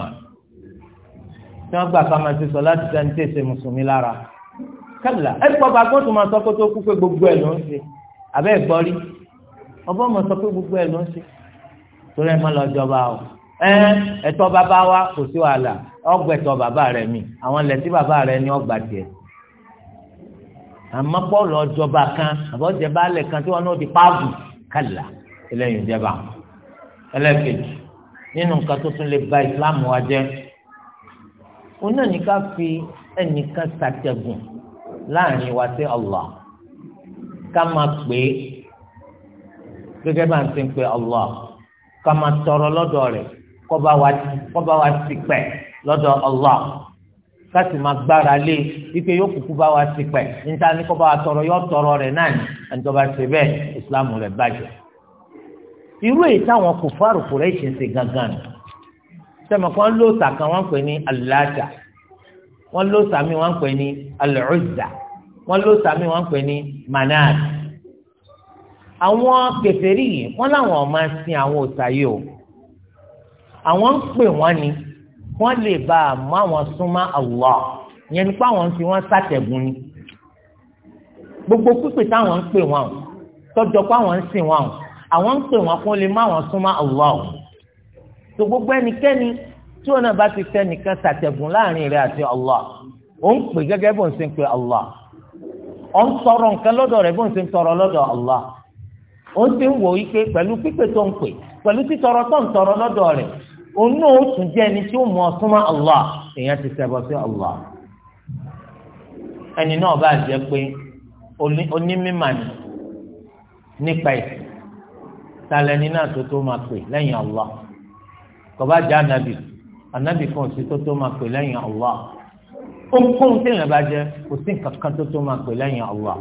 tí wọ́n gbà ká máa ṣe sọ láti dá ní tẹ̀sẹ̀ mùsùlùmí lára kálá ẹ gbọ́ bá gbọ́dọ̀ máa sọ pé tó kú pé gbogbo ẹ̀ ló ń ṣe àbẹ́ ẹ̀gbọ́ rí ọbọ̀ máa sọ pé gbogbo ẹ̀ ló ń ṣe torí ẹ̀ má lọ jọba o ẹ̀tọ́ bàbá wa kò sí wàhálà ọgbẹ̀tọ̀ bàbá rẹ̀ mi àwọn ilẹ̀ tí bàbá rẹ̀ ní ọgbà tiẹ̀ àmọ́ pọ́ọ̀lù ọjọba kan àbọ̀jẹ̀ baálẹ̀ kan tí wọ́n náà di páàbù kálá ẹlẹ́yìn ìjẹba ẹlẹ́kejì nínú nǹkan tó tún lè ba ìsìláàmù wa jẹ́ òun náà ní ká fi ẹnìkan ṣàtẹ̀gùn láàrin wa sí Allah ká máa pè é gẹ́gẹ́ bá ń ti pè Allah ká máa tọrọ lọ́dọ̀ rẹ̀ kó bá wa ti pẹ̀ lọ́dọ̀ Allah ká sì máa gbára lé wípé yóò kúkú bá wa ti pẹ̀ níta ní kó bá wa tọrọ yóò tọrọ rẹ̀ náà ní ẹnìjọba ṣe bẹ́ẹ̀ ìsìlámù rẹ̀ bàjẹ́ irú èyí táwọn kò fárùkù rẹ̀ ṣe ṣe gangan nù sẹ́mi kan ló sà kan wọ́n pè ní aláàjà wọ́n ló sà mí wọ́n pè ní alùzà wọ́n ló sà mí wọ́n pè ní manad àwọn kèfèrí yìí wọ́n làwọn máa sin àwọn òòṣà yìí o àwọn ń pè wọ́n ni wọ́n lè bá a mú àwọn súnmọ́ Allah ìyẹn nípa àwọn ń fi wọ́n sàtẹ̀gùn ni gbogbo pípè táwọn ń pè wọ́n tọ́jọ́ pé àwọn ń sìn wọ́n àwọn ń pè wọ́n kó lè má àwọn súnmọ́ Allah o tó gbogbo ẹnikẹ́ni tí wọn náà bá ti fẹ́ nìkan ṣàtẹ̀gùn láàrin rẹ àti Allah ó pè gẹ́gẹ́ bó ń ṣe ń Allah ó ń tọrọ nǹkan lọ́dọ̀ rẹ bó ń ṣe tọrọ lọ́dọ̀ Allah ó ti ń wò wípé pẹ̀lú pípé tó ń pè pẹ̀lú títọrọ tọrọ lọ́dọ̀ ti sí Allah ẹni náà bá jẹ́ pé ni nípa tàlẹ́ni náà tó tó máa pè lẹ́yìn kọba jẹ́ anabi anabi kan sí tó tó máa pè lẹ́yìn Allah ohunkóhun téèyàn bá jẹ́ kò sí nǹkan kan tó tó máa pè lẹ́yìn Allah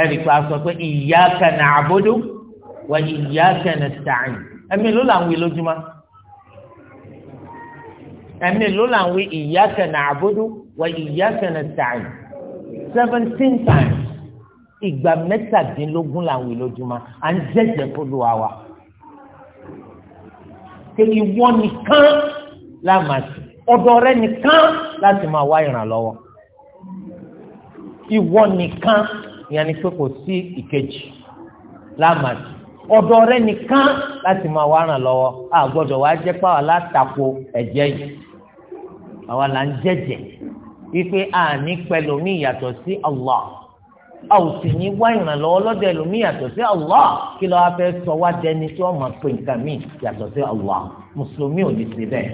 ẹnì pa sọ pé iyyaka na'budu wa iyyaka nasta'in ẹ̀mí ló là ń wí lójúmọ́ ẹ̀mí ló là ń wí iyyaka na'budu wa iyyaka nasta'in seventeen times ìgbà mẹ́tàdínlógún là ń wí lójúmọ́ à ń jẹ́jẹ́ fún lu àwa pé ìwọ nìkan la máa sìn ọ̀dọ̀ rẹ nìkan láti máa wá ìrànlọ́wọ́ ìwọ nìkan ìyẹn ni pé kò sí ìkejì la máa sìn ọ̀dọ̀ rẹ nìkan láti máa wá ìrànlọ́wọ́ àgbọ́dọ̀ wá jẹ́ pàwọn látakò ẹ̀jẹ̀ yìí àwa là ń jẹ́jẹ́ wípé àní pẹ̀lú mi yàtọ̀ sí Allah. a ò sì ní wá ìrànlọ́wọ́ lọ́dọ̀ ẹlòmíì yàtọ̀ sí Allah kí lọ́wọ́ fẹ́ sọ wá dẹni tí wọ́n máa pe nǹkan míì yàtọ̀ sí Allah mùsùlùmí ò ní ṣe bẹ́ẹ̀.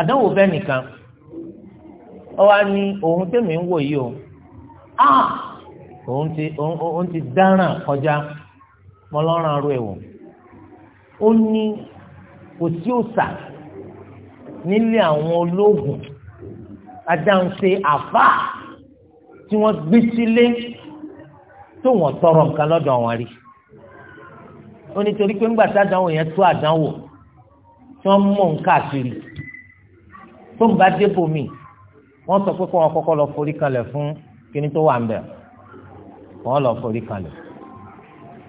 àdánwò bẹ́ẹ̀ nìkan ó wá ní ohun tèmi ń wò yìí o a òun ti òun ti dáràn kọjá mọ́lọ́ràn aró ẹ̀wọ̀n ó ní kò sí òòsà nílé àwọn ológun adáhùn ṣe àfáà. tí wọ́n gbé sílé tó wọ́n tọrọ nǹkan lọ́dọ̀ wọn rí ó ní torí pé ńgbà sádánwò yẹn tó àdánwò tí wọ́n mú nǹkan àkiri tó ń bá débò mi wọ́n sọ pé kó wọn kọ́kọ́ lọ forí kalẹ̀ fún kíní tó wà ń bẹ̀ wọ́n lọ forí kalẹ̀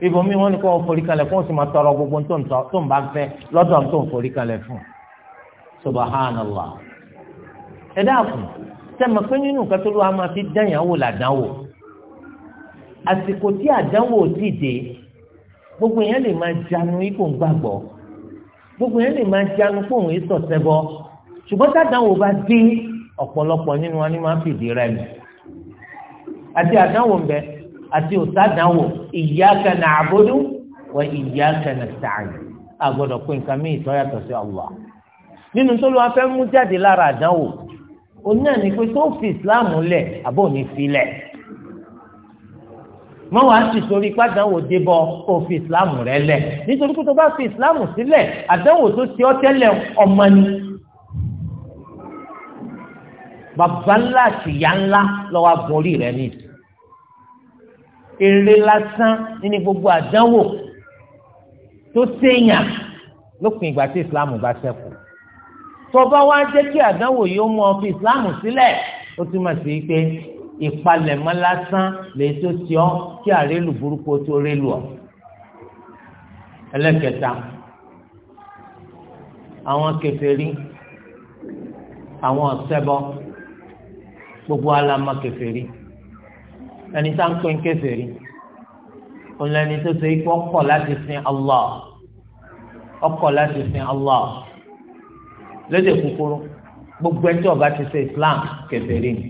ibòmí wọ́n ní kó wọn forí kalẹ̀ fún òsì máa tọrọ gbogbo tó ń bá fẹ́ lọ́dọ̀ tó ń forí kalẹ̀ fún subahánàlá ẹ dáàbò sẹ́mi pé nínú nǹkan tó ló wá máa fi dẹ́yàwó làdánwò àsìkò tí àdánwò ti dé gbogbo yẹn lè máa janu ipò ń gbàgbọ́ gbogbo yẹn lè máa janu fóun yìí sọ̀tẹ́ bọ́ ṣùgbọ́n tàdánwò bá dé ọ̀pọ̀lọpọ̀ nínú wa ni máa ń fìdí rẹ̀ lù àti àdánwò ń bẹ àti òsàdánwò iyyaka na'budu wa iyyaka nasta'in àgbọ̀dọ̀ pé nǹkan mí ìtọ́yàtọ̀ sí Allah nínú tó lọ́wọ́ fẹ́ mú jáde lára àdánwò òun náà ní pé tó fi islam lẹ̀ àbò ní filẹ̀ mọ wàá sì sórí pàdánwò débọ kó fi islam rẹ lẹ̀ nítorí pé tó bá fi islam sílẹ̀ àdánwò tó ti ọ tẹ́lẹ̀ ọmọ ni bàbá ńlá àti ìyá ńlá lọ́wọ́ agbórí rẹ ní eré lásán nínú gbogbo àdánwò tó séèyàn lópin ìgbà tí islam bá ṣẹ́kù tọba wá jẹ́ kí àdánwò yìí ó mú ọ fi ìsìláàmù sílẹ̀ ó túmọ̀ sí pé ìpalẹ̀mọ́ lásán lè tó ti ọ́ kí àrélù burúkú tó rélù ọ́. ẹlẹ́kẹta àwọn kèfèrí àwọn ọ̀sẹ́bọ gbogbo alamọ kèfèrí ẹni tá ń pè ń kèfèrí òun lẹni tó ṣe ikú ọkọ̀ láti sin Allah ọkọ̀ láti sin Allah lédè kúkúrú gbogbo ẹtí ọba ti ṣe islam kèfèrí ni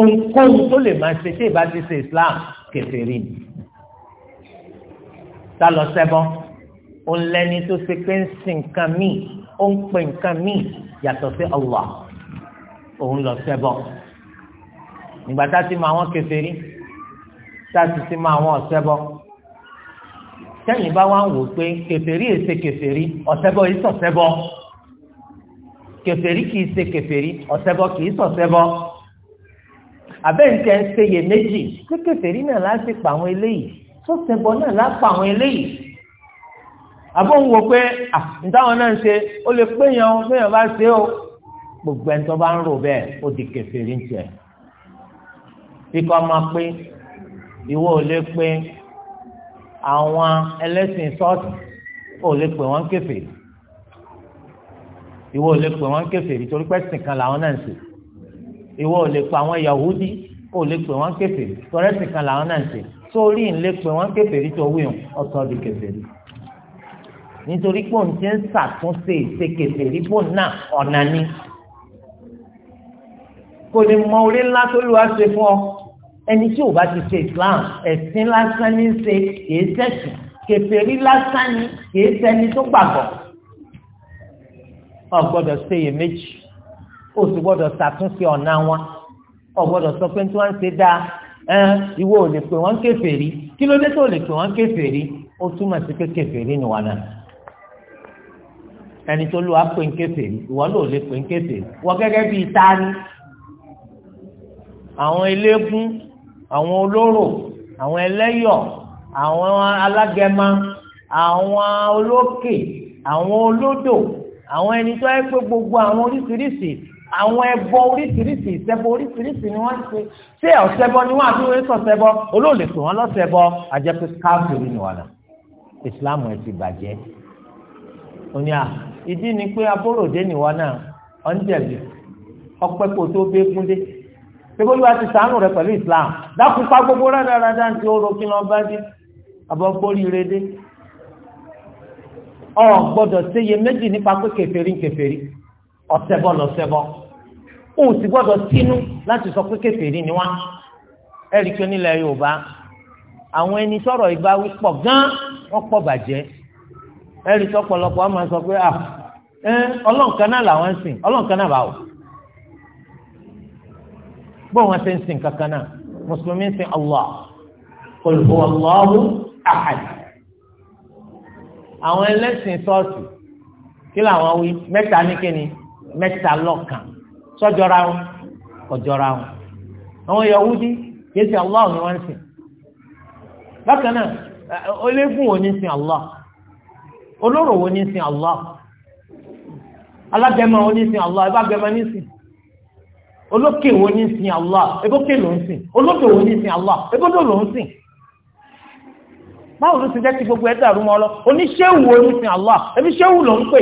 ohunkóhun tó lè máa ṣe tí ìbá ti ṣe islam kèfèrí ni tá lọ sẹbọ ó ń lẹni tó ṣe pé ń sin nǹkan míì ó ń pè nǹkan míì yàtọ̀ sí Allah òun lọ sẹbọ nígbà tá a ti mọ àwọn kèfèrí tá a ti ti mọ àwọn ọ̀sẹ́bọ tẹ́yìn bá wá ń wò pé kèfèrí èsè kèfèrí ọ̀sẹ́bọ yìí sọ̀sẹ́bọ kèfèrí kìí ṣe kèfèrí ọ̀sẹ́bọ kìí sọ̀sẹ́bọ abẹ́ǹtẹ̀ ń ṣeyè méjì pé kèfèrí náà láti pa àwọn eléyìí sọ̀sẹ́bọ náà láti pa àwọn eléyìí àbọ̀ ń wò pé ǹtáwọn náà ń ṣe ó lè péyàn péyàn bá ṣe o gbogbo ẹni tó bá ń rò bẹ́ẹ̀ ó di kèfèrí ń tiẹ̀ bí kò máa pé ìwọ ò lè pé àwọn ẹlẹ́sìn ṣọ́ọ̀ṣì ò lè pè wọ́n kèfèrí ìwọ ò lè pè wọ́n kèfèrí torí pé ẹ̀sìn kan làwọn náà ń ṣe ìwọ ò lè pè àwọn Yahudi ò lè pè wọ́n kèfèrí torí ẹ̀sìn kan làwọn náà ń ṣe sórí ń lè pè wọ́n kèfèrí tó wíwọ̀n ọ̀tọ̀ di kèfèrí nítorí pé òun ti ń ṣàtúnṣe ìṣe kèfèrí bò náà ọ̀nà ni kò lè mọ orí ńlá tó lù wá ṣe fún ọ ẹni tí ò bá ti ṣe islam ẹ̀sìn lásán ní ṣe kìí ṣẹ̀sìn kèfèrí lásán ní kìí ṣẹni tó gbàgbọ́ o gbọ́dọ̀ ṣe iye méjì o sì gbọ́dọ̀ ṣàtúnṣe ọ̀nà wọn o gbọ́dọ̀ sọ pé tí wọ́n ń ṣe dáa ẹn ìwọ ò lè pè wọ́n kèfèrí kí ló dé tó lè pè wọ́n kèfèrí ó túmọ̀ sí pé kèfèrí ni wọn náà ẹni tó lù wá pé ń kèfèrí ìwọ ló lè pè ń kèfèrí wọ́n gẹ́gẹ́ bíi tani àwọn eléégún àwọn olóró àwọn ẹlẹ́yọ̀ àwọn alágẹmọ àwọn olókè àwọn olódò àwọn ẹni tó yẹ pé gbogbo àwọn oríṣiríṣi àwọn ẹbọ oríṣiríṣi ìṣẹbọ oríṣiríṣi ni wọ́n ṣe ṣé ọ̀ṣẹbọ ni wọ́n àti wọ́n sọ̀ṣẹbọ olóòlè pè wọ́n lọ́ṣẹbọ àjẹpẹ́ káàkiri ni wàhálà ìsìláàmù ẹ̀ ti bàjẹ́ òní à ìdí ni pé abóròdé nìwọ náà ọ̀ ń jẹ̀bi ọpẹ́ kò tó bẹ́ẹ̀ kúndé ṣebí Olúwa ti ṣàánú rẹ pẹ̀lú Islam dákúpa gbogbo rádaràdá ti ó ro kí lọ bá dé àbọ̀ gbórí rẹ dé ọ gbọ́dọ̀ séye méjì nípa pé kèfèrí kèfèrí ọ̀sẹ̀bọ lọ̀sẹ̀bọ o sì gbọ́dọ̀ sínú láti sọ pé kèfèrí ni wá ẹ̀rí pé nílẹ̀ Yorùbá àwọn ẹni sọ̀rọ̀ ìbáwí pọ̀ gán wọ́n pọ̀ bàjẹ́ ẹ̀rí sọ̀pọ̀lọpọ̀ wọn máa sọ pé ah, ọlọ́nkan náà làwọn ń sìn ọlọ́nkan náà bá wò bó wọn ṣe ń sìn kankan náà mùsùlùmí ń sìn allah qul huwa allahu ahad àwọn ẹlẹ́sìn ṣọ́ọ̀ṣì kí làwọn wí mẹ́ta ní kíni mẹ́ta lọ́kan sọ́jọ́ra wọn kọjọ́ra wọn àwọn yahudi kìí sin allah ni wọ́n ń sìn bákan náà eh, ológun wo ní sìn allah olóró wo ní sìn allah alágẹmọ wo allah ìbágẹmọ ní olókè wo ní sin Allah ebókè ló ń sìn olókè wo ní sin Allah ebódò ló ń sìn báwo ló ti jẹ́ kí gbogbo ẹ̀ dàrú mọ́ lọ oníṣẹ́wù wo ní sin Allah ebi ṣẹ́wù ló ń pè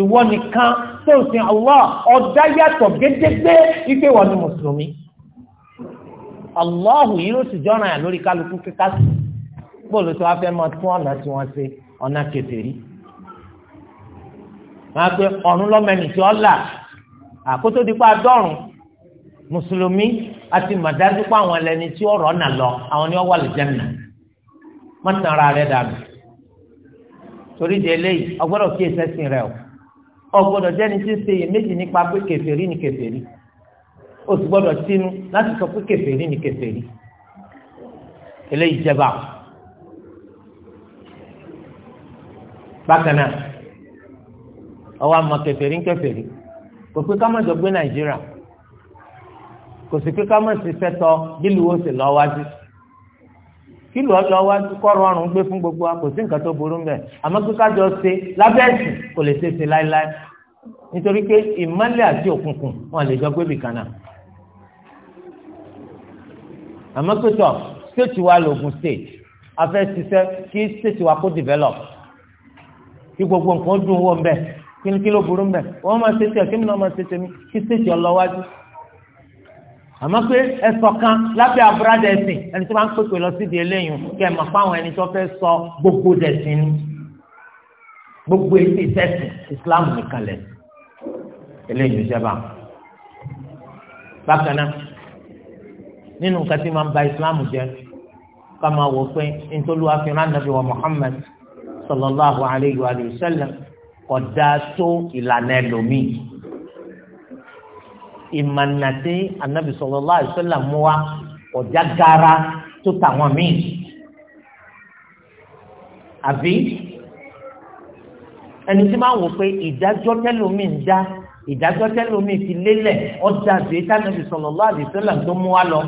ìwọ nìkan tó ń sin Allah ọ̀dá yàtọ̀ gédégbé ike wà ní mùsùlùmí Allahu yìí ló sì jọ́ràn yà lórí kálukú kíkà sí bóòlù tó wá fẹ́ mọ tún ọ̀nà tí wọ́n ṣe ọ̀nà kẹfẹ́ máa gbé ọ̀run lọ́mọ tí ó là àkótó di pa dọ́rùn mùsùlùmí àti màdájú pa àwọn ẹlẹ́ni tí ọ̀rọ̀ nà lọ àwọn ni wọ́n wà lùjẹ́nà mọ́tàn ara rẹ̀ dànù torí di eléyìí ọgbọ́dọ̀ kí ẹsẹ̀ sìn rẹ o ọgbọ́dọ̀ jẹ́ni tí ń ṣe iyèméjì nípa pé kèfèrí ni kèfèrí o sì gbọ́dọ̀ sínú láti sọ pé kèfèrí ni kèfèrí eléyìí jẹba bákan náà ọwọ́ àmọ́ kèfèrí ń kèfèrí kò pé ká má jọ gbé nàìjíríà kò sì pé ká má sì sẹ́tọ̀ bílùú ó sì lọ wájú kílù ọlọ wájú kọrọ ọrùn gbé fún gbogbo wa kò sí nǹkan tó burú mbẹ àmọ́ pé ká jọ ṣe lábẹ́ ẹ̀sìn kò lè ṣe ṣe láéláé nítorí pé ìmọ́lẹ̀ àti òkùnkùn wọn lè jọ gbé bìkan náà àmọ́ pé tọ stéètì wa lògùn stéètì afẹ́ ṣiṣẹ́ kí stéètì wa kó develop kí gbogbo nǹkan dùn wọ́n bẹ́ẹ̀ kíni kí ló burú mbẹ wọn máa ṣe tiẹ̀ kí mi náà máa ṣe tèmi kí stéèjì ọlọwájú àmọ́ pé ẹsọ kan lábẹ́ abúrádà ẹsìn ẹni tó bá ń pèpè lọ sídìí eléyìí kí ẹ máa fáwọn ẹni tó fẹ́ sọ gbogbo dẹsìn ni gbogbo etí sẹsìn islam nìkan lẹ eléyìí ìjọba bákan náà nínú nǹkan tí máa ń ba islam jẹ ká wò pé ntòlúwa nàbí wa muhammad sallallahu alayhi wa sallam kódà so ìlànà ẹlòmíì ìmànàtí anabi sallallahu alaihi wasallam mú wa kọjá gara tó tàwọn míì àbí ẹni tí máa wò pé ìdájọ́ tẹ́lòmíì ń dá ìdájọ́ tẹ́lòmíì fi lélẹ̀ ọjà àbí tánàbì sallallahu alaihi wasallam tó mú wa lọ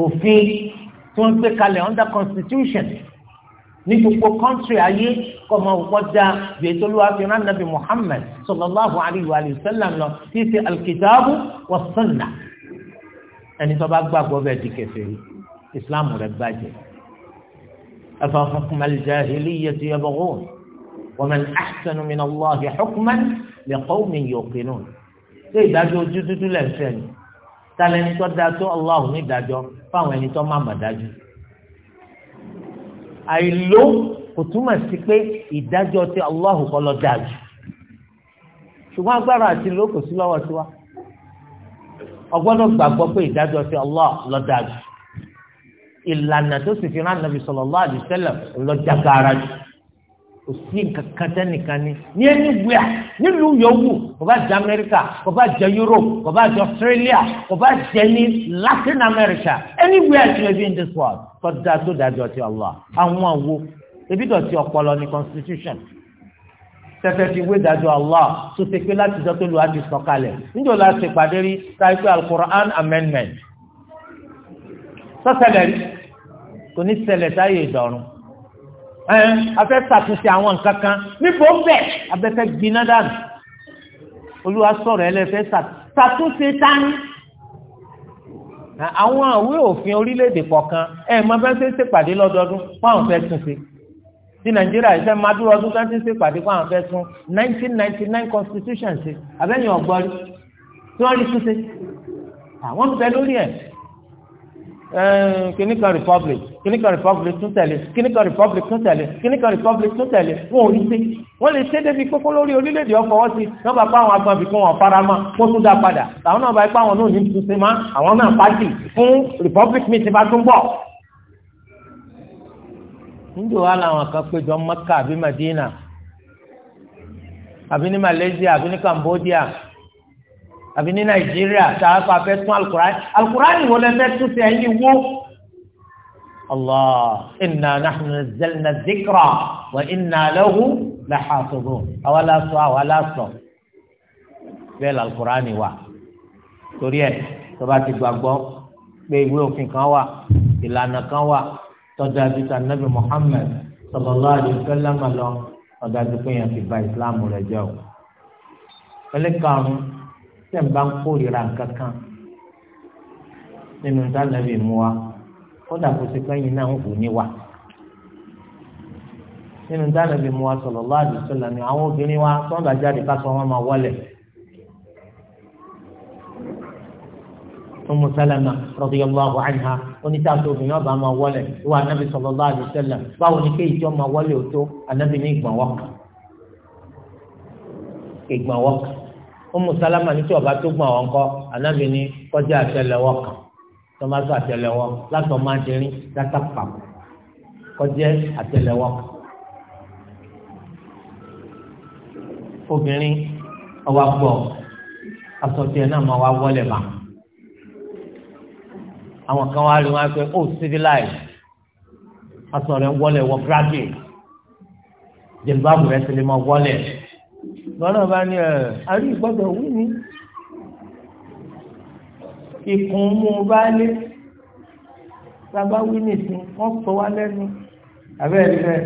òfin tí wọ́n gbé kalẹ̀ under constitution ní gbogbo kọ́ńtírì ayé kọ́ máa wọ́pọ̀ da bẹ́ẹ̀ tó ló wá fi rán nàbì Muhammad sallallahu alayhi wa sallam lọ tí ṣe alkitabu wa sunna ẹni tó bá gbàgbọ́ bẹ́ẹ̀ di kèfèrí islam rẹ̀ bàjẹ́ أفحكم الجاهلية يبغون ومن أحسن من الله حكما لقوم يوقنون ṣé ìdájọ́ ojú dúdú lẹ́sẹ̀ ni tàlẹ́ni tó dáa tó Allah ní ìdájọ́ fáwọn ẹni tó má mà dájú àìló kò túmọ̀ sí pé ìdájọ́ ti Allahu kọ́ lọ dájú ṣùgbọ́n agbára àti ìlú kò sí lọ́wọ́ tiwa ọgbọ́dọ̀ gbàgbọ́ pé ìdájọ́ ti Allah lọ dájú ìlànà tó sì fi rán Nabi sallallahu alaihi wasallam lọ jágara jù kò sí nǹkan kan tẹ́nìkan ni ní ẹni wíà nílùú yòówù kò jẹ amẹ́ríkà kò jẹ europe kò jẹ australia kò jẹ ní latin america anywhere you live in this world tọ́jà tó dájọ́ ti allah àwọn àwo ebi dọ̀tí ọpọlọ ní constitution tẹ́tẹ́ ti wé dájọ́ allah tó ṣe pé láti jọ tó lu àti sọ̀kalẹ̀ níjọ́ la ṣe pàdé rí taipei al-Qur'an amendment sọ́sẹ̀lẹ̀ kò ní ṣẹlẹ̀ táyé ìdọ̀rùn ẹ afẹ́ ṣàtúnṣe àwọn nǹkan kan níbo bẹ̀ abẹ́fẹ́ gbiná dànù olúwa sọ̀rọ̀ ẹ lẹ́fẹ́ ṣàtúnṣe tání àwọn àwé òfin orílẹ̀-èdè kọ̀ọ̀kan ẹ máa bá ń ṣe ṣèpàdé lọ́dọọdún fún àwọn fẹ́ túnṣe ti nàìjíríà ìfẹ́ madúró ọdún tó ń ti ń ṣèpàdé fún àwọn fẹ́ tún nineteen ninety nine constitution ṣe abẹ́yìn ọ̀gbọ́n rí tí wọ́n rí túnṣe àwọn ń bẹ lórí ẹ̀ kìnnìkan republic kìnnìkan republic tún tẹ̀lé kìnnìkan republic tún tẹ̀lé kìnnìkan republic tún tẹ̀lé wọn ò rí sí wọn lè ṣe débi kókó lórí orílẹ̀-èdè ọ̀fọwọ́ sí wọn bá pa àwọn agbọ̀n bìkan wọn fara mọ́ wọn tún dá padà àwọn náà bá pa àwọn náà ní túnṣe má àwọn náà pàṣẹ fún republic mi ti bá tún bọ̀. níjọ́ wa làwọn kan péjọ Mẹ́kà àbí Madina àbí ní Malaysia àbí ní Cambodia àbí ní nàìjíríà tá a fà fẹ́ tún alukurani alukurani wo lẹ fẹ́ tún sí ẹyin wo. allah inna nahnu nazzalna dhikra wa inna lahu lahafidhun àwa la sọ àwa la sọ bẹ́ẹ̀ la alukurani wa torí ẹ tó bá ti gbàgbọ́ pé ìwé òfin kan wà ìlànà kan wà tọ́jú abisa nabi muhammed sallallahu alaihi wasallam lọ yẹn ti ba ìsìlámù rẹ̀ jẹ́ o. ẹlẹ́karùn tẹ̀ ń bá ń kórìíra nǹkan kan nínú sálẹ̀bì mú wa kódà kó ti pẹ́yìn náà ń hù ní wa nínú sálẹ̀bì mú wa sallallahu alaihi wasallam ni àwọn obìnrin wa tó ń bá jáde ká sọ wọn máa wọlé. Ummu Salama radiyallahu anha onítàtò obìnrin ọba máa wọlé ìwà anábì sallallahu alaihi wasallam báwo ni kéyìí tí máa wọlé òtó anábì ní ìgbọ̀nwọ́ kan ìgbọ̀nwọ́ kan Ummu Salama ní tí ọba tó gbọ́n àwọn kọ́ anábì ní kọjá àtẹlẹwọ́ kan tọ́másọ àtẹlẹwọ́ látọ̀ máa dirín látà pàmò kọjá àtẹlẹwọ́ kan. obìnrin ọwọ́ gbọ́ asọ̀tì ẹ̀ náà máa wá wọlé bá àwọn kan wá rí wọn pé ó oh, civilized asọ̀rọ̀ ẹ̀ wọlé wọ graduate jìmbáàbù rẹ̀ ti lè máa wọlé lọ́nà bá ní ẹ̀ àrí ìgbọ́dọ̀ wí ní ìkùn mú bá lé sábà wí nìsín wọ́n sọ wá lẹ́nu abẹ́rẹ́ rẹ̀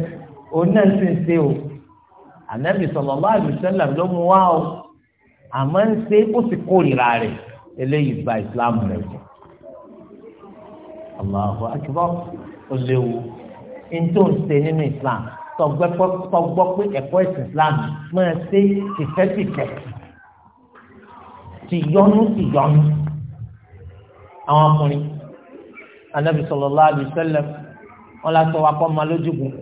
òun náà sì ń ṣe o ànábì sallallahu alaihi wasallam ló mú wá o àmọ́ ń ṣe ó sì kórìíra rẹ̀ eléyìí ba islam rẹ̀ jẹ́ Allahu akbar ó léwu ní tó ń ṣe nínú islam tọgbọ́ pé ẹ̀kọ́ ẹ̀sìn Islam máa ṣe tìfẹ́tìfẹ́ tìyọnu tìyọnu àwọn ọkùnrin anabi sallallahu alaihi wasallam wọn lásọ wa kọ́ ma lójúgun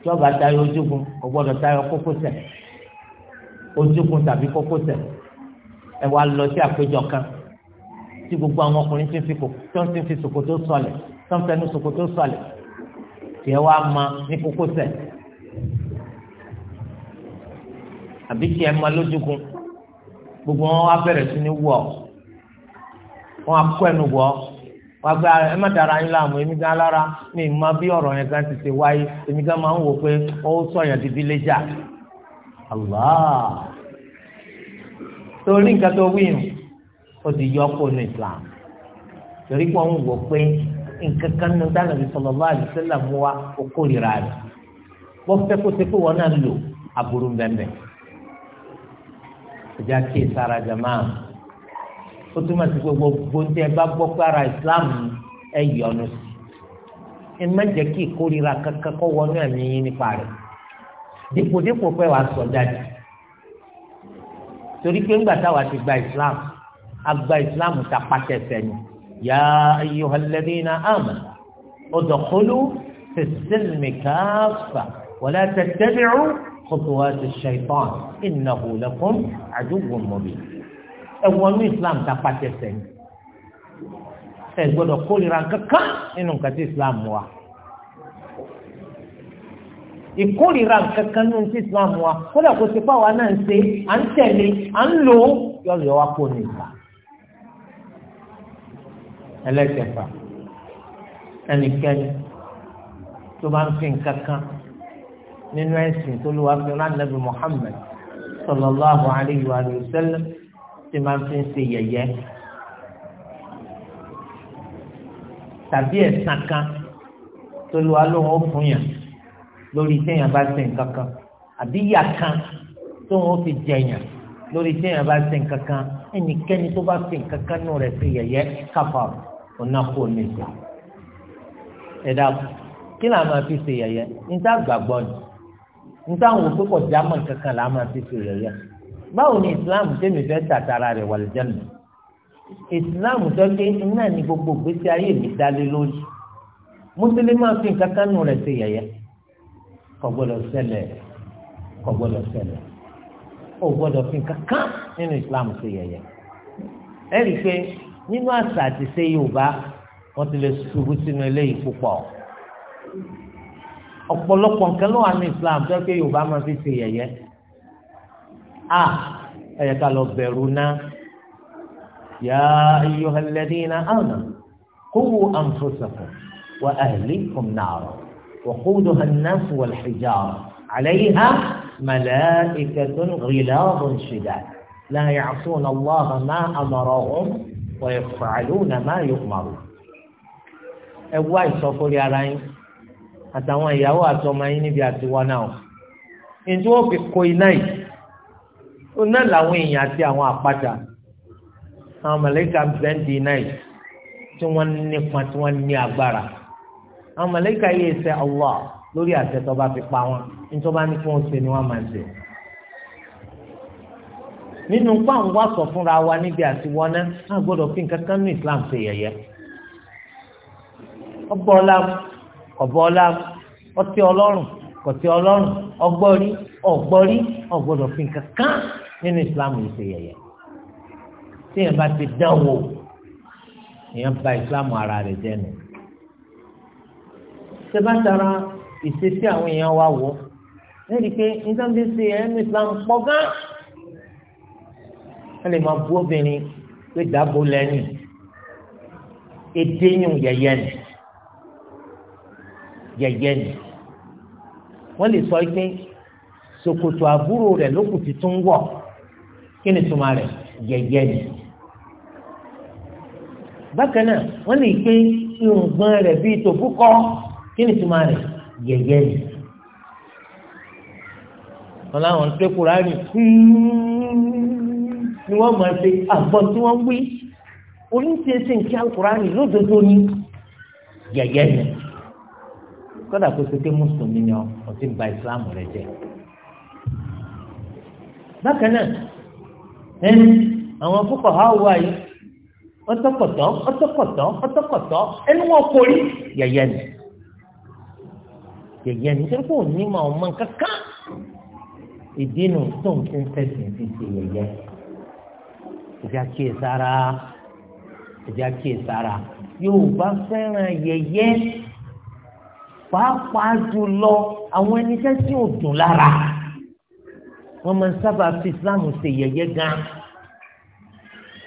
tí ọba tayọ ojúgun kò gbọdọ̀ tayọ kókósẹ̀ ojúgun tàbí kókósẹ̀ ẹ wá lọ sí àpéjọ kan tí gbogbo àwọn ọkùnrin ti ń fi ṣòkòtò sọlẹ̀ tí wọ́n fẹnu ṣòkòtò sọlẹ̀ tiẹ̀ wá ma ní kókósẹ̀ àbí tiẹ̀ ma lójúkun gbogbo wọn wá si sí ní wọ̀ wọn akọ ẹnu wọ̀ wọn gba ẹ má dara yín láàmú èmi gan alára mi má bí yẹn gan ti ṣe wáyé èmi gan máa ń wò pé ó di fílẹ́jà Allah torí nǹkan tó wí ó ti yọ kó nu Islam torí pé nǹkan kan ní dáná bí sallallahu alaihi wasallam mú wa ó kórìíra rẹ̀ wọ́n fẹ́ kó tẹ́kọ̀ wọn náà lò aburú bẹ́ẹ̀ ìjà kí sara jama ó túmọ̀ sí gbogbo gbóńtẹ́ bá gbọ́ pé ara Islam ẹ̀ yọnu sí ẹ má jẹ́ kí ìkórìíra kankan kọ́ wọnú ẹ̀mí yín nípa rẹ̀ dípòdípò pé wàá sọ jáde torí pé ńgbà táwa ti gba Islam a gba Islam ta pàtẹ́sẹ̀ ni. يا أيها الذين آمنوا ادخلوا في السلم كافة ولا تتبعوا خطوات الشيطان إنه لكم عدو مبين أولو إسلام تقاتل سنة أقول كل رانكك إنهم إسلام وا يقول رانكك إنهم كت إسلام وا كل أقول سبا وانا أنسي أنتلي أنلو يلي وابوني إسلام ẹlẹ́kẹfà ẹnikẹ́ni tó bá ń fi nǹkan kan nínú ẹ̀sìn tó lù wá fi rán nàbì Muhammad sallallahu alayhi wa sallam tí máa fi ń ṣe yẹ̀yẹ́ tàbí ẹ̀sán kan tó lù wá lóhùn ó fún yàn lórí téèyàn bá ṣe nǹkan kan àbí yà kan tó wọn fi jẹyàn lórí téèyàn bá ṣe nǹkan kan ẹnikẹ́ni tó bá fi nǹkan kan nù rẹ̀ ṣe yẹ̀yẹ́ káfà ọ̀nà kò ní ìgbà ẹ̀dá kí là máa fi ṣe yẹ̀yẹ́ níta gbàgbọ́ ni níta àwọn òpópọ̀ jámọ̀ kankan là máa fi ṣe yẹ̀yẹ́ báwo ni Islam tẹ́mi fẹ́ tàtàrà rẹ̀ wà lẹ́jẹ̀ mi Islam tó ké iná ní gbogbo gbèsè ayé mi dálé lórí mùsùlùmí máa fi nǹkan kan nù rẹ̀ ṣe yẹ̀yẹ́ kò gbọ́dọ̀ ṣẹlẹ̀ kò gbọ́dọ̀ o gbọ́dọ̀ fi nǹkan nínú Islam ṣe yẹ̀yẹ́ ẹ rí pé nínú àṣà àti ṣe yorùbá wọ́n ti lè ṣubú sínú eléyìí púpọ̀ ọ̀pọ̀lọpọ̀ nǹkan ló wà ní islam tó pé yorùbá máa fi ṣe yẹ̀yẹ́ a ẹ̀yẹ ká lọ bẹ̀rù náà yà ayyuhal ladina amanu qu anfusakum wa ahlikum nara waquduha an-nasu wal hijara alayha malaa'ikatun ghilazun shidad la ya'suna allaha ma amarahum ọ̀yẹ̀ fàálù nà máa yọ màrú. ẹ wá ìsọfúnni ara yín àtàwọn ìyàwó àtọmọ yín níbi àtiwọ́ náà ǹjẹ́ wọ́n fi kó iná yìí ó ná làwọn èèyàn àti àwọn àpáta àwọn mọ̀lẹ́kà bẹ́ǹdì iná yìí tí wọ́n nípa tí wọ́n ní agbára àwọn mọ̀lẹ́kà yìí ṣe Allah lórí àṣẹ bá fi pa wọn nítorí wọ́n bá ní kí wọ́n ṣe ni wọ́n máa ṣe nínú pa àwọn wá sọ fúnra wa níbi àti wọná náà gbọ́dọ̀ fi nǹkan kan ní Islam ṣe yẹ̀yẹ́ ọbọọlá ọbọọlá ọtí ọlọ́run kọtí ọlọ́run ọgbọrí ọgbọrí ọgbọ́dọ̀ fi nǹkan kan nínú Islam yìí ṣe yẹ̀yẹ́ tí èèyàn bá ti dánwò èèyàn bà Islam ara rẹ̀ jẹ́ nù ṣé bá tara ìṣesí àwọn èèyàn wa wọ ẹ rí i pé nígbà tí ń ṣe ẹ ní Islam pọ̀ ganan wọ́n lè máa bú obìnrin pé dáàbò lẹ́nu èdè yìí yẹ̀yẹ́ ni yẹ̀yẹ́ ni wọ́n lè sọ pé ṣòkòtò àbúrò rẹ̀ lókùn ti tún wọ̀ kí ni túmọ̀ rẹ̀ yẹ̀yẹ́ ni bákan náà wọ́n lè pé irùngbọ̀n rẹ̀ bíi tòbúkọ kí ni túmọ̀ rẹ̀ yẹ̀yẹ́ ni wọ́n láwọn ń tẹ́kùrá rìn fún un ni wọ́n máa ṣe àgbọn tí wọ́n wí oníṣẹ́ṣe ń kí alukurani lódodo ni yẹ̀yẹ́ ni kódà kó ṣe pé mùsùlùmí ni ọ ti gba ìsìláàmù rẹ jẹ bákan náà ẹni àwọn púpọ̀ ha wà yìí ọtọkọtọ ọtọkọtọ ọtọkọtọ ẹni wọn kórì yẹ̀yẹ́ ni yẹ̀yẹ́ ni tó kó ní ma ọmọ kankan ìdí nu tó ń fi ń fẹsẹ̀ fi ṣe yẹ̀yẹ́ ẹ̀já kíyè sára ẹ̀já kíyè sára yorùbá fẹ́ràn yẹyẹ pàápàá jùlọ àwọn ẹnikẹ́ tí ò dùn lára wọ́n máa ń sábà fi islam ṣe yẹyẹ gan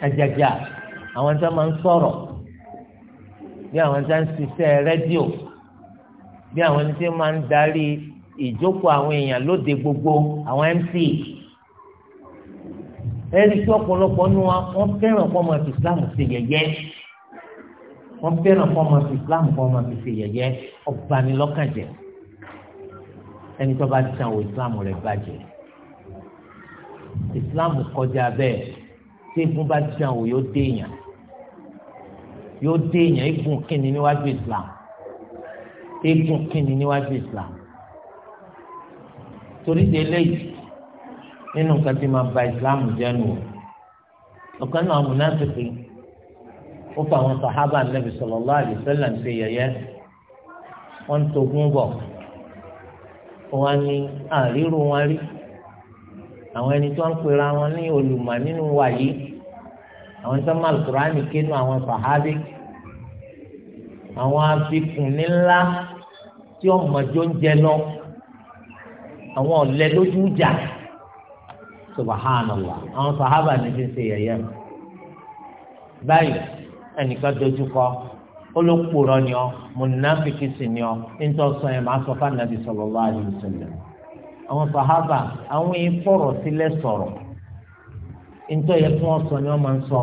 àjàjà àwọn tí wọ́n máa ń sọ̀rọ̀ bí àwọn tí wọ́n ń ṣiṣẹ́ rédíò bí àwọn tí wọ́n máa ń darí ìjókòó àwọn èèyàn lóde gbogbo àwọn mc ẹni tí ọ̀pọ̀lọpọ̀ nu wa wọ́n fẹ́ràn kọ́ máa fi islam ṣe yẹ̀yẹ́ wọ́n fẹ́ràn kọ́ máa fi islam kọ́ máa fi ṣe yẹ̀yẹ́ ọba ni lọ́kàn jẹ́ ẹni tó bá ti sàn wò islam rẹ̀ bàjẹ́ islam kọjá bẹ́ẹ̀ tí egun bá ti sàn wò yóò dé èèyàn yóò dé èèyàn egun kìnnì níwájú islam egun kìnnì níwájú islam torí de eléyìí nínú nǹkan tí máa ba islam jẹ́ nù o ọ̀kan náà múnáfíkì ó fa àwọn sàhábà nàbì sallallahu alaihi wasallam ṣe yẹ̀yẹ́ wọ́n ń togún bọ̀ wọ́n ní àríro wọn rí àwọn ẹni tó ń pera wọn ní olùmọ̀ nínú wa yìí àwọn tó máa kúránì kínú àwọn sàhábì àwọn afikùn nílá tí ọmọdé ń jẹ lọ àwọn ọ̀lẹ́ lójú jà. subahánàlá àwọn n'ụwa, ní fi ṣe yẹ̀yẹ́ báyìí ẹnìkan dojú kọ olókpòrọ ni ọ mùnàfíkì sì ni ọ ntọ́sọ yẹn máa sọ fún anabi sallallahu alaihi wasallam àwọn sàhábà àwọn yìí fọ̀rọ̀ sílẹ̀ sọ̀rọ̀ ntọ́ yẹ kí sọ ni máa sọ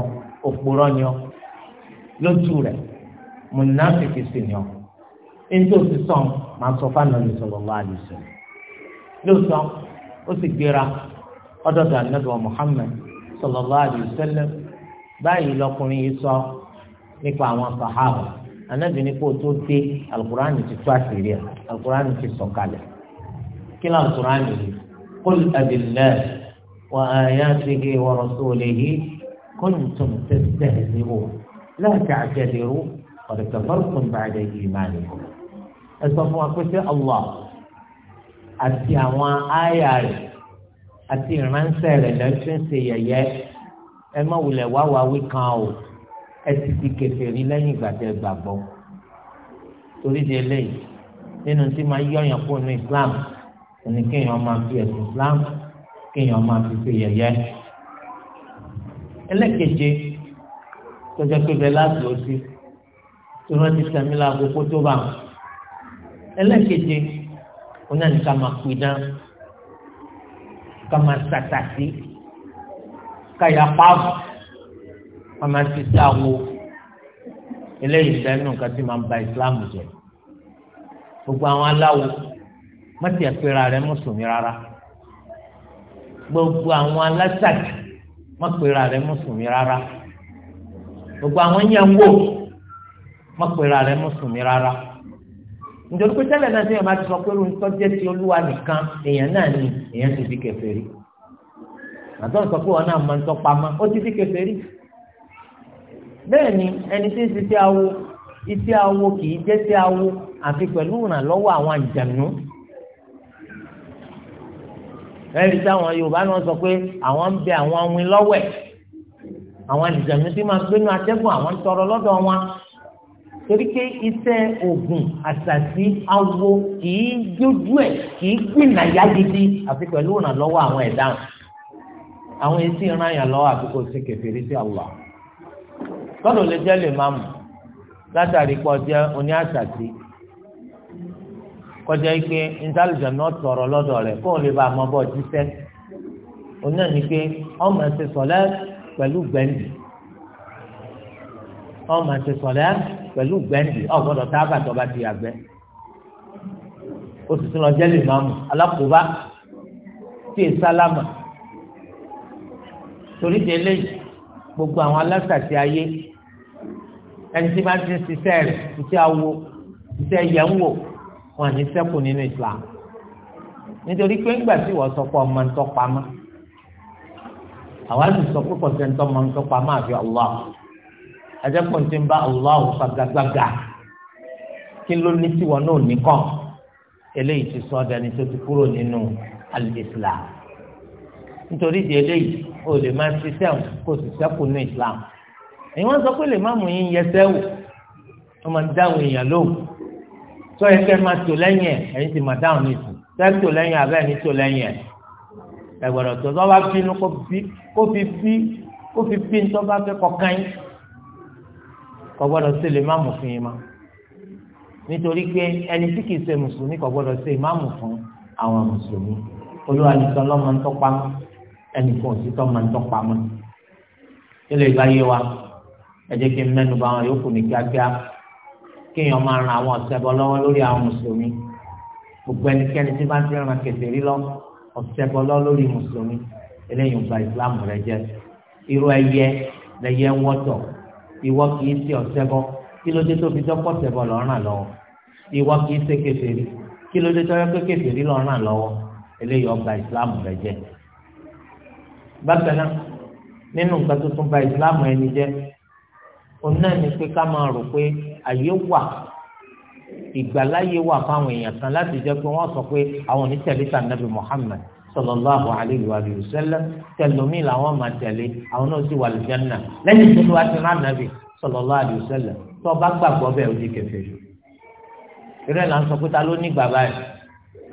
ni ọ lójú ni ọ máa sọ fún anabi lóòótọ́ ọdọdọ anabiwa muhammed sallallahu alayhi wa sallam báyìí lọkùnrin yìí sọ nípa àwọn sahaba anabi ní kó tó dé alukur'an ti tó àṣírí ẹ alukur'an ti sọ̀kalẹ̀ kí ló alukur'an yìí qul abillahi wa ayatihi wa rasulihi kuntum tastahzi'un la ta'tadiru qad kafartum ba'da imanikum ẹ sọ fún wa pé sẹ allah àti àwọn àyà rẹ àti ìránṣẹ́ rẹ̀ lẹ́sìn ṣe yẹ̀yẹ́ ẹ má wulẹ̀ wá wá wí kan o ẹ ti di kèfèrí lẹ́yìn ìgbà tẹ́ gbàgbọ́ torí di eléyìí nínú tí máa yọ̀yàn kó nu Islam ẹni kéèyàn máa fi ẹ̀sìn Islam kéèyàn máa fi ṣe yẹ̀yẹ́ ẹlẹ́keje tọ́jà pé bẹ́ẹ̀ láti òsì tí wọ́n ti sẹ́mi láago kó tó bá wọn ẹlẹ́keje onáníkà máa pè dáná ká máa ṣàtàsí ká yà pààbò ká máa ṣiṣẹ́ àwo eléyìí bẹ́ẹ̀ nù kàtí máa ba ìsìláàmù jẹ gbogbo àwọn aláwo mọ́tì ẹ̀pẹ́ra rẹ mùsùlùmí rárá gbogbo àwọn alásàkì mọ́pẹ́ra rẹ mùsùlùmí rárá gbogbo àwọn yẹn wò mọ́pẹ́ra rẹ mùsùlùmí rárá nítorí pé tẹ́lẹ̀ náà sẹ́yìn máa ti sọ pé irú nǹkan jẹ́ ti olúwa nìkan èèyàn náà ni èèyàn ti di kèfèrí àtọ́ sọ pé wọn náà máa ń tọ́ pamọ́ ó ti di kèfèrí bẹ́ẹ̀ ni ẹni tí ń ṣiṣẹ́ awo iṣẹ́ awo kì í jẹ́ iṣẹ́ awo àfi pẹ̀lú ìrànlọ́wọ́ àwọn àjànú ẹ̀rí táwọn Yorùbá náà sọ pé àwọn ń bẹ àwọn ọmọ ìlọ́wẹ̀ àwọn àjànú tí máa ń gbénu atẹ́gùn àwọn ń tọrọ lọ́dọ̀ wọn torí pé iṣẹ́ oògùn àṣàṣì awo kìí jójú ẹ̀ kìí gbìnà yá gidi àfi pẹ̀lú ìrànlọ́wọ́ àwọn ẹ̀dá àwọn etí ìran yàn lọ́wọ́ àkókò sí kẹfìrí sí Allah tọ́lọ̀ lè jẹ́ lè máa mú látàrí pọ̀ jẹ́ oní àṣàṣì kọjá ike intelligent náà tọrọ lọ́dọ̀ rẹ̀ kó o lè bá a mọ bọ́ jíṣẹ́ oní àná pé ọmọ ẹ̀sìn sọ̀lẹ́ pẹ̀lú gbẹ̀ndì wọn máa ṣe sọlẹ pẹ̀lú gbẹǹdì ọgbọdọ tábà tó bá di àgbẹ oṣù tí lọ jẹ lè máa mú alákòóbá tí è sálámà torí di eléyìí gbogbo àwọn alásàtì ayé ẹni tí máa ti ń ṣiṣẹ́ rẹ̀ iṣẹ́ awo iṣẹ́ yẹn wò wọn ní ṣẹ́kù nínú Islam nítorí pé ńgbà tí wọ́n sọ pé ọmọ ń tọ́ pamọ́ àwọn àti sọ pé kọ̀ọ̀tẹ́ ń tọ́ ọmọ ń tọ́ pamọ́ àfi Allah ajẹ́pọ̀ ti ń bá Allah gbàgbàgbà kí ló ní tiwọn náà nìkan eléyìí ti sọ dání tó ti kúrò nínú al-Islam nítorí di eléyìí o lè máa ṣiṣẹ́ kó o sì sẹ́kù ní Islam èyí wọ́n sọ pé lè má mú yín yẹsẹ́ wò wọ́n máa ń dáhùn èèyàn lóhùn tó yẹ kẹ́ máa tò lẹ́yìn ẹ̀ ẹ̀yìn ti máa dáhùn nìkan tẹ́ tò lẹ́yìn abẹ́ ẹ̀yìn tò lẹ́yìn ẹ̀ ẹ̀gbọ̀dọ̀ tó tọ́ bá bínú kó fi bí kó fi bí nítorí bá fẹ́ kọ̀ọ̀kan yín kò gbọ́dọ̀ ṣe lè máàmù fún yín ma nítorí pé ẹni tí kìí ṣe mùsùlùmí kò gbọ́dọ̀ ṣe ìmáàmù fún àwọn mùsùlùmí olúwa nìkan lọ́mọ ń tọ́pa mọ́ ẹnì kan ò sí tọ́mọ ń tọ́pa mọ́ nílẹ̀ ìgbà yé wa ẹ jẹ́ kí n mẹ́nu bà wọn yòókù ní kíákíá kéèyàn máa ran àwọn ọ̀sẹ̀bọ lọ́wọ́ lórí àwọn mùsùlùmí gbogbo ẹnikẹ́ni tí bá ti ran kèfèrí lọ ọ̀sẹ̀bọ lọ lórí mùsùlùmí eléyìí ń ba ìsìlámù rẹ jẹ́ irú ẹyẹ lẹyẹ wọ́tọ̀ ìwọ kì í ṣe ọ̀sẹ́bọ kí ló dé tó fi dọ́pọ̀ ṣẹbọ lọ́ràn lọ́wọ́ ìwọ kì í ṣe kèfèrí kí ló dé tó yẹ pé kèfèrí lọ́wọ́ eléyìí ọba islam rẹ jẹ. bákan náà nínú nǹkan tó tún ba islam ẹni jẹ òun náà ni pé ká máa rò pé àyè wà ìgbàláyé wà fáwọn èèyàn kan láti jẹ pé wọn sọ pé àwọn onítẹ̀lẹ́sà nàbì Muhammad sallallahu alayhi wa sallam tẹlomi làwọn máa tẹ̀lé àwọn náà sì wà lùjánná lẹ́yìn tó wá ti rán nàbì sallallahu alayhi wa sallam tó bá gbàgbọ́ bẹ́ẹ̀ ó di kẹfẹ́ yìí. ìrẹ́ là ń sọ pé ta ló ní bàbá yìí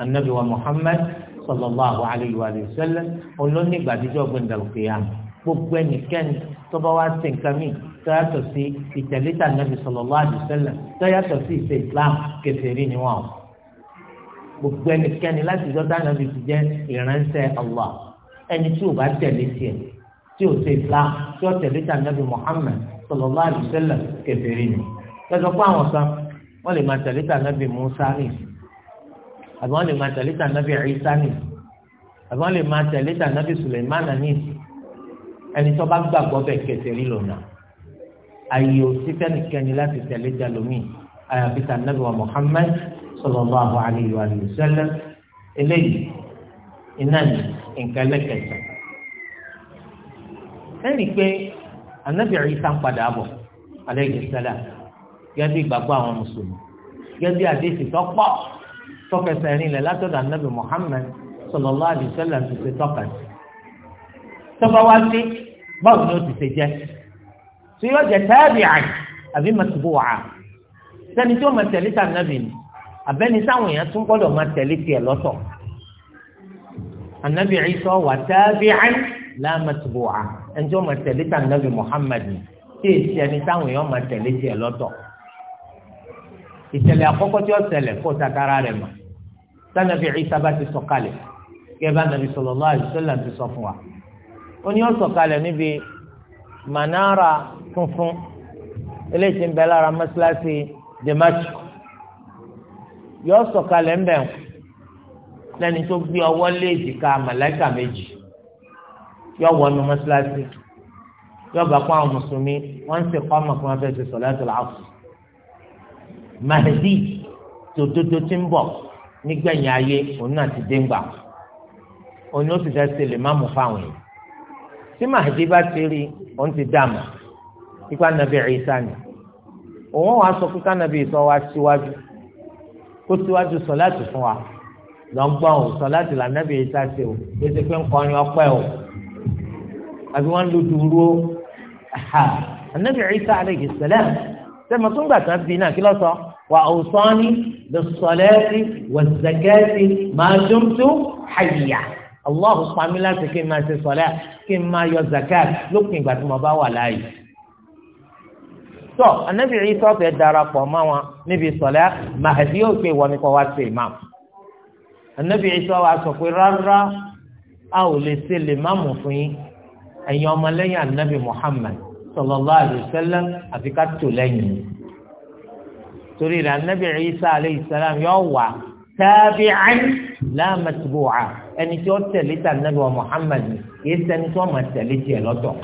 anabi wa muhammad sallallahu alayhi wa sallam olóní gbàdúgbò gbẹndàlùkìyà gbogbo ẹnikẹ́ni tó bá wá sí nǹkan míì tó yàtọ̀ sí ìtẹ̀lẹ́tà nàbì sallallahu alayhi wa sallam tó yàtọ̀ sí ìṣe islam kèfèrí ni wọ́n gbogbo ẹnikẹ́ni láti ìjọ dáná bí ti jẹ́ ìránṣẹ́ Allah ẹni tí ò bá tẹ̀lé tiẹ̀ tí ò ṣe Islam tí ó tẹ̀lé tà nàbì Muhammad sallallahu alaihi wasallam kèfèrí ni lọ́sọ̀ pé àwọn kan wọ́n lè máa tẹ̀lé tà nàbì Musa ni àbí wọ́n lè máa tẹ̀lé tà nàbì Isa ni àbí wọ́n lè máa tẹ̀lé tà nàbì Suleiman ni ẹni tó bá gbàgbọ́ bẹ̀ kèfèrí lọ́nà àyè òsì fẹ́nikẹ́ni láti tẹ̀lé jà lómi àyàfi tà nàbì wa Muhammad sallallahu alayhi wa sallam eléyìí iná ní nǹkan لك ẹnì pé anabi Isa ń padà bọ̀ alayhi salam gẹ́gẹ́ bí ìgbàgbọ́ àwọn mùsùlùmí gẹ́gẹ́ bí àdéhìí tọ́pọ̀ tọ́kẹsẹ̀ rìn lẹ̀ látọ̀dọ̀ anabi Muhammad sallallahu alayhi wa sallam ti ṣe tọ́ka sí. tọ́ba wá sí báwo ni ó ti ṣe jẹ́ tí yóò jẹ́ tabi'an àbí matbu'a sẹ́ni tí ó mọ̀ tẹ̀lé tà nàbì ni abẹ́ni sáwọn èèyàn tún gbọ́dọ̀ máa tẹ̀lé tiẹ̀ lọ́tọ̀ anabi Isa wà tabi'an la matbu'a ẹnjọ́ máa tẹ̀lé tà anabi Muhammad tí èsì ẹni sáwọn èèyàn máa tẹ̀lé tiẹ̀ lọ́tọ̀ ìṣẹ̀lẹ̀ àkọ́kọ́ tí ó ṣẹlẹ̀ kó tatara rẹ̀ mà sanabi Isa bá ti sọ̀kalẹ̀ kẹ́ẹ́ bá nàbì sallallahu alaihi wasallam ti sọ fún wa níbi manara funfun eléyìí ti ń bẹ lára mọ́ṣáláṣí Damascus yọ sọ̀kalẹ̀ ńbẹ̀ ń lẹ́ni tó gbé ọwọ́ lé èjìká màláìkà méjì yọ wọnú mọ́ṣáláṣí yọ bá kó àwọn mùsùlùmí wọ́n ń sèkọ́ ọmọ kí wọ́n fẹ́ ṣe sọ̀láṣí làásù Mahdi tòdodo ti ń bọ̀ nígbẹ̀yìn ayé òun náà ti dé ńgbà òun ló ti fẹ́ ṣe lè má mú fáwọn yìí tí Mahdi bá ti rí òun ti dààmú ipa nàbẹ̀ Ìsá ni òun wàá sọ pé ká nàbẹ̀ Ìsá wá síwájú. Si kó síwájú sọláàtì fún wa lọ ń gbọ́ ò sọláàtì lànàbì yìí sáà ṣe o kéde pé ń kọrin ọpẹ́ o àbí wọ́n ń lu dùrú o ànàbì yìí sáà lè gè tó ń gbà tán bí náà kí lọ́sọ wà ó sọ́ni lè sọlẹ́ẹ̀tì wà zẹ̀gẹ́ẹ̀tì máa dúntú hayya Allahu pamí láti kí n máa ṣe sọlẹ́ kí n máa yọ zakat lópin ìgbà tí mo bá wà láàyè tọ́ anabi Isa fẹ́ darapọ̀ mọ́ wọn níbi sọ̀lẹ́ mahadi yóò pé wọn kọ́ wá sí imam anabi Isa wa sọ pé rárá a ò lè ṣe lè má mú fún yín ẹ̀yin ọmọlẹ́yìn anabi Muhammad sallallahu alaihi wasallam àfi ká tó lẹ́yìn torí rẹ̀ anabi Isa alayhi salam yóò wà tabi'an la matbu'a ẹni tí ó tẹ̀lé tà anabi wa Muhammad yìí sẹ́ni tí wọ́n máa tẹ̀lé tiẹ̀ lọ́tọ̀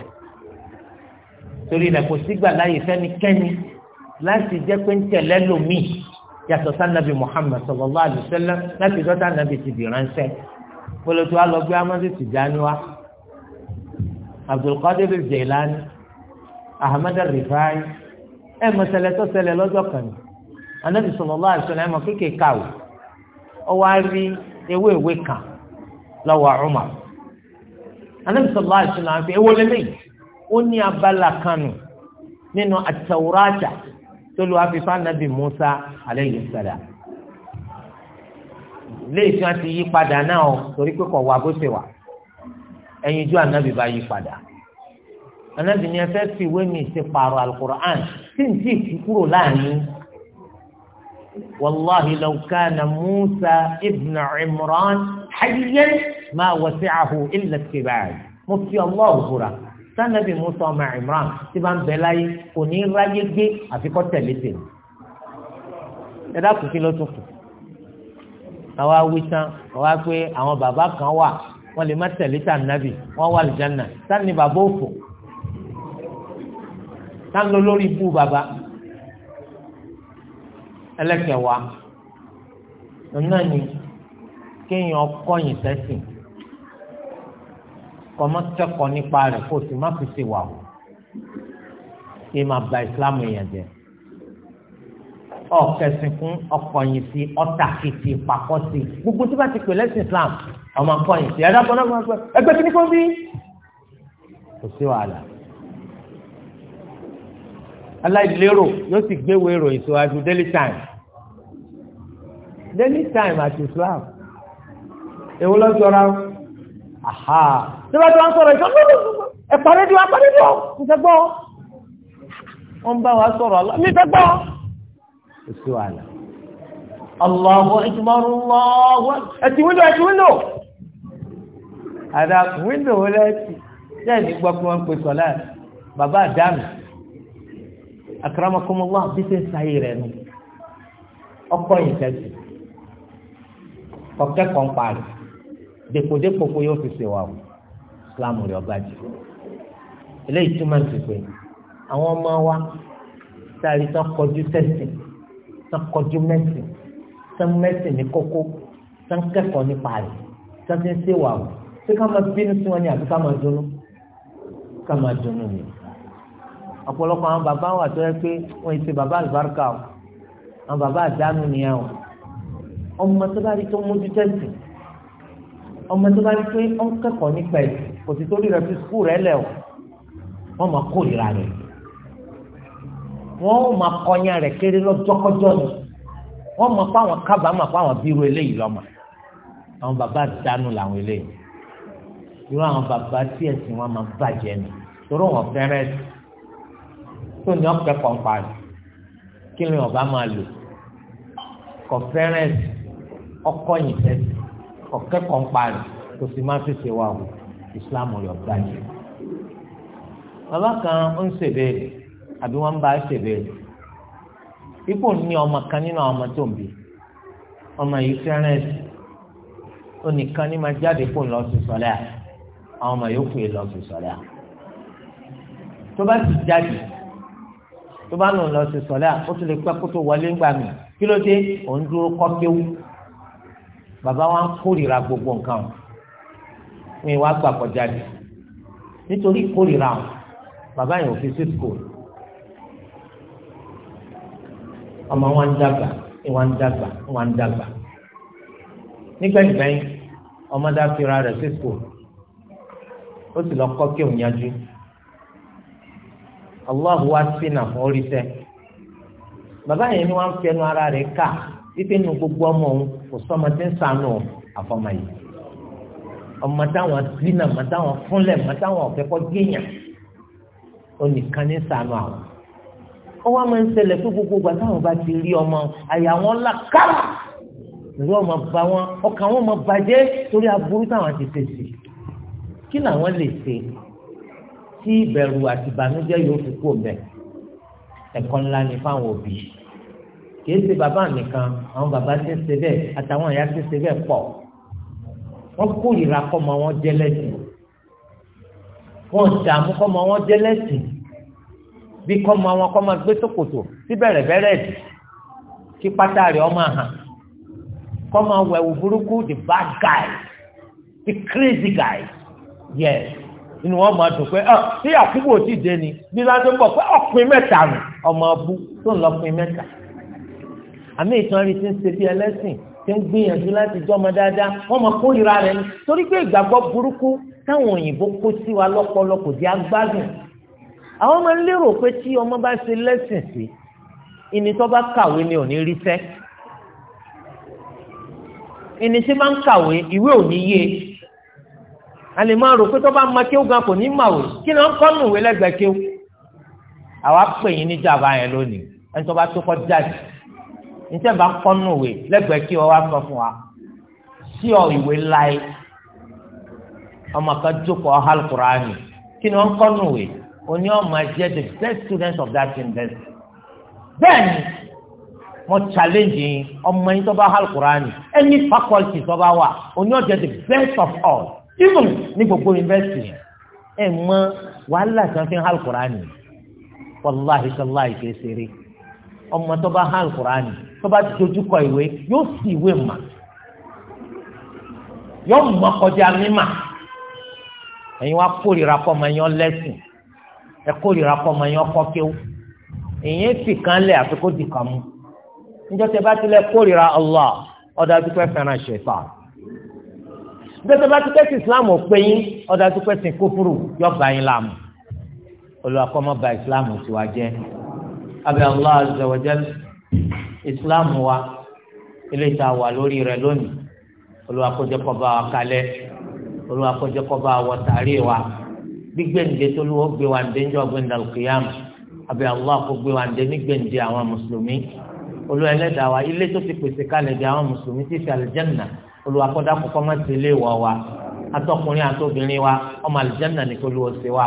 torí rẹ̀ kò sígbà láyè fẹ́nikẹ́ni láti jẹ́ pé ń tẹ̀lé lómìn yàtọ̀ sànàbì Muhammad sallallahu alaihi wasallam láti dọ́tà nàbì ti bì ránṣẹ́ polotu alọgbé amadu Tijani wa Abdulkadir Jailani Ahmad Rifai ẹ mọ̀sẹ̀lẹ̀ tó ṣẹlẹ̀ lọ́jọ́ kan ní anabi sallallahu alaihi wasallam ẹ mọ̀ kékeré káwé ọwọ́ á rí ewé ìwé kan lọ́wọ́ Umar anabi sallallahu alaihi wasallam wọlé lẹ́yìn. ó ní abala kanu nínú àtàwùrátà tó lu afifa nabi musa aleyhi salam léyìí tí wọn ti yí padà náà o torí pé kò wá bó ṣe wà ẹyin ju anabi bá yí padà anabi ni ẹ fẹ́ fi ìwé mi ṣe pààrọ̀ alukur'an tí n tí kú kúrò láàrin wàláhi lọ́kàna musa ibn imran hayyan ma wasi'ahu illa tibaari mo fi ọlọ́ọ̀hùrà. sanabi musa ọmọ imran tí bá ń bẹ láyé kò ní ráyé gbé àfikọ́ tẹ̀lé tèmi ẹ dákun kí ló tún kù àwa wí tán àwa pé àwọn bàbá kan wà wọn lè má tẹ̀lé tà nàbì wọn wà lìjánà sani bàbá òfò sani olórí ibú bàbá ẹlẹ́kẹ̀wá ọ̀nà ni kéèyàn kọ́yìn sẹ́sìn kọ́mọ́ kẹ́kọ̀ọ́ nípa rẹ̀ kó o sì má fi ṣe wà o kí máa ba ìsìlámù yẹn jẹ ọ̀kẹ́sìn fún ọkọ̀yìn sí ọ̀tà kìtì pàkọ́ sí gbogbo tí bá ti pè lẹ́sìn islam ọmọ akọ̀yìn sí ẹ̀dá kọ́nà máa gbẹ ẹgbẹ́ tí ní kó bí kò sí wàhálà aláìlérò yóò sì gbéwò èrò ìṣòwájú daily time daily time àti islam èwo lọ́jọ́ra o àhá tí wọ́n tó ń sọ̀rọ̀ ìṣọ́ ẹ̀pà rédíò ẹ̀pà rédíò ìṣẹ́gbọ́ wọ́n bá wa sọ̀rọ̀ ọlọ́ mi ìṣẹ́gbọ́ oṣù àlà Allahu akbar Allahu ẹ̀tì wíńdò ẹ̀tì wíńdò àdá wíńdò wọlé ẹ̀tì jẹ́ ní gbọ́ pé wọ́n pe sọ̀lá ọkọ̀ yìí ọ̀kẹ́kọ̀ọ́ ń parí dèpòdèpò pé yóò fi ṣèwà o islam rẹ ọgbà jù eléyìí túmọ̀ sí pé àwọn ọmọ wa sáré tán kọjú tẹ̀sìn tán kọjú mẹ́sìn tán mẹ́sìn ní kókó tán kẹ́kọ̀ọ́ nípa rẹ̀ tán ti ń ṣèwà o ṣé ká máa bínú sí wọn ni àbí ká máa dunnú ká máa dunnú ni ọ̀pọ̀lọpọ̀ àwọn bàbá wà tó yẹ pé wọ́n ti bàbá àlùbáríkà o àwọn bàbá àdánù nìyẹn o ọmọ tó bá rí tó mójú tẹ̀sìn ọmọ tó bá rí pé ó ń kẹ́kọ̀ọ́ nípa ẹ̀ kò sì torí rẹ̀ fi skul rẹ̀ lẹ̀ o wọ́n máa kórìíra rẹ̀ wọ́n máa kọyán rẹ̀ kéré lọ́jọ́kọ́jọ́ ni wọ́n máa pa àwọn kábàámà pa àwọn bírò eléyìí lọ́mọ àwọn bàbá dánú làwọn eléyìí irú àwọn bàbá tí ẹ̀sìn wọn máa bàjẹ́ ni torí wọn fẹ́rẹ́ tó ní ọ̀pẹ pọ̀npá rẹ̀ kí ni ọba máa lò kọ̀ fẹ́rẹ́ ọkọ̀ yìí fẹ́ẹ́ ọ̀kẹ́kọ̀ọ́ ń parí kò sì máa fi ṣe wa o ìsìláàmù yọ̀ báyìí. bàbá kan ń ṣèbéèrè àbí wọ́n ń bá ṣèbéèrè ipò ní ọmọ kan nínú àwọn ọmọ tó ń bí ọmọ yìí fẹ́ràn ẹ̀sìn ó nìkan ní ma jáde kó lọ sí sọ́lẹ́ à àwọn ọmọ yòókù yìí lọ sí sọ́lẹ́ à tó bá sì jáde tó bá lòun lọ sí sọ́lẹ́ à ó tún lè pẹ́ kó tó wọlé ńgbà mí kí ló dé òun dúró kọ́ kéwú. bàbá wa ń gbogbo nǹkan wọn ìwà gbà kọjá di nítorí kórìíra bàbá yẹn ò fi sí ọmọ wa ń dàgbà ìwà ń dàgbà ìwà ń dàgbà nígbà ọmọdé afira rẹ̀ sí skul ó sì lọ kọ́ kí òun bàbá yẹn ni ń fẹnu ara ká gbogbo ọmọ òun kò sọ́mọ tí ń sànù àfọmọ yìí ọmọ táwọn sínà ọmọ táwọn fúnlẹ̀ ọmọ táwọn ọ̀fẹ́ kọ́ géèyàn onìkan ní sànù àwọn ó wá máa ń ṣẹlẹ̀ tó gbogbo gbà táwọn bá ti rí ọmọ àyà wọn là kárà ìlú ọmọ bá wọn ọkàn wọn mọ bàjẹ́ torí aburú táwọn ti fèsì kí làwọn lè ṣe tí ìbẹ̀rù àti ìbànújẹ́ yóò fi kú ọ̀bẹ ẹ̀kọ́ ńlá ni fáwọn òbí yìí kìí ṣe bàbá nìkan àwọn bàbá ti ṣe bẹ́ẹ̀ àtàwọn ìyá ti ṣe bẹ́ẹ̀ pọ̀ wọ́n kó ìra kọ́mọ wọn jẹ́lẹ́sì wọ́n dààmú kọ́mọ wọn jẹ́lẹ́sì bí kọ́mọ wọn kọ́mọ gbé ṣòkòtò sí bẹ̀rẹ̀bẹ̀rẹ̀ dì kí pátá rẹ̀ ọmọ hàn kọ́mọ wẹ̀wù burúkú the bad guy the crazy guy yes inú wọn máa dùn pé ah, tí àkúgbò ti dé ni bí ládùúgbò pé ọ̀pin ah, mẹ́ta nù ọmọ abú tó ń lọ pin mẹ́ta àmì ìtàn rí ti ń ṣe bí ẹlẹ́sìn ti ń gbìyànjú láti jọmọ dáadáa wọ́n mọ kórìíra rẹ̀ ni torí pé ìgbàgbọ́ burúkú táwọn òyìnbó kó sí wa lọ́pọlọ kò di agbádùn àwọn ọmọ lérò pé tí ọmọ bá ṣe lẹ́sìn sí ìní tó bá kàwé ni ò ní rí sẹ́ ìní tí máa ń kàwé ìwé ò ní yé a lè máa rò pé tó bá ma kéwù gan kò ní màwé kí ni wọ́n kọ́ nù ìwé lẹ́gbẹ̀ẹ́ kéwù àwa pè yín níjàmbá yẹn lónìí ẹni tó bá tó kọ́ jáde níta bá ń kọ́ nù ìwé lẹ́gbẹ̀ẹ́ kí wọ́n wá sọ fún wa sí ọ ìwé láì ọmọ kan jókòó ọ̀hálù kùránì kí ni wọ́n kọ́ nù ìwé oní ọmọ jẹ́ the best student of that university bẹ́ẹ̀ni mo challenge yín ọmọ yín tó bá ọ̀hálù kùránì any faculty tó bá wà oní ọjọ́ the best of all even ní gbogbo university yẹn ẹ mọ wàhálà kan fi ń hàlù kùránì wàláhi sàláhi kìí ṣeré ọmọ tó bá hàlù kùránì tó bá dojú kọ ìwé yóò sì ìwé mà yóò mọ kọjá mímà ẹ̀yin wá kórìíra kọ́ ọmọ yẹn lẹ́sìn ẹ kórìíra kọ́ ọmọ yẹn kọ́ kéwú ìyẹn sì kan lẹ̀ àfi kó di kàn mú níjọ́ tẹ bá tilẹ̀ kórìíra Allah ọ̀dà tó fẹ́ fẹ́ràn ṣẹ̀fà níjọ́ tẹ bá tilẹ̀ sí Islam ò pé yín ọ̀dà tó fẹ́ sìn kófúrú yọ̀ bá yín láàmú olùwàkọ́mọba Islam tiwa jẹ́ abẹ́ Allah azza wa jalla islam wa eléyìí tá a wà lórí rẹ̀ lónìí olúwa kó jẹ́ kó bá wa kalẹ̀ olúwa kó jẹ́ kó bá wa tàrí wa gbígbé ǹdẹ tó lówó gbé wa ǹdẹ ńjọ gbé ǹdẹ alqiyam àbí allah kó gbé wa ǹdẹ nígbè ǹdẹ àwọn mùsùlùmí olúwa ẹlẹ́dàá wa ilé tó ti pèsè kalẹ̀ di àwọn mùsùlùmí ti fi àlùjẹ́nà olúwa kó dákú kó má ti lé wọ̀ wa atọkùnrin àtọbìnrin wa ọmọ àlùjẹ́nà ní kó lówó sí wa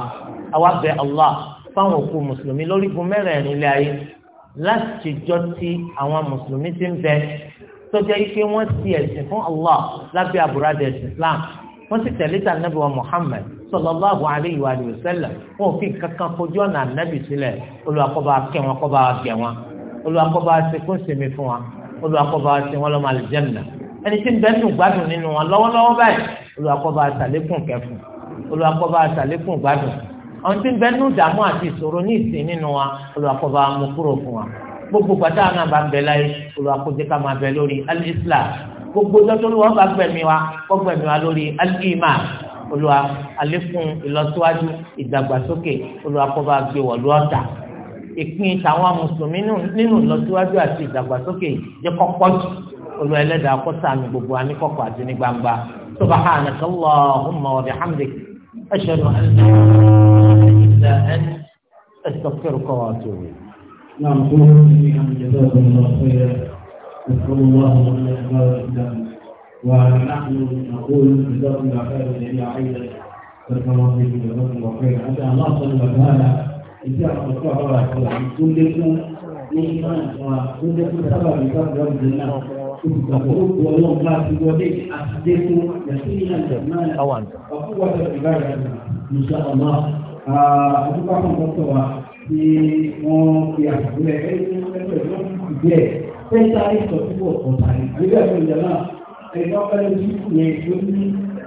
àwa bẹ allah fáwọn òkú mùsùlùmí lórí gun mẹ́rẹ̀ẹ̀rin ilé ayé láti jọ ti àwọn mùsùlùmí ti ń bẹ sọjọ́ ike wọ́n ti ẹ̀sìn fún Allah lábẹ́ àbúradà ẹ̀sìn Islam wọ́n sì tẹ̀lé ta nàbì wa Muhammad sallallahu alayhi wa sallam wọn ò fi kankan fojú ọ̀nà nàbì sílẹ̀ olùwàkọ́ba kẹ́ wọn kọ́ba gẹ̀ wọn olùwàkọ́ba sekún sèmi fún wa olùwàkọ́ba ṣe wọn lọ́mọ àlùjẹ́nà ẹni tí ń bẹ́ẹ̀ dùn gbádùn nínú wọn lọ́wọ́lọ́wọ́ báyìí olùwàkọ́ba ṣàlékún kẹfù olùwàkọ́ba ṣàlékún gbádùn àwọn tí ń bẹ nínú ìdààmú àti ìṣòro ní ìsìn nínú wa olùwàkọ̀bá mú kúrò fún wa gbogbo pàtàkì àwọn àbá ń bẹ láyé olùwàkọ̀jẹ́ ká máa bẹ lórí al-Islam gbogbo dọ́tọ́lù wọn bá gbẹ̀mí wa kọ́ gbẹ̀mí wa lórí al-Iman olùwà àlékún ìlọsíwájú ìdàgbàsókè olùwàkọ̀bá gbé wọ̀lú ọ̀tà ìpín tàwọn mùsùlùmí nínú ìlọsíwájú àti ìdàgbàsókè jẹ́ kọ́kọ́ jù olùwà ẹlẹ́dàá kọ́sà mi gbogbo àníkọ̀kọ̀ àti ní gbangba subhanakallahumma wa bihamdik ashhadu an la إلا أنت أستغفرك وأتوب نعم نعم جميعا جزاكم الله خيرا نسأل الله أن يحفظ الإسلام ونحن نقول جزاكم الله خيرا جميعا عيدا فكما فيكم جزاكم الله خيرا أتى الله سبحانه وتعالى إجابة الصحابة كلكم نيمان وكلكم سبب بفضل رب الجنة وقلوب ويوم لا تقولين أحدثوا يقينا ما وقوة العبادة إن شاء الله àdúgbò àwọn wa tí wọ́n fi àtúnlẹ̀ ẹgbẹ́ ìgbẹ́ tẹ́tà ìsọ̀túnbọ̀ ọ̀tà ìgbẹ́ ìjọba ẹ̀dọ́gbẹ́lẹ́